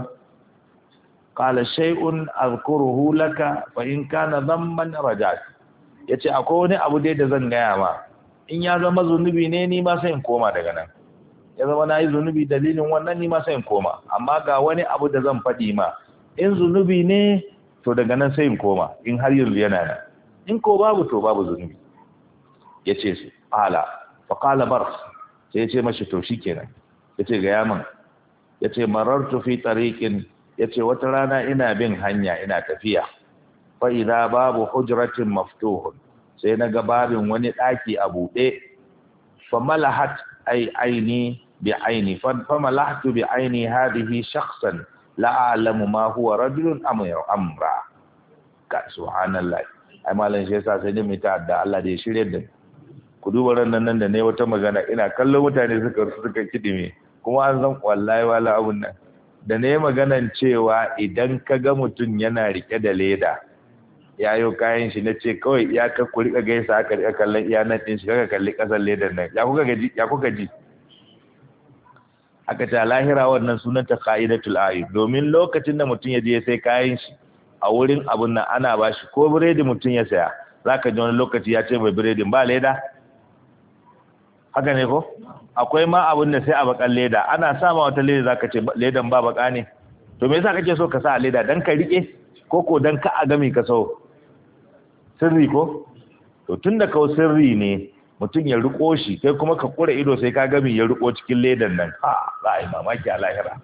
qala shay'un azkuruhu laka fa in kana dhamman rajat yace akwai wani abu dai da zan gaya ma in ya zama zunubi ne ni ma sai in koma daga nan ya zama na yi zunubi dalilin wannan ni ma sai in koma amma ga wani abu da zan faɗi ma in zunubi ne to daga nan sai in koma in har yanzu yana nan in ko babu to babu zunubi ya ce su fa qala bar sai yace mashi to shikenan ya ce ga yaman Ya yace marartu fi Ya ce wata rana ina bin hanya ina tafiya fa idza babu hujratin maftuhun sai na ga babin wani daki a bude fa malahat ay aini bi aini fa malahtu bi aini hadhihi shakhsan la a'lamu ma huwa rajulun am amra ka subhanallah ai malam shi yasa sai mai ta da Allah da ya shirya da ku duba ran nan da ne wata magana ina kallon mutane suka suka kidime kuma an zan wallahi wala abun nan da ne maganan cewa idan ka ga mutum yana rike da leda ya yi kayan shi na ce kawai kuri ku rika gaisa aka rika kallon iyanar ɗin shi kaka kalli ƙasar ledar nan ya kuka ji aka ta lahira wannan sunan ta ka'idatul ayu domin lokacin da mutum ya je sai kayan shi a wurin abun nan ana bashi, ko biredi mutum ya saya zaka ji wani lokaci ya ce mai biredin ba leda haka ne ko akwai ma abin da sai a bakan leda ana sama wata leda zaka ce ledan ba baka ne to me yasa kake so ka sa a leda dan ka rike ko ko dan ka a gami ka so sirri ko to tunda ka sirri ne mutum ya riko shi kai kuma ka kura ido sai ka gami ya riko cikin ledan nan ha za a yi mamaki a lahira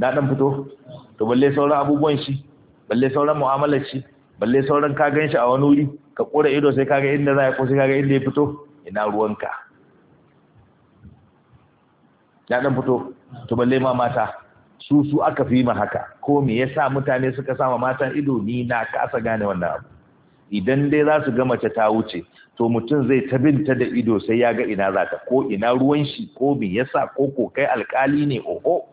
da dan fito to balle sauran abubuwan shi balle sauran mu'amalar shi balle sauran ka gan shi a wani wuri ka kura ido sai kaga inda za ko sai kaga inda ya fito ina ruwanka ya dan fito to balle ma mata su su aka fi ma haka ko me yasa mutane suka sama matan ido ni na kasa gane wannan abu idan dai za su ga mace ta wuce to mutum zai ta binta da ido sai ya ga ina za ta ko ina ruwan shi ko me yasa ko ko kai alkali ne oho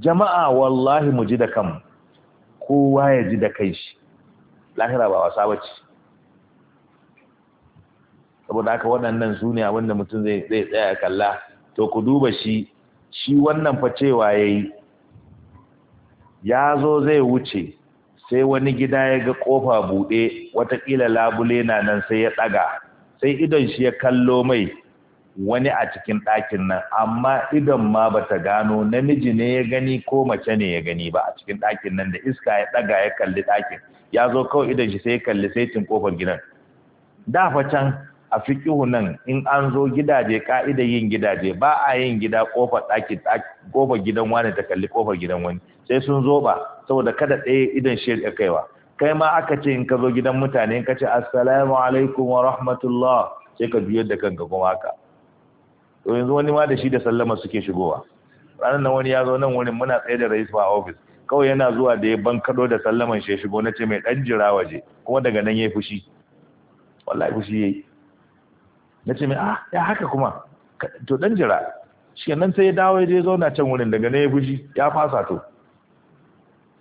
jama'a wallahi mu ji da kanmu kowa ya ji da kai shi lahira ba wasa bace saboda haka waɗannan su ne abin da mutum zai tsaya kalla to ku duba shi shi wannan fa cewa ya yi ya zo zai wuce sai wani gida ya ga kofa buɗe watakila labule na nan sai ya ɗaga sai idon shi ya kallo mai wani a cikin ɗakin nan amma idon ma ba ta gano namiji ne ya gani ko mace ne ya gani ba a cikin ɗakin nan da iska ya ɗaga ya kalli ɗakin ya zo kawai idon shi sai ya kalli sai cin kofar gidan da fa can a fikihu nan in an zo gidaje ka'ida yin gidaje ba a yin gida kofar ɗaki kofar gidan wani ta kalli kofar gidan wani sai sun ba saboda kada ɗaya idan shi ya kaiwa kai ma aka ce in ka zo gidan mutane ka ce assalamu alaikum wa rahmatullah sai ka biyo da kanka kuma haka to yanzu wani ma da shi da sallama suke shigowa ranar nan wani ya zo nan wurin muna tsaye da rais a office kawai yana zuwa da ya bankado da sallaman shi shigo na ce mai ɗan jira waje kuma daga nan ya yi fushi wallahi fushi yayi na ce mai ah ya haka kuma to dan jira shi nan sai ya dawo ya je zauna can wurin daga na ya buji ya fasa to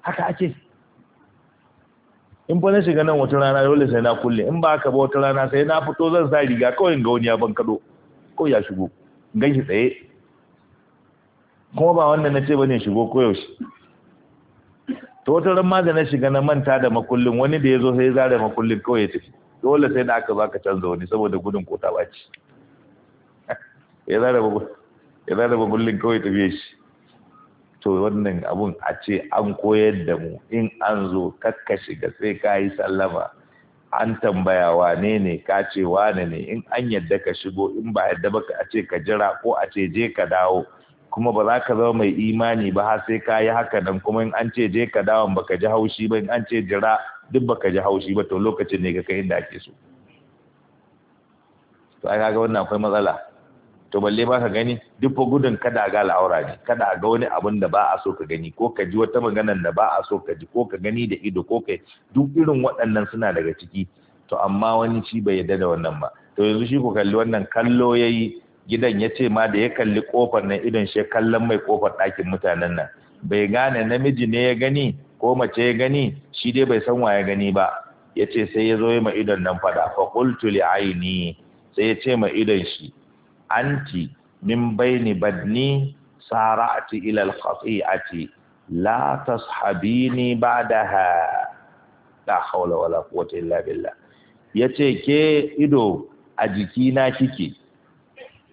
haka ake in bane na shiga nan wata rana dole sai na kulle in ba ka ba wata rana sai na fito zan sa riga kawai ga wani ya kado ko ya shigo gan shi tsaye kuma ba wannan na ce bane shigo koyaushe to wata ran ma da na shiga na manta da makullin wani da ya zo sai ya zare makullin kawai ya tafi dole sai da aka ka canza wani saboda gudun kota ta baci ya zara ba gullin kawai tafiye shi to wannan abun a ce an koyar da mu in an zo kakka shiga sai ka yi sallama an tambaya wane ne ka ce wane ne in an yadda ka shigo in ba yadda ba a ce ka jira ko a ce je ka dawo kuma ba za ka zama mai imani ba har sai ka yi haka nan kuma in an ce je ka dawo ba ka ji haushi ba in an ce jira duk baka ji haushi ba to lokacin ne ga kai inda ake so to ai kaga wannan akwai matsala to balle ba ka gani duk fa gudun kada ga al'aura ne kada ga wani abin da ba a so ka gani ko ka ji wata maganar da ba a so ka ji ko ka gani da ido ko kai duk irin waɗannan suna daga ciki to amma wani shi bai yarda da wannan ba to yanzu shi ku kalli wannan kallo yayi gidan ya ce ma da ya kalli kofar nan idon shi kallon mai kofar ɗakin mutanen nan bai gane namiji ne ya gani ko mace ya gani shi dai bai san waye gani ba ya ce sai ya zo ya ma idon nan fada fa qultu li aini sai ya ce ma idon shi anti min baini badni sara'ati ila al-khati'ati la tashabini ba'daha la hawla wala quwwata illa billah yace ke ido a jikina kike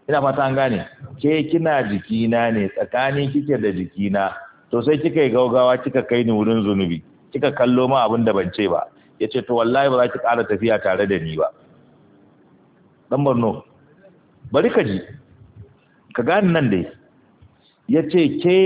ina fata an gane ke kina jikina ne tsakani kike da jikina to sai kika yi gaugawa kika kai ni wurin zunubi kika kallo ma abin da ban ce ba ya ce to wallahi ba za ki ƙara tafiya tare da ni ba ɗan borno bari ka ji ka gani nan dai ya ce ke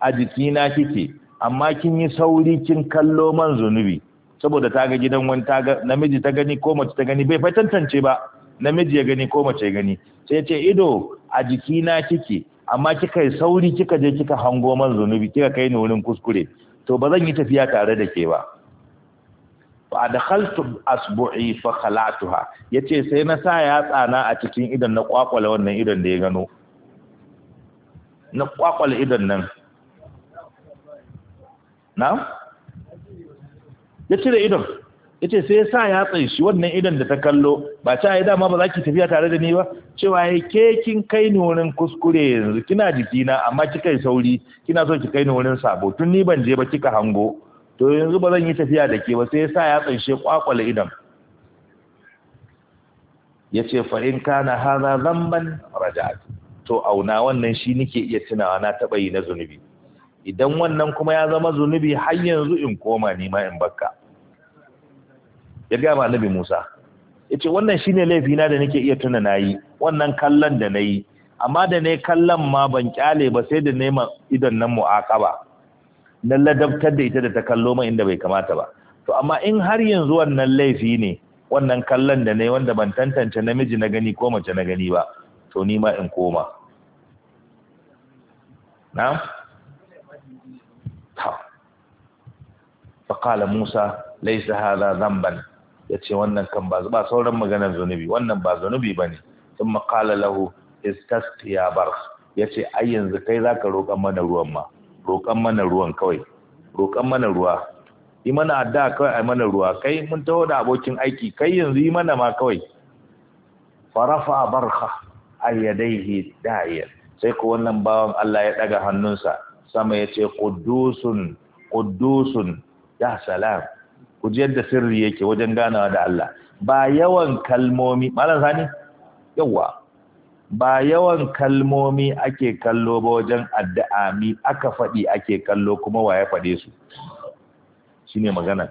a jikina kike amma kin yi sauri kin kallo man zunubi saboda ta ga gidan wani namiji ta gani ko mace ta gani bai fa tantance ba namiji ya gani ko mace ya gani sai ya ce ido a jikina kike amma kika yi sauri kika je kika hango man zunubi kika kai ni wurin kuskure to ba zan yi tafiya tare da ke ba fa adkhaltu asbu'i fa khalatuha yace sai na sa ya tsana a cikin idan na kwakwala wannan idan da ya gano na kwakwala idan nan na ya cire idan ita sai sa ya shi wannan idan da ta kallo ba ta yi dama ba za ki tafiya tare da ni ba cewa ya ke kin kai ni wurin kuskure yanzu kina jikina amma kika yi sauri kina so ki kai ni wurin sabo tun ni ban je ba kika hango to yanzu ba zan yi tafiya da ke ba sai ya sa ya tsanshe kwakwale idan ya ce fa'in kana haza zamban raja'at to auna wannan shi nike iya tunawa na taba yi na zunubi idan wannan kuma ya zama zunubi har yanzu in koma ma in bakka ya gama ma Musa ya ce wannan shine laifina da nake iya tuna na yi wannan kallon da na yi. amma da ne kallon ma ban kyale ba sai da nema idon nan ba na ladabtar da ita da ta kallo ma inda bai kamata ba to amma in har yanzu wannan laifi ne wannan kallon da yi wanda ban tantance namiji na gani ko mace na gani ba to ni ma in koma na ta faqala musa laysa hadha dhanban ya ce wannan kan ba ba sauran maganar zunubi wannan ba zunubi ba ne sun makala lahu ya bar ya ce ai yanzu kai za ka roƙan mana ruwan ma roƙan mana ruwan kawai roƙan mana ruwa yi mana adda kawai a mana ruwa kai mun taho da abokin aiki kai yanzu yi mana ma kawai farafa barha ayyadaihi da'iyar sai ko wannan bawan Allah ya daga hannunsa sama ya ce quddusun quddusun ya salam ku ji yadda sirri yake wajen ganawa da Allah ba yawan kalmomi malam sani yawa ba yawan kalmomi ake kallo ba wajen addu'a mi aka faɗi ake kallo kuma wa ya faɗe su shine magana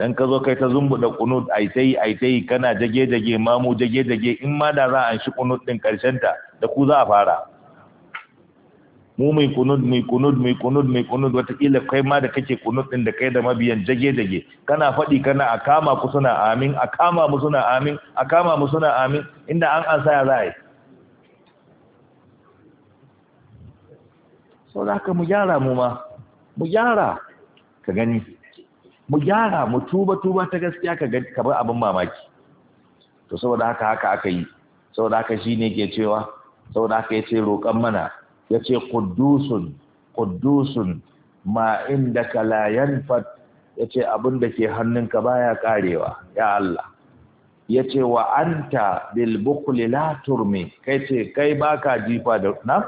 dan ka zo kai ta zumbuɗa kunut ai tai ai tai kana jage jage mamu jage jage in ma da za a shi kunut din karshen ta da ku za a fara mu mai kunud mai kunud mai kunud mai kunud watakila kai ma da kake kunud din da kai da mabiyan jage jage kana faɗi kana a kama ku suna amin a kama mu suna amin a kama mu suna amin inda an an saya za a yi sau da haka mu gyara mu ma mu gyara ka gani mu gyara mu tuba tuba ta gaskiya ka gani ka bar abin mamaki to saboda haka haka aka yi saboda haka shine ke cewa saboda haka yace roƙan mana Yace ce ƙuddusun ƙuddusun ma inda ka la yanfat ya ce abin da ke hannunka baya karewa ya Allah Yace ce wa anta bil bukli la turmi kai ce kai baka jifa da na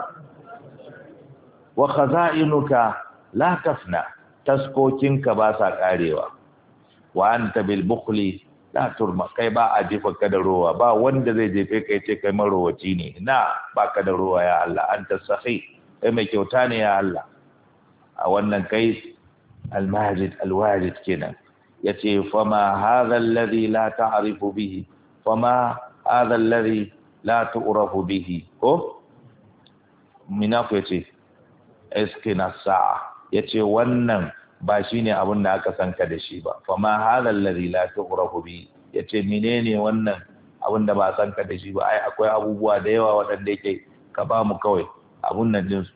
wa khaza'inuka la kafna taskokinka ba sa karewa wa anta bil bukli Na turma kai ba a jefa ka da ruwa. ba wanda zai jefe ka ce kai marowaci ne na ba ka da ruwa ya Allah anta sahi kai mai kyauta ne ya Allah a wannan kai almajid alwajid kenan ya ce fama hadha alladhi la ta'rifu bihi fama hadha alladhi la tu'rafu bihi ko mina ku yace iskina sa'a Ya ce wannan ba shi ne abin da aka sanka da shi ba fa ma halal ladhi la tughrahu bi yace menene wannan abin da ba sanka da shi ba ai akwai abubuwa da yawa waɗanda yake ka ba mu kawai abun nan din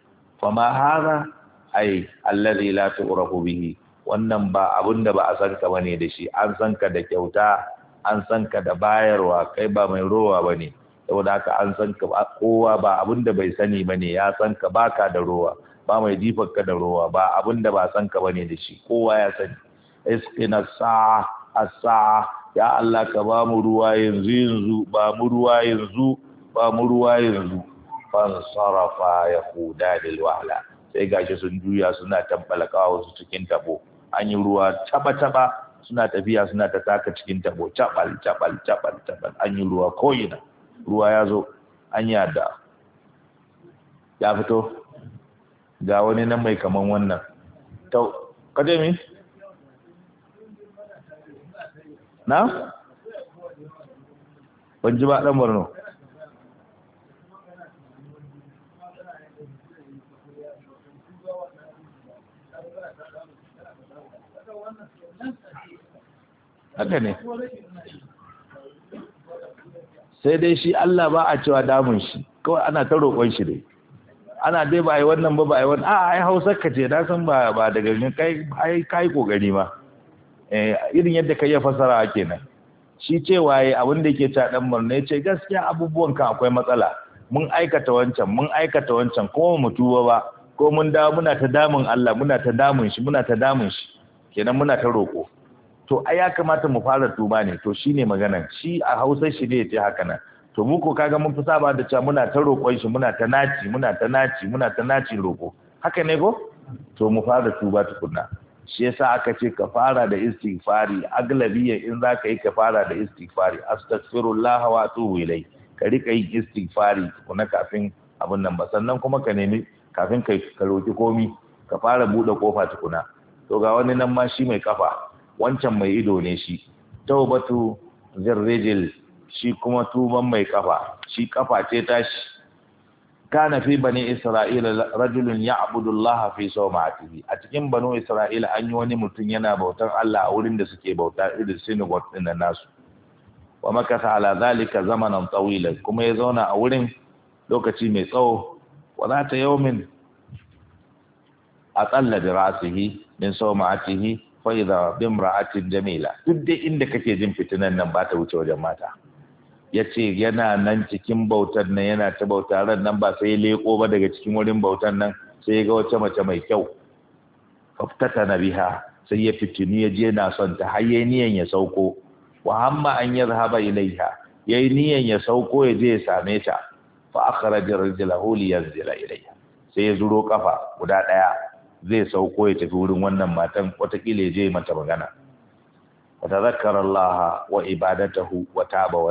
fa ma hadha ai alladhi la tughrahu bihi wannan ba abun da ba a sanka bane da shi an sanka da kyauta an sanka da bayarwa kai ba mai rowa bane saboda haka an san kowa ba abin da bai sani bane ya sanka baka da rowa ba mai jifar ka da ruwa ba abin da ba san ka ne da shi kowa ya sani iskina sa asa ya Allah ka ba mu ruwa yanzu yanzu ba mu ruwa yanzu ba mu ruwa yanzu sarrafa ya huda lil wahala. sai gashi sun juya suna tambala kawo su cikin tabo an yi ruwa taba taba suna tafiya suna ta taka cikin tabo cabal cabal cabal cabal an yi ruwa ko ina ruwa ya zo an adda ya fito ga wani nan mai kaman wannan tau kaje mi na ban ba dan borno haka ne sai dai shi Allah ba a cewa damun shi kawai ana ta roƙon shi dai ana dai ba ai wannan ba ba ai wannan a ai hausar ka ce na san ba ba daga kai ai kai kokari ma eh, irin yadda ka iya fasara kenan shi ce waye abin da yake ta dan murna yace gaskiya abubuwan ka akwai matsala mun aikata wancan mun aikata wancan ko mu tuba ba ko mun dawo muna ta damun Allah muna ta damun shi muna ta damun shi kenan muna ta roko to ai ya kamata mu fara tuba ne to shine maganan shi a hausar shi ne yace haka nan to mu ko kaga mun fi saba da cewa muna ta roƙon shi muna ta naci muna ta naci muna ta naci roƙo haka ne ko to mu fara tuba tukunna shi yasa aka ce ka fara da istighfari aglabiyan in za ka yi ka fara da istighfari astaghfirullah wa atubu ilai ka rika yin istighfari tukuna kafin abin nan ba sannan kuma ka nemi kafin ka ka roki komi ka fara buɗe kofa tukunna to ga wani nan ma shi mai kafa wancan mai ido ne shi tawbatu zirrijil shi kuma tuban mai kafa shi kafa ce tashi kana fi bani isra'ila rajulun ya Laha fi sawmatihi a cikin banu isra'ila an yi wani mutum yana bautar Allah a wurin da suke bauta irin synagogue din nasu wa makasa ala zalika zamanan tawila kuma ya zauna a wurin lokaci mai tsawo wa za ta yawmin a tsalla da ra'sihi min sawmatihi fa idha bi jamila duk dai inda kake jin fitinan nan ba ta wuce wajen mata ya ce yana nan cikin bautar nan yana ta bauta ran nan ba sai ya leko ba daga cikin wurin bautar nan sai ya ga wata mace mai kyau faftata na biha sai ya fitini ya je na son ta har yayi niyan ya sauko wa hamma an zahaba ilaiha yayi niyan ya sauko ya je ya same ta fa akhraja rajlahu li ilaiha sai ya zuro kafa guda ɗaya. zai sauko ya tafi wurin wannan matan watakila ya je mata magana wa tazakkara Allah wa ibadatahu wa taba wa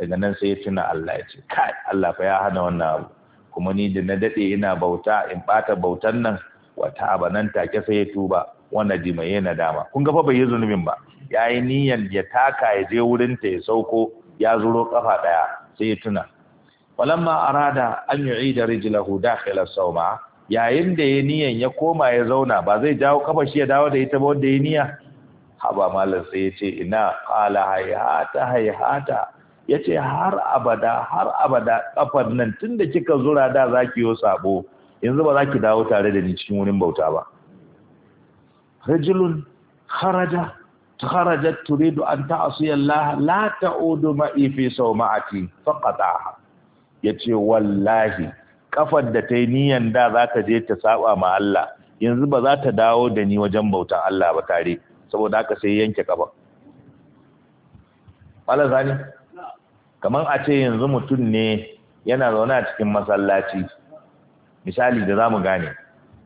daga nan sai ya tuna Allah ya ce kai Allah fa ya hana wannan abu kuma ni da na dade ina bauta in bata bautan nan wata aba nan take sai ya tuba wannan jima yana dama kun ga fa bai yi zunubin ba yayi niyan ya taka ya je wurin ta ya sauko ya zuro kafa daya sai ya tuna walamma arada an yu'ida rijlahu dakhila sawma yayin da ya niyan ya koma ya zauna ba zai jawo kafa shi ya dawo da ita ba wanda ya niya haba malam sai ya ce ina qala hayata hayata ya ce har abada har abada kafar nan tun da kika zura da za ki yi sabo yanzu ba za ki dawo tare da ni cikin wurin bauta ba rajulun kharaja kharajat turidu an ta'siya Allah la ta'udu ma'i fi sawma'ati Ya yace wallahi kafar da ta yi niyan da za ka je ta saba ma Allah yanzu ba za ta dawo da ni wajen bauta Allah ba tare saboda haka sai yanke kafa Allah zani kamar a ce yanzu mutum ne yana zaune a cikin masallaci misali da zamu gane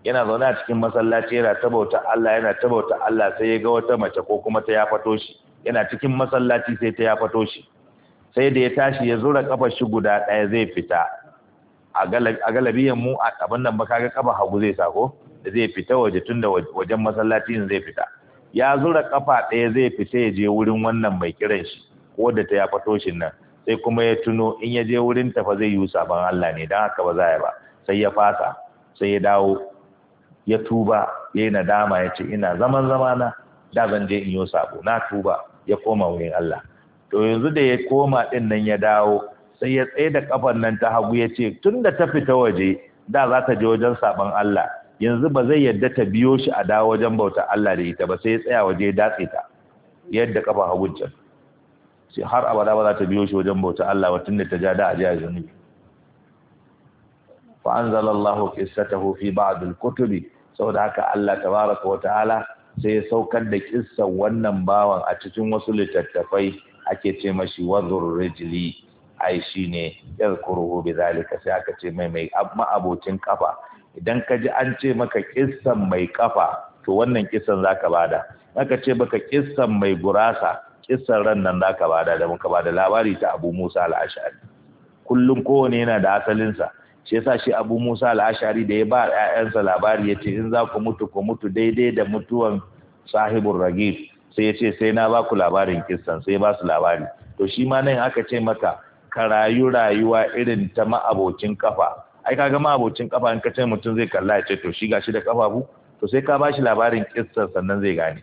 yana zaune a cikin masallaci yana tabauta Allah yana tabauta Allah sai ya ga wata mace ko kuma ta ya fato shi yana cikin masallaci sai ta ya fato shi sai da ya tashi ya zura kafar shi guda ɗaya zai fita a galabiyan mu a abin nan ba kaga kafa hagu zai sako da zai fita waje tun da wajen masallacin zai fita ya zura kafa ɗaya zai fita ya je wurin wannan mai kiran shi ko da ta ya fato shi nan sai kuma ya tuno in ya je wurin ta fa zai yi sabon Allah ne dan haka ba za ya ba sai ya fasa sai ya dawo ya tuba ya yi nadama ya ce ina zaman zamana da zan je in yi sabo na tuba ya koma wurin Allah to yanzu da ya koma din nan ya dawo sai ya tsaye da kafan nan ta hagu ya ce tun da ta fita waje da za ta je wajen sabon Allah yanzu ba zai yadda ta biyo shi a dawo wajen bauta Allah da ita ba sai ya tsaya waje ya datse ta yadda kafa hagun can har abada ba za ta biyo shi wajen bauta Allah ba da ta ja da a jiya zunubi fa Allah qissatahu fi ba'd al kutub saboda haka Allah tabaraka wa ta'ala sai ya saukar da kissa wannan bawan a cikin wasu littattafai ake ce mashi wazur rijli ai shine yadhkuruhu bidhalika sai aka ce mai mai amma kafa idan ka ji an ce maka kissan mai kafa to wannan kissan zaka bada aka ce baka kissan mai gurasa kissan ran nan da ka bada da muka bada labari ta Abu Musa al-Ash'ari kullum kowane yana da asalinsa shi yasa shi Abu Musa al-Ash'ari da ya ba 'ya'yansa labari yace in za ku mutu ku mutu daidai da mutuwan sahibul ragib sai yace sai na ba ku labarin kissan sai ba su labari to shi ma nan aka ce maka ka rayu rayuwa irin ta ma'abocin kafa ai kaga ma'abocin kafa in ka ce mutum zai kalla ya to shi gashi da kafafu to sai ka bashi labarin kissar sannan zai gane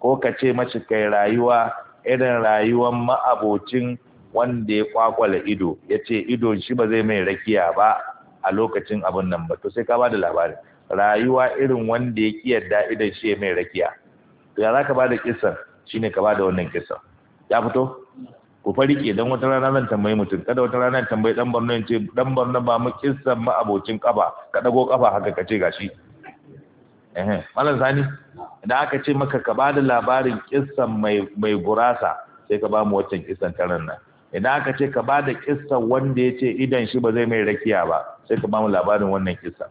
ko ka ce mace kai rayuwa irin rayuwar ma'abocin wanda ya kwakwala ido ya ce idon shi ba zai mai rakiya ba a lokacin abin nan ba to sai ka ba da labarin rayuwa irin wanda ya ki yadda idon shi ya mai rakiya to ya zaka ka ba da kisan shine ka ba da wannan kisan ya fito ku fari ke don wata rana zan tambayi mutum kada wata rana tambayi dan barno ce dan barno ba mu kisan ma'abocin kafa ka dago kafa haka ka ce gashi eh malam sani idan aka ce maka ka ba da labarin kissan mai gurasa sai ka ba mu waccan kissan karan nan idan aka ce ka bada da kissan wanda ya ce idan shi ba zai mai rakiya ba sai ka ba mu labarin wannan kissa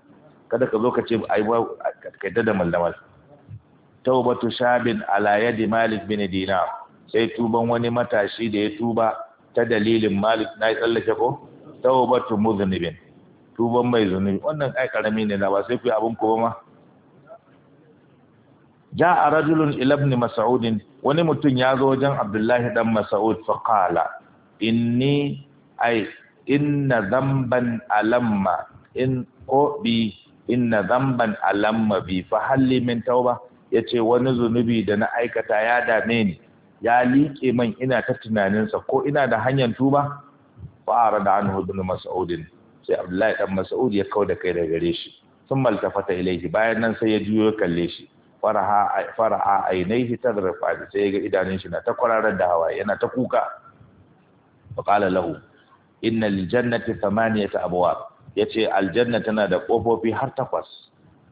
kada ka zo ka ce ai ba ka da mallamal taubatu shabin ala yadi malik bin dina sai tuban wani matashi da ya tuba ta dalilin malik na tsallake ko taubatu muzunibin tuban mai zunubi wannan ai karami ne na ba sai ku abun ko a rajulun ila ibn wani mutum ya zo wajen abdullahi dan mas'ud fa qala inni ai inna dhanban alamma in ko bi alamma bi fa min tauba yace wani zunubi da na aikata ya dame ni ya liƙe man ina ta tunaninsa ko ina da hanyar tuba fara da anhu ibn mas'ud sai abdullahi dan mas'ud ya kauda kai daga gare shi sun maltafata ilaihi bayan nan sai ya juyo kalle shi faraha faraha ainihi tadrafa sai ga idanun shi na ta kwararar da hawaye yana ta kuka faqala lahu inna lil jannati abwab yace aljanna tana da kofofi har takwas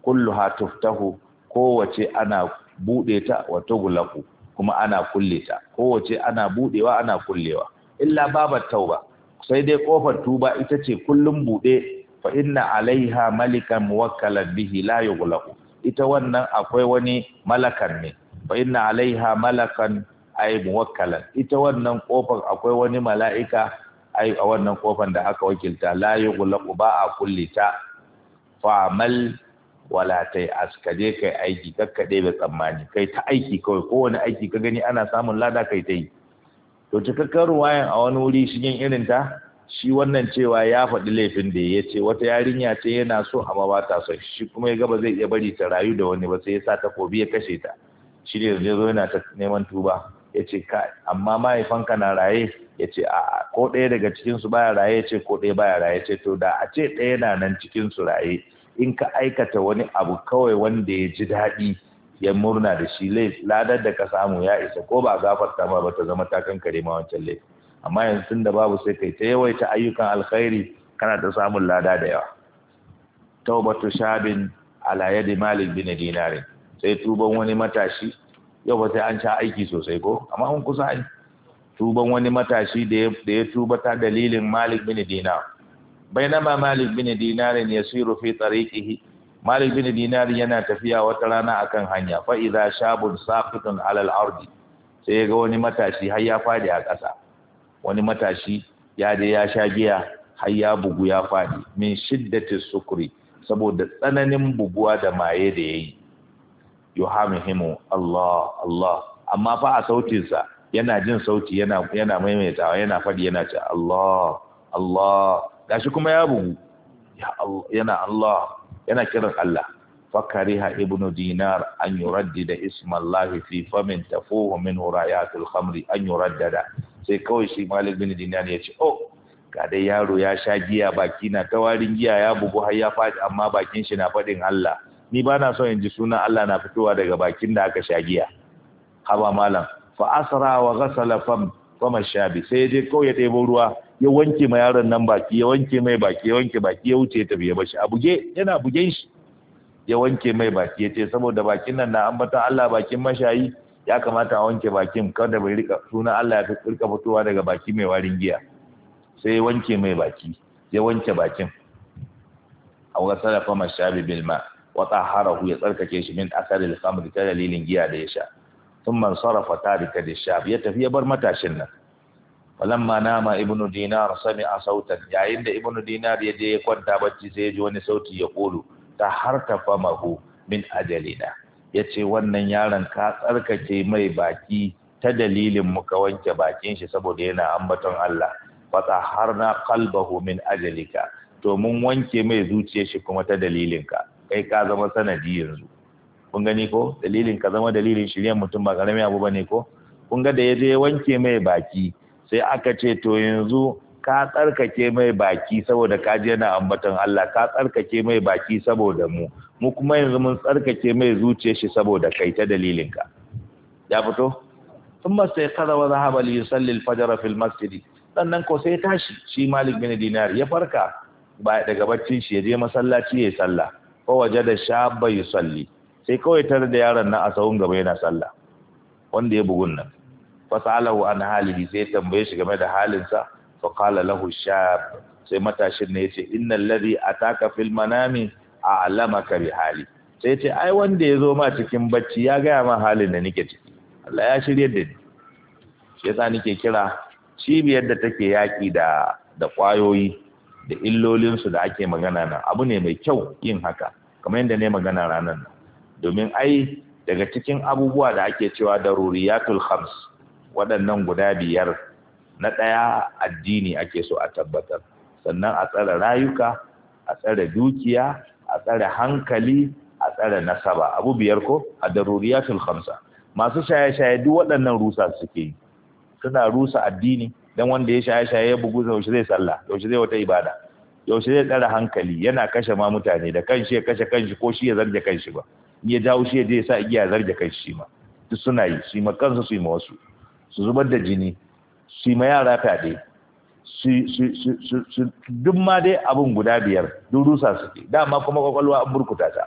kulluha tuftahu kowace ana bude ta wa tughlaqu kuma ana kulle ta kowace ana budewa ana kullewa illa babat tauba sai dai kofar tuba ita ce kullum bude fa inna alaiha malikan muwakkalan bihi la yughlaqu ita wannan akwai wani malakan ne fa inna alaiha malakan ay muwakkalan ita wannan kofar akwai wani mala'ika ai a wannan kofar da aka wakilta la yughlaqu ba a kullita fa mal wala tai askaje kai aiki kakkade bai tsammani kai ta aiki kawai kowane aiki ka gani ana samun lada kai ta yi to cikakken ruwayan a wani wuri shigen irin ta shi wannan cewa ya faɗi laifin da ya ce wata yarinya ce yana so amma ba ta son shi kuma ya gaba zai iya bari ta rayu da wani ba sai ya sa ta kobi ya kashe ta shi ne zai zo yana ta neman tuba ya ce ka amma mahaifanka na raye ya ce a ko ɗaya daga cikinsu baya raye ya ce ko ɗaya baya raye ya ce to da a ce ɗaya na nan cikin su raye in ka aikata wani abu kawai wanda ya ji daɗi ya murna da shi ladar da ka samu ya isa ko ba gafarta ma ba ta zama ta kankare ma wancan laifin amma yanzu tun da babu sai kai ta yawaita ayyukan alkhairi kana ta samun lada da yawa taubatu shabin ala yadi malik bin dinarin sai tuban wani matashi yau ba sai an ci aiki sosai ko amma an kusa ai tuban wani matashi da ya tuba ta dalilin malik bin dinar bainama malik bin dinarin yasiru fi tariqihi Malik bin Dinar yana tafiya wata rana akan hanya fa idza shabun saqitun alal ardi sai ya ga wani matashi har ya fadi a ƙasa wani matashi ya je ya sha giya har ya bugu ya faɗi min shiddati sukuri saboda tsananin buguwa da maye da yayi yuhamhimu Allah Allah amma fa a sautinsa yana jin sauti yana yana maimaitawa yana faɗi yana ce Allah Allah gashi kuma ya bugu yana Allah yana kiran Allah fakariha ibnu dinar an yuraddida isma Allah fi famin tafuhu min hurayatul khamri an yuraddada sai kawai shi malik bin dinar ya ce oh ga dai yaro ya sha giya baki na ta giya ya bugu har ya faɗi amma bakin shi na faɗin Allah ni ba na so in ji sunan Allah na fitowa daga bakin da aka sha giya haba malam fa asra wa ghasala fam fama shabi sai je kawai ya tebo ruwa ya wanke ma yaron nan baki ya wanke mai baki ya wanke baki ya wuce ta biye bashi a buge yana bugen shi ya wanke mai baki ya saboda bakin nan na ambata Allah bakin mashayi ya kamata a wanke bakin kada bai rika suna Allah ya rika fitowa daga baki mai warin giya sai ya wanke mai baki ya wanke bakin aw sarafa ma shabi bil ma wa taharahu ya tsarkake shi min asar al khamr ta dalilin giya da ya sha thumma sarafa tarika da shab ya tafi ya bar matashin nan falamma nama ibnu dinar sami'a sautan yayin da ibnu dinar ya je ya kwanta bacci sai ya ji wani sauti ya kulu ta harta famahu min ajalina ya ce wannan yaron ka tsarkake mai baki ta dalilin muka wanke bakin shi saboda yana ambaton Allah fata har na kalbahu min ajalika to mun wanke mai zuciyar shi kuma ta dalilin ka, kai ka zama sanadi yanzu kun gani ko dalilin ka zama dalilin shiryen mutum ba karami abu bane ko kun ga da ya wanke mai baki sai aka ce to yanzu ka tsarkake mai baki saboda ka je na ambaton Allah ka tsarkake mai baki saboda mu mu kuma yanzu mun tsarkake mai zuciyar shi saboda kai ta dalilinka ya fito sun ba sai kada wa zahaba li yusalli al-fajr al masjid sannan ko sai tashi shi Malik bin Dinar ya farka ba daga baccin shi ya je masallaci ya sallah fa wajada shabba yusalli sai kawai tare da yaron nan a sahun gaba yana sallah wanda ya bugun nan fa sa'alahu an halihi sai tambaye shi game da halinsa fa qala lahu shab sai matashin ne yace innal ladhi ataka fil manami a alama bi hali sai ce ai wanda ya zo ma cikin bacci ya gaya ma halin da nake ciki Allah ya shirye da ni shi yasa nike kira cibiyar da take yaki da da kwayoyi da illolinsu da ake magana nan abu ne mai kyau yin haka kamar yadda ne magana ranar nan domin ai daga cikin abubuwa da ake cewa daruriyatul khams waɗannan guda biyar na ɗaya addini ake so a tabbatar sannan a tsare rayuka a tsare dukiya a tsare hankali a tsare nasaba abu biyar ko a daruriyatul khamsa masu shaye-shaye duk waɗannan rusa suke yi suna rusa addini dan wanda ya shaye-shaye ya bugu yaushe zai sallah yaushe zai wata ibada yaushe zai tsare hankali yana kashe ma mutane da kanshi ya kashe kanshi ko shi ya zarge kanshi ba ya jawo shi ya je ya sa igiya zarge kanshi shi ma duk suna yi su yi ma kansu su yi ma wasu su zubar da jini su yi ma yara fyaɗe su duk ma dai abin guda biyar duk rusa suke dama kuma kwakwalwa an burkuta ta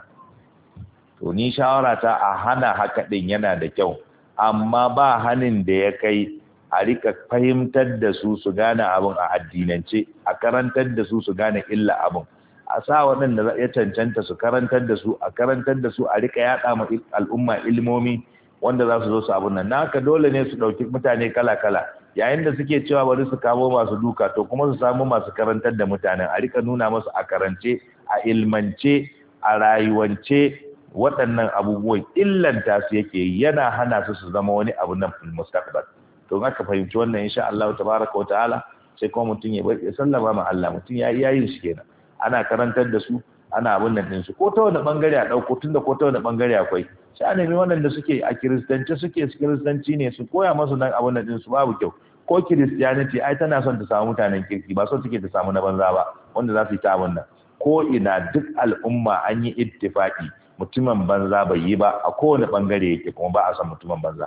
to ni shawara ta a hana haka din yana da kyau amma ba hanin da ya kai a rika fahimtar da su su gane abin a addinance a karantar da su su gane illa abin a sa waɗanda ya cancanta su karantar da su a karantar da su a rika yaɗa ma al'umma ilmomi wanda za su zo su abin nan haka dole ne su ɗauki mutane kala-kala yayin da suke cewa bari su kawo masu duka to kuma su samu masu karantar da mutanen a rika nuna masu a karance a ilmance a rayuwance waɗannan abubuwan illanta su yake yana hana su su zama wani abu nan fil mustaqbal to ka fahimci wannan insha Allah tabaraka wa ta'ala sai kuma mutum ya bar sallama ma Allah mutum ya yi shi kenan ana karantar da su ana abin nan ɗinsu ko ta wani ɓangare a ɗauko tunda ko ta wani ɓangare akwai sai a nemi waɗanda suke a kiristanci suke kiristanci ne su koya masu nan abin nan ɗinsu babu kyau ko kiristiyaniti ai tana son ta samu mutanen kirki ba son take ta samu na banza ba wanda za su yi ta abin nan ko ina duk al'umma an yi ittifaki mutumin banza bai yi ba a kowane ɓangare yake kuma ba a san mutumin banza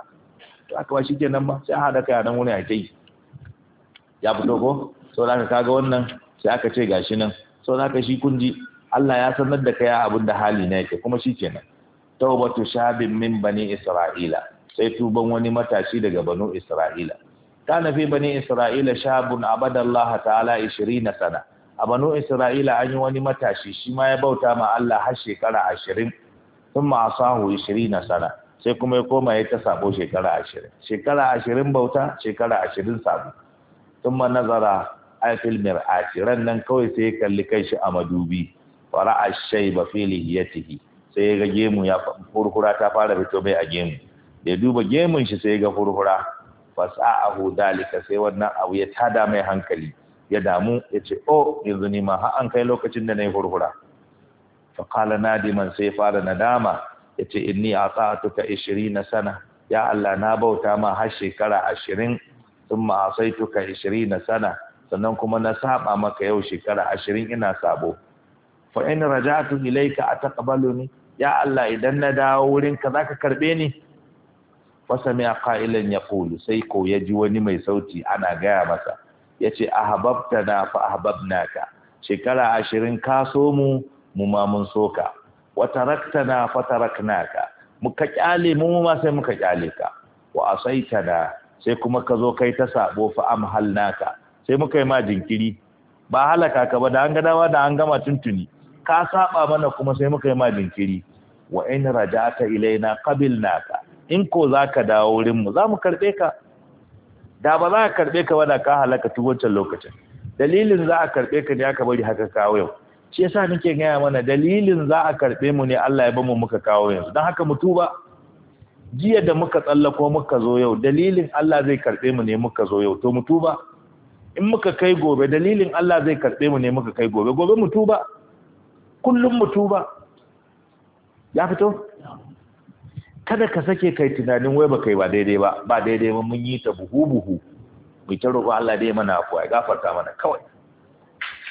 to aka ba nan ba sai a haɗa kai a nan wani a kai ya fito ko da ka kaga wannan sai aka ce gashi nan da ka shi kun ji Allah ya sanar da kai abin da hali na yake kuma shikenan tawbatu shabin min bani isra'ila sai tuban wani matashi daga banu isra'ila kana fi bani isra'ila shabun abadallaha ta'ala 20 sana a banu isra'ila an yi wani matashi shi ma ya bauta ma Allah har shekara 20 thumma asahu 20 sana sai kuma ya koma ya ta sabo shekara 20 shekara 20 bauta shekara 20 sabo thumma nazara a filmir a ran nan kawai sai ya kalli shi a madubi a fara'a fili ya tiki. sai ya ga gemu ya furfura ta fara fito bai a gemu da duba gemun shi sai ya ga furfura fasa'ahu dalika sai wannan abu ya tada mai hankali ya damu ya ce o oh, yanzu ni ma har an kai lokacin da na yi furfura fa kala nadiman sai fara nadama ya ce inni ishirin na sana ya Allah na bauta ma har shekara ashirin 20 tuka ishirin na sana sannan kuma na saba maka yau shekara ashirin ina sabo fa in raja'tu ilayka ataqbaluni ya Allah idan na dawo wurinka zaka karbe ni fa sami'a qailan yaqulu sai ko yaji wani mai sauti ana gaya masa yace ahbabtana fa ahbabnaka shekara 20 ka so mu mu ma mun soka wa taraktana fa taraknaka muka kyale mu ma sai muka kyale ka wa asaitana sai kuma ka zo kai ta sabo fa amhalnaka sai muka yi ma jinkiri ba halaka ka ba da an dawa da an gama tuntuni ka saba mana kuma sai muka yi ma jinkiri wa in raja'ata ilaina qabilnaka in ko zaka dawo wurin mu zamu karbe ka da ba za ka karbe ka wala ka halaka tu wancan lokacin dalilin za a karbe ka ne aka bari haka kawo yau shi yasa nake gaya mana dalilin za a karbe mu ne Allah ya bamu muka kawo yanzu dan haka mu tuba jiya da muka tsallako muka zo yau dalilin Allah zai karbe mu ne muka zo yau to mu tuba in muka kai gobe dalilin Allah zai karbe mu ne muka kai gobe gobe mu tuba kullum mutu ba ya fito kada ka sake kai tunanin wai baka kai ba daidai ba ba daidai ba mun yi ta buhu buhu mu ta roƙo Allah dai mana afuwa ya gafarta mana kawai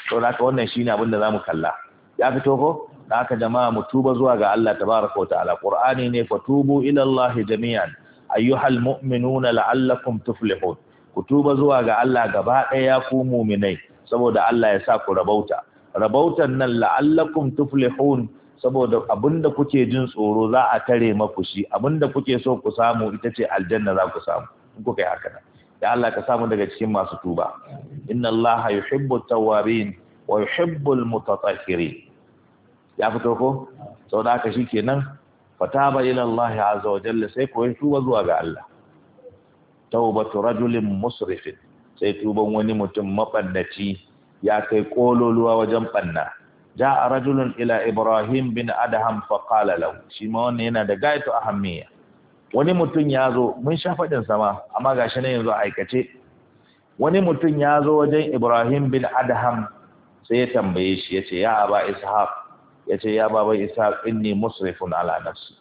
to haka wannan shine abin da zamu kalla ya fito ko da haka jama'a mu tuba zuwa ga Allah tabaraka ta'ala. qur'ani ne fatubu ila Allah jami'an ayyuhal mu'minuna la'allakum tuflihun ku tuba zuwa ga Allah gaba ɗaya ku mu'minai saboda Allah ya sa ku rabauta rabautan nan la'allakum tuflihun saboda abinda kuke jin tsoro za a tare maku shi abinda kuke so ku samu ita ce aljanna za ku samu in kuka yi haka ya Allah ka samu daga cikin masu tuba inna Allah yuhibbu tawabin wa yuhibbu almutatahhirin ya fito ko sau da haka shikenan fataba ila Allah azza wa jalla sai ko tuba zuwa ga Allah tawbatu rajulin musrifin sai tuban wani mutum mabannaci ya kai kololuwa wajen banna a rajulun ila ibrahim bin adham fa qala lahu shi ma wannan yana da gaitu ahammiya wani mutum ya zo mun sha fadin sama amma gashi ne yanzu aikace wani mutum ya zo wajen ibrahim bin adham sai ya tambaye shi yace ya aba ishaq yace ya baba ishaq inni musrifun ala nafsi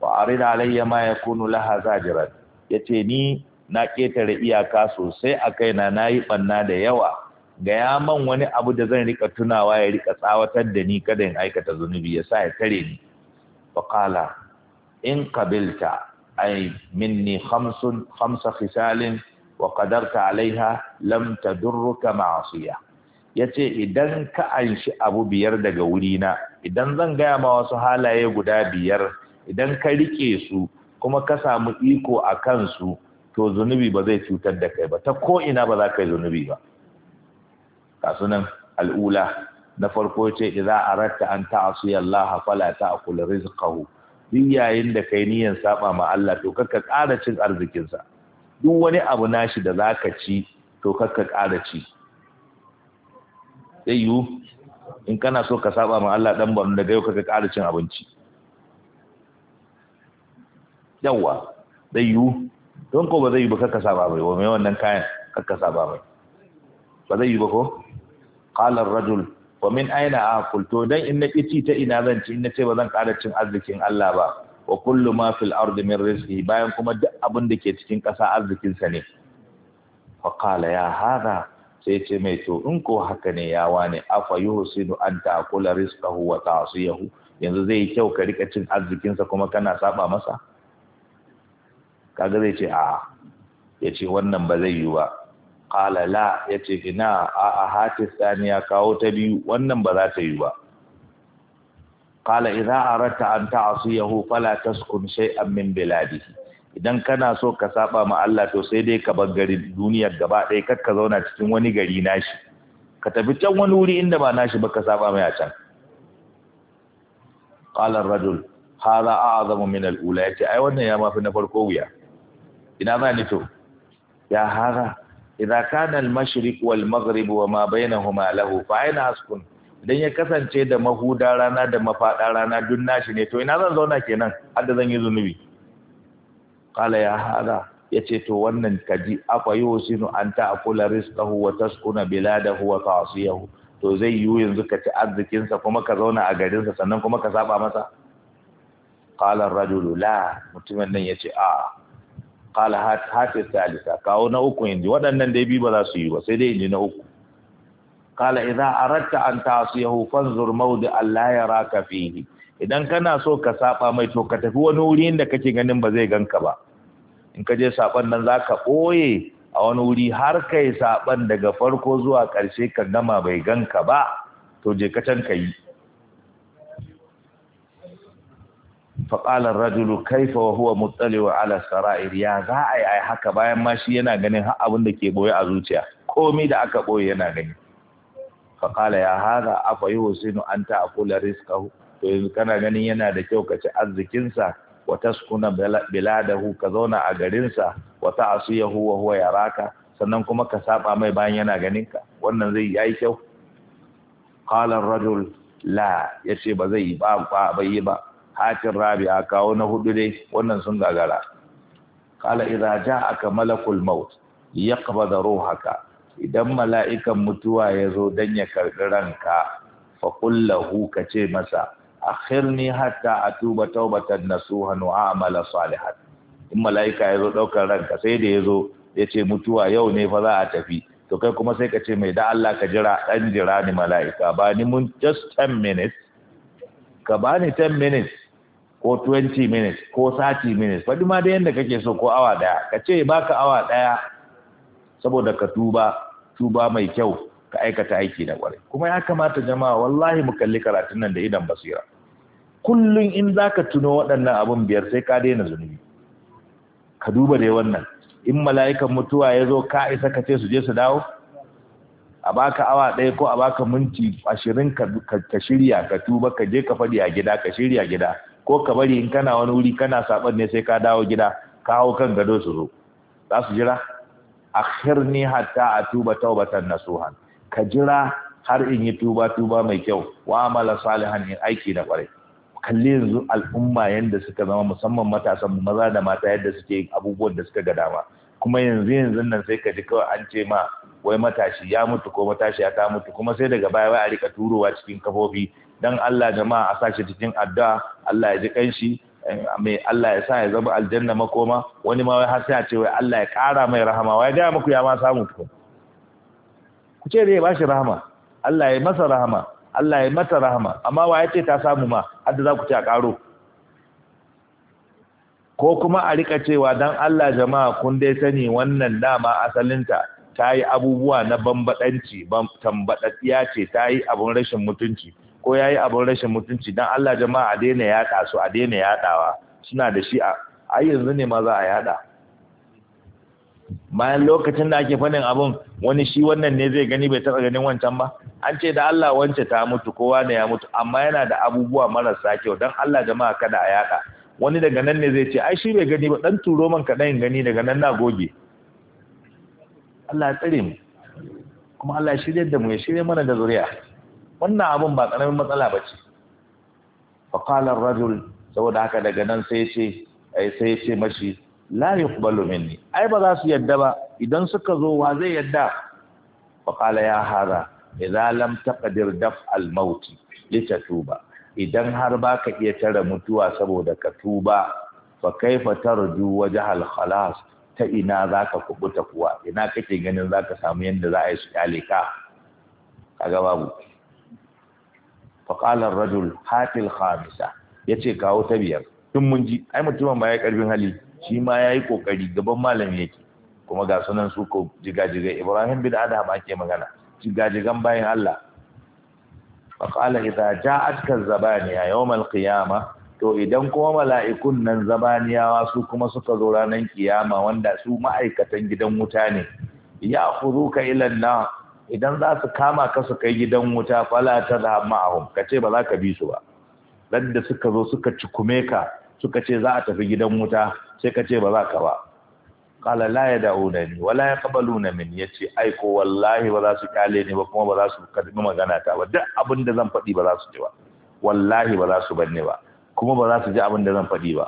wa arida alayya ma yakunu laha zajiran yace ni na ketare iyaka sosai a kaina nayi banna da yawa gaya man wani abu da zan rika tunawa ya rika tsawatar da ni kada in aikata zunubi ya sa ya tare ni faqala in kabilta ai minni khamsun khamsa khisalin wa qadarta alaiha lam tadurruka ma'asiya yace idan ka anshi abu biyar daga wurina idan zan gaya ma wasu halaye guda biyar idan ka rike su kuma ka samu iko a kansu to zunubi ba zai cutar da kai ba ta ko ina ba za ka yi zunubi ba kasunan al'ula na farko ce idza aratta an ta'asi yallaha fala ta'kul rizqahu duk yayin da kai niyan saba ma Allah to kakka ƙara cin arzikin sa duk wani abu nashi da zaka ci to kakka ƙara ci sai yu in kana so ka saba ma Allah dan ban daga yau kakka ƙara cin abinci yawa zai yiwu don ko ba zai yi ba kakka saba mai wa mai wannan kayan kakka saba mai ba zai yi ba ko qala rajul wa min aina aqul to dan in nake ci ta ina zan ci in ce ba zan ƙara cin arzikin Allah ba wa kullu ma fil ardi min rizqi bayan kuma duk abin da ke cikin ƙasa arzikin ne fa qala ya hada sai ce mai to in ko haka ne ya wane afa yuhsinu an ta'kula rizqahu wa ta'siyahu yanzu zai yi kyau ka rika cin arzikin sa kuma kana saba masa kaga zai ce a'a ya ce wannan ba zai yi ba qala la yace ina a a hati saniya kawo ta biyu wannan ba za ta yi ba qala idza aradta an ta'siyahu fala taskun shay'an min biladihi idan kana so ka saba ma Allah to sai dai ka bar gari duniyar gaba ɗaya kar ka zauna cikin wani gari nashi ka tafi can wani wuri inda ba nashi ba ka saba mai a can rajul ar-rajul a a'zamu min al'ula ya ce ai wannan ya mafi na farko wuya ina za ni to ya hara idza kana al-mashriq wal maghrib wa ma bainahuma lahu fa ayna askun idan ya kasance da mahuda rana da mafada rana duk nashi ne to ina zan zauna kenan har da zan yi zunubi qala ya hada yace to wannan kaji afa yusinu an ta'kula rizqahu wa taskuna biladahu wa ta'siyahu to zai yiwu yanzu ka ci arzikinsa kuma ka zauna a garinsa sannan kuma ka saba masa qala ar-rajulu la mutumin nan yace a qala hati salisa kawo na uku inji waɗannan dai biyu ba za su yi ba sai dai inji na uku qala idza aradta an ta'siyahu fanzur mawdi alla yaraka fihi idan kana so ka saɓa mai to ka tafi wani wuri inda kake ganin ba zai ganka ba in ka je saban nan ka ɓoye a wani wuri har kai saban daga farko zuwa ƙarshe ka gama bai ganka ba to je ka can ka yi faƙalar rajulu kaifa wa huwa mutsalewa ala za a yi haka bayan ma shi yana ganin har abin da ke boye a zuciya komai da aka boye yana gani faƙala ya haza afa yi husinu an ta akula to yanzu kana ganin yana da kyau ka ci arzikinsa wa taskuna biladahu ka zauna a garinsa wa ta'asiyahu wa huwa yaraka sannan kuma ka saba mai bayan yana ganin ka wannan zai yayi kyau qala ar-rajul la yace ba zai ba ba yi ba atin rabi'a kawo na hudu dai wannan sun gagara qala idza aka malakul maut yaqbad ruhaka idan mala'ikan mutuwa ya zo dan ya karbi ranka fa qul ka ce masa akhirni hatta atuba taubatan nasuha wa a'mala salihan in mala'ika ya zo daukar ranka sai da ya zo ya ce mutuwa yau ne fa za a tafi to kai kuma sai ka ce mai da Allah ka jira dan jira ni mala'ika ba ni mun just 10 minutes ka bani 10 minutes ko 20 minutes ko 30 minutes faɗi ma da yadda kake so ko awa ɗaya ka ce baka awa ɗaya saboda ka tuba tuba mai kyau ka aikata aiki da ƙwarai kuma ya kamata jama'a wallahi mu kalli karatun nan da idan basira kullum in za ka tuno waɗannan abin biyar sai ka daina zunubi ka duba dai wannan in mala'ikan mutuwa ya zo ka isa ka ce su je su dawo a baka awa ɗaya ko a baka minti ashirin ka shirya ka tuba ka je ka faɗi a gida ka shirya gida ko ka bari in kana wani wuri kana saban ne sai ka dawo gida kawo kan gado su zo za su jira A akhirni hatta a tuba taubatan nasuhan ka jira har in yi tuba tuba mai kyau wa amala salihan in aiki da kwarai kalli yanzu al'umma yadda suka zama musamman matasan maza da mata yadda suke abubuwan da suka ga dama kuma yanzu yanzu nan sai ka ji kawai an ce ma wai matashi ya mutu ko matashi ya ta mutu kuma sai daga baya wai a rika turowa cikin kafofi dan Allah jama'a a sashi cikin adda Allah ya ji kanshi mai Allah ya sa ya zama aljanna makoma wani ma wai har sai a ce wai Allah ya ƙara mai rahama wai ga muku ya ma samu ku ku ce dai ya bashi rahama Allah ya masa rahama Allah ya mata rahama amma wa ya ce ta samu ma har da za ku ce a ƙaro ko kuma a rika cewa dan Allah jama'a kun dai sani wannan dama asalinta ta yi abubuwa na bambadanci tambaɗaɗɗiya ce ta yi abun rashin mutunci ko ya yi abin rashin mutunci don Allah jama'a a daina yaɗa su a daina yaɗawa suna da shi a yanzu ne ma za a yaɗa bayan lokacin da ake fanin abin wani shi wannan ne zai gani bai taɓa ganin wancan ba an ce da Allah wance ta mutu kowa ne ya mutu amma yana da abubuwa marasa kyau don Allah jama'a kada a yaɗa wani daga nan ne zai ce ai shi bai gani ba ɗan turo man kaɗan gani daga nan na goge Allah ya tsare mu kuma Allah ya shirya da mu ya shirya mana da zuriya wannan abin ba ƙaramin matsala ba ce faƙalar rajul saboda haka daga nan sai ce sai ce mashi la yuqbalu minni ai ba za su yadda ba idan suka zo wa zai yadda faƙala ya hara mai lam taqdir daf al maut tuba idan har ba ka iya tara mutuwa saboda ka tuba fa kaifa tarju al khalas ta ina zaka kubuta kuwa ina kake ganin zaka samu yanda za a yi su kyale ka kaga babu faƙalar rajul hatil khamisa ya ce kawo ta biyar tun mun ji ai mutumin ba ya ƙarfin hali shi ma ya yi ƙoƙari gaban malami yake kuma ga sunan su ko jigajigai ibrahim bin adam ake magana jigajigan bayan allah faƙala idza ja'atka zabaniya yawmal qiyama to idan kuma mala'ikun nan zabaniyawa su kuma suka zo ranar kiyama wanda su ma'aikatan gidan wuta ne ya ka ila na idan za su kama ka su kai gidan wuta fala ta da ma'ahum ka ce ba za ka bi su ba ladda suka zo suka cikume ka suka ce za a tafi gidan wuta sai ka ce ba za ka ba qala la yad'unani wala ya yaqbaluna min yace ai ko wallahi ba za su kyale ni ba kuma ba za su karbi magana ta ba duk abin da zan faɗi ba za su ji ba wallahi ba za su banne ba kuma ba za su ji abin da zan faɗi ba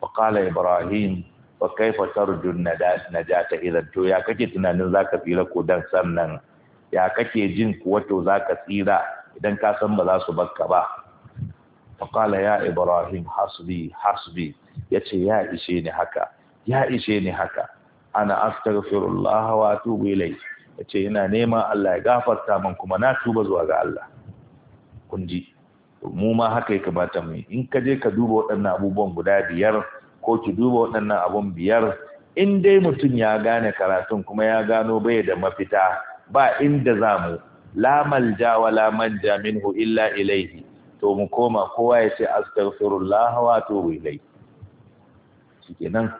wa qala ibrahim wa kaifa tarjun najata idan to ya kake tunanin zaka tsira ko dan sannan ya kake jin kuwa to za ka tsira idan ka san ba za su bakka ba faƙala ya ibrahim hasbi hasbi ya ce ya ishe ni haka ya ishe ni haka ana astaghfirullah wa atubu ilai ya ce ina neman Allah ya gafarta min kuma na tuba zuwa ga Allah Kunji, ji mu ma haka ya kamata mu in ka je ka duba waɗannan abubuwan guda biyar ko ki duba waɗannan abun biyar in dai mutum ya gane karatun kuma ya gano bai da mafita ba inda za mu la malja wa manja minhu illa ilaihi to mu koma kowa ya ce astaghfirullah wa atubu ilaihi shikenan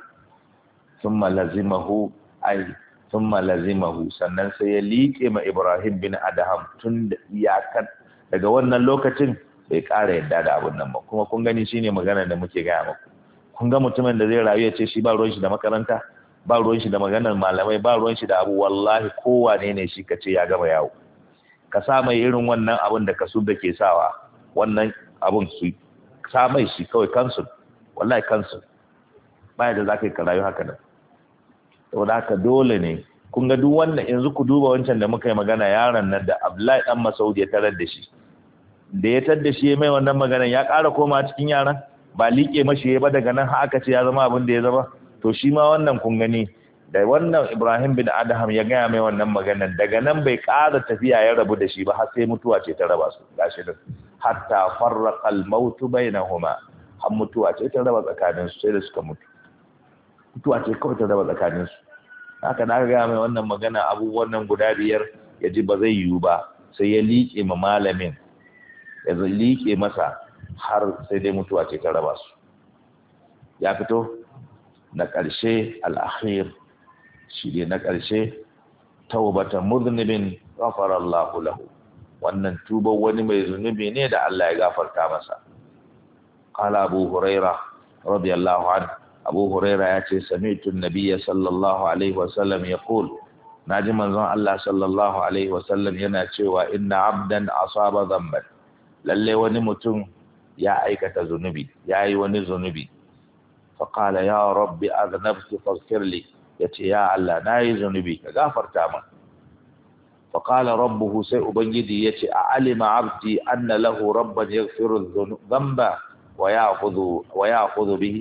thumma lazimahu ai thumma lazimahu sannan sai ya liƙe ma Ibrahim bin Adham tun da iyakar daga wannan lokacin bai ƙara yadda da abun nan ba kuma kun gani shine magana da muke gaya muku kun ga mutumin da zai rayu ya ce shi ba ruwan shi da makaranta ba ruwan shi da maganar malamai ba ruwan shi da abu wallahi kowa ne shi kace ya gama yawo ka sa mai irin wannan abun da kasu da ke sawa wannan abun su sa mai shi kawai kansu wallahi kansu baya da za ka yi karayu haka nan saboda haka dole ne kun ga duk wannan yanzu ku duba wancan da muka yi magana yaron nan da Abdullahi dan Masaud ya tarar da shi da ya tarar da shi ya mai wannan magana ya ƙara koma cikin yaran ba liƙe mashi ya ba daga nan haka ce ya zama abin da ya zama to shi ma wannan kun gani da wannan Ibrahim bin Adham ya gaya mai wannan magana, daga nan bai ƙara tafiya ya rabu da shi ba har sai mutuwa ce ta raba su gashi nan hatta farraqa maut bainahuma har mutuwa ce ta raba tsakanin su sai da suka mutu mutuwa ce kawai ta raba tsakanin su haka na gaya mai wannan magana abubuwan nan guda biyar ya ji ba zai yiwu ba sai ya liƙe ma malamin ya liƙe masa har sai dai mutuwa ce ta raba su ya fito na ƙarshe al'akhir shi ne na ƙarshe taubata muznibin ghafara Allahu lahu wannan tubar wani mai zunubi ne da Allah ya gafarta masa qala abu huraira radiyallahu anhu abu huraira ya ce sami'tu nabiyya sallallahu alaihi wasallam Na ji manzon Allah sallallahu alaihi wasallam yana cewa inna abdan asaba dhanban lalle wani mutum ya aikata zunubi yayi wani zunubi فقال يا ربي أذنبت فاغفر لي يتي يا الله ناي ذنبي كغفرت من فقال ربه سي أبنجدي يتي أعلم عبدي annalahu له ربا يغفر الذنب ويأخذ ويأخذ به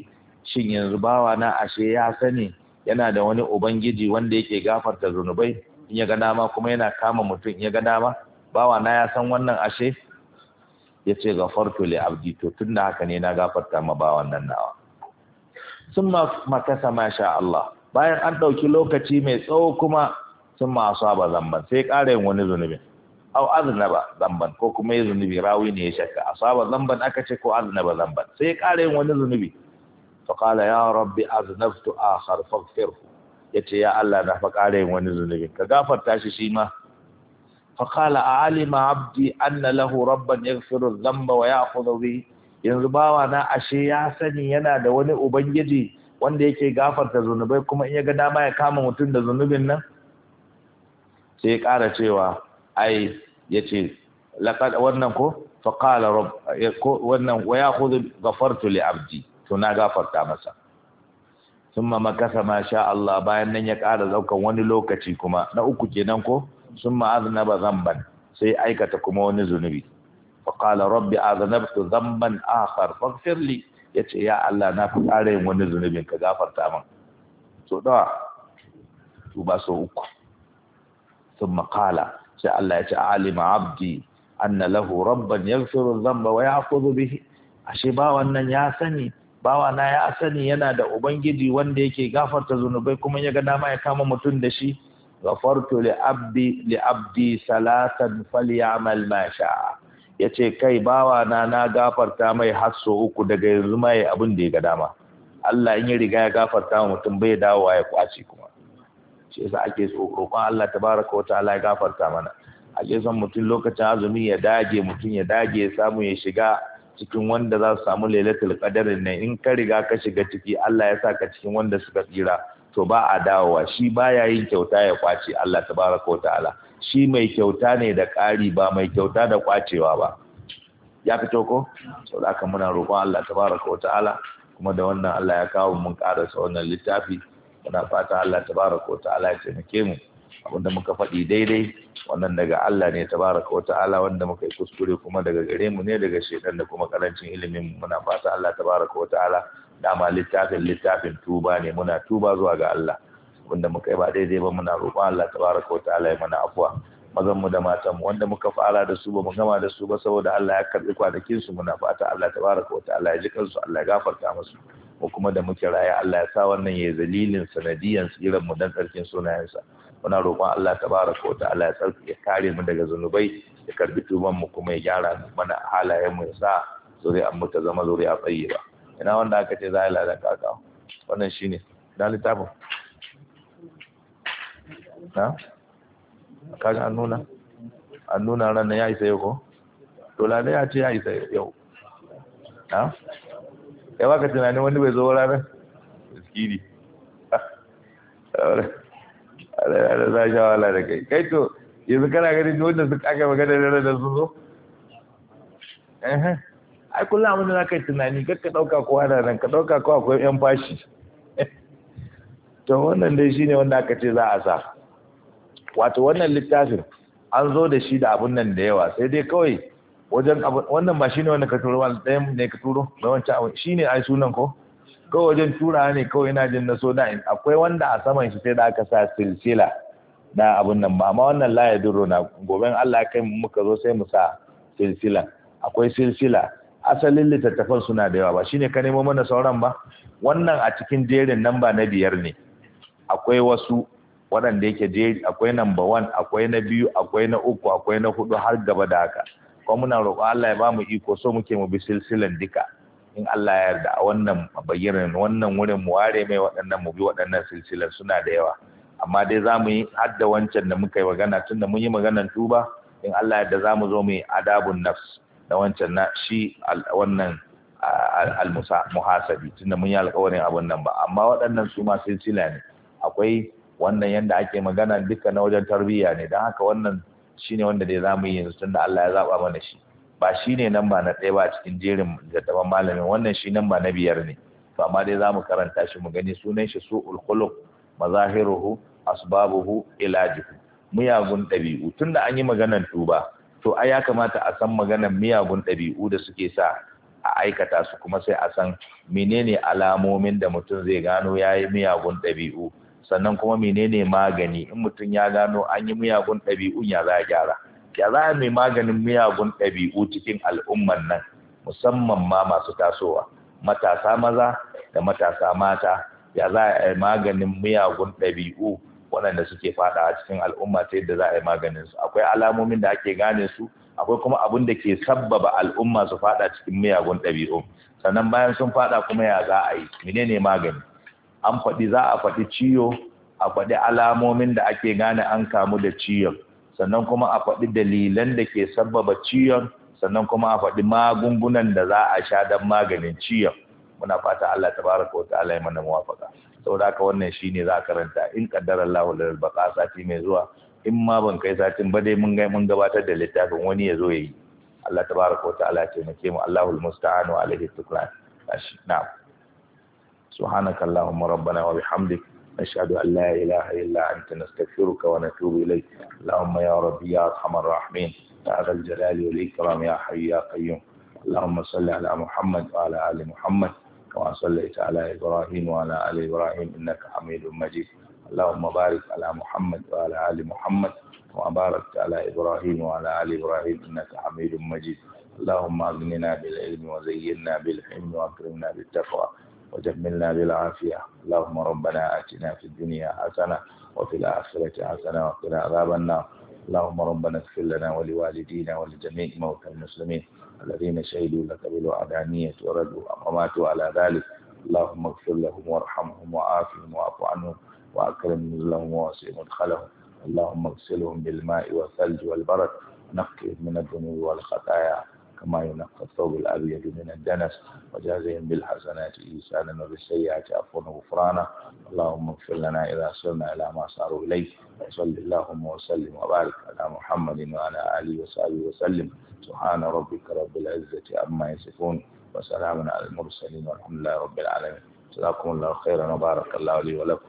shin yanzu bawa na ashe ya sani yana da wani ubangiji wanda yake gafarta zunubai in ya ga dama kuma yana kama mutum in ya ga dama bawa na ya san wannan ashe ya ce gafartu li abdi to tun da haka ne na gafarta ma bawan nan nawa sun makasa masha Allah bayan an ɗauki lokaci mai tsawo kuma sun masu asaba zamban sai ƙara yin wani zunubin au aznaba zamban ko kuma yi zunubi rawi ne ya shakka asaba zamban aka ce ko aznaba zamban sai ƙara yin wani zunubi to kala ya rabbi aznaftu akhar faghfirhu yace ya Allah na fa ƙara yin wani zunubi ka gafarta shi shi ma fa qala alima abdi anna lahu rabban yaghfiru zamba wa ya'khudhu bi yanzu bawa na ashe ya sani yana da wani ubangiji wanda yake gafarta zunubai kuma in ya ga dama ya kama mutum da zunubin nan sai ya ƙara cewa ai ya ce wannan ko faƙala rob wannan wa ya kudu gafartu li abdi to na gafarta masa Sun ma makasa ma sha Allah bayan nan ya kara zaukan wani lokaci kuma na uku kenan ko sun summa ba zamban sai aikata kuma wani zunubi فقال ربي اذنبت ذنبا اخر فاغفر لي يتي ya Allah na fi وني yin wani zunubin ka gafarta سو so dawa uku sun makala sai Allah ya ce alima abdi anna lahu rabban yaghfiru wa wannan ya sani bawa na ya sani yana da ubangiji wanda yake gafarta zunubai kuma ya ga dama ya kama mutum da shi ghafartu li abdi li abdi salatan falyamal ma sha'a ya ce kai bawa na na gafarta mai har uku daga yanzu ma ya abin da ya ga dama Allah in ya riga ya gafarta wa mutum bai dawowa ya kwace kuma shi yasa ake roƙon Allah tabaraka wa ta'ala ya gafarta mana ake son mutum lokacin azumi ya dage mutum ya dage ya samu ya shiga cikin wanda za su samu lailatul kadarin ne in ka riga ka shiga ciki Allah ya sa ka cikin wanda suka tsira to ba a dawowa shi baya yin kyauta ya kwaci. Allah tabaraka wa ta'ala shi mai kyauta ne da ƙari ba mai kyauta da kwacewa ba ya fito ko sau da muna roƙon Allah ta wa ta'ala kuma da wannan Allah ya kawo mun ƙarasa wannan littafi muna fata Allah ta wa ta'ala ya taimake mu abinda muka faɗi daidai wannan daga Allah ne ta baraka wa ta'ala wanda muka yi kuskure kuma daga gare mu ne daga shedan da kuma karancin ilimin muna fata Allah ta baraka wa ta'ala dama littafin littafin tuba ne muna tuba zuwa ga Allah wanda muka yi ba daidai ba muna roƙon Allah tabaraka wa ta'ala ya mana afuwa mazan mu da matan mu wanda muka fara da su ba mu gama da su ba saboda Allah ya karbi kwanakin su muna fata Allah tabaraka wa ta'ala ya ji kansu Allah ya gafarta musu mu kuma da muke raya Allah ya sa wannan ya zalilin sanadiyan irin mu dan tsarkin sunayensa muna roƙon Allah tabaraka wa ta'ala ya tsarki ya kare mu daga zunubai ya karbi tuban mu kuma ya gyara mana halayen mu ya sa zuri'an mu ta zama zuri'a tsayi ba ina wanda aka ce za a lalata kaka wannan shine na littafin na kaga an nuna an nuna ranar ya isa yau ko to lalai ya ce ya isa yau na ya baka tunanin wani bai zo ranar skiri ala za sha wala da kai kai to yanzu kana ne wanda suka aka magana da ranar sun zo ai kula a da za tunani kar ka ɗauka kowa da nan ka ɗauka kowa akwai yan fashi to wannan dai shine wanda aka ce za a sa wato wannan littafin an zo da shi da abun nan da yawa sai dai kawai wajen abu wannan ba shi wanda ka turo wani ɗayan ne ka turo da wancan abu ne ai sunan ko kawai wajen tura ne kawai ina jin na so na akwai wanda a saman shi sai da aka sa silsila na abun nan ba amma wannan laye duro na goben Allah kai muka zo sai mu sa silsila akwai silsila asalin littattafan suna da yawa ba shine ka nemo mana sauran ba wannan a cikin jerin namba na biyar ne akwai wasu waɗanda yake jeri akwai number one akwai na biyu akwai na uku akwai na hudu har gaba da haka kuma muna roƙo Allah ya ba mu iko so muke mu bi silsilan duka in Allah ya yarda a wannan bayyanin wannan wurin mu ware mai waɗannan mu bi waɗannan silsilan suna da yawa amma dai za mu yi hadda wancan da muka yi magana tunda mun yi maganan tuba in Allah ya yarda za mu zo mu yi adabun nafs da wancan na shi wannan al-muhasabi tunda mun yi alƙawarin abun nan ba amma waɗannan su ma silsila ne akwai wannan yanda ake magana duka na wajen tarbiyya ne don haka wannan shine wanda dai za mu yi yanzu tunda Allah ya zaɓa mana shi ba shi ne nan ba na ɗaya ba cikin jerin jattaban malamin wannan shi nan ba na biyar ne to amma dai za mu karanta shi mu gani sunan shi su khuluq mazahiruhu asbabuhu ilajuhu miyagun ɗabi'u tunda an yi maganar tuba to ai ya kamata a san maganar miyagun ɗabi'u da suke sa a aikata su kuma sai a san menene alamomin da mutum zai gano ya yi miyagun ɗabi'u sannan kuma menene magani in mutum ya gano an yi miyagun ɗabi'un ya za a gyara ya za a mai maganin miyagun ɗabi'u cikin al'umman nan musamman ma masu tasowa matasa maza da matasa mata ya za a yi maganin miyagun ɗabi'u waɗanda suke faɗa a cikin al'umma ta yadda za a yi maganin su akwai alamomin da ake gane su akwai kuma abin da ke sabbaba al'umma su faɗa cikin miyagun ɗabi'u sannan bayan sun faɗa kuma ya za a yi menene magani an faɗi za a faɗi ciyo a faɗi alamomin da ake gane an kamu da ciyon sannan kuma a faɗi dalilan da ke sabbaba ciyon sannan kuma a faɗi magungunan da za a sha don maganin ciyon muna fata Allah ta baraka wa ta'ala ya mana muwafaka saboda haka wannan shine za a karanta in kaddara Allahu lil baqa sati mai zuwa in ma ban kai satin ba dai mun mun gabatar da littafin wani ya zo yayi Allah ta baraka wa ta'ala ya taimake mu Allahul musta'an wa alaihi tukran na'am سبحانك اللهم ربنا وبحمدك نشهد أن لا إله إلا أنت نستغفرك ونتوب إليك اللهم يا ربي يا أرحم الراحمين يا ذا الجلال والإكرام يا حي يا قيوم اللهم صل على محمد وعلى آل محمد كما صليت على إبراهيم وعلى آل إبراهيم إنك حميد مجيد اللهم بارك على محمد وعلى آل محمد وباركت على إبراهيم وعلى آل إبراهيم إنك حميد مجيد اللهم أغننا بالعلم وزينا بالحلم وأكرمنا بالتقوى وجملنا بالعافية اللهم ربنا آتنا في الدنيا حسنة وفي الآخرة حسنة وقنا عذاب النار اللهم ربنا اغفر لنا ولوالدينا ولجميع موتى المسلمين الذين شهدوا لك بالوعدانية وردوا وماتوا على ذلك اللهم اغفر لهم وارحمهم وعافهم واعف عنهم وأكرم نزلهم ووسع مدخلهم اللهم اغسلهم بالماء والثلج والبرد نقهم من الذنوب والخطايا كما ينقى الثوب الأبيض من الدنس وجازهم بالحسنات إيسانا وبالسيئات عفوا وغفرانا اللهم اغفر لنا إذا صرنا إلى ما صاروا إليه وصل اللهم وسلم وبارك على محمد وعلى آله وصحبه وسلم سبحان ربك رب العزة عما يصفون وسلام على المرسلين والحمد لله رب العالمين جزاكم الله خيرا وبارك الله لي ولكم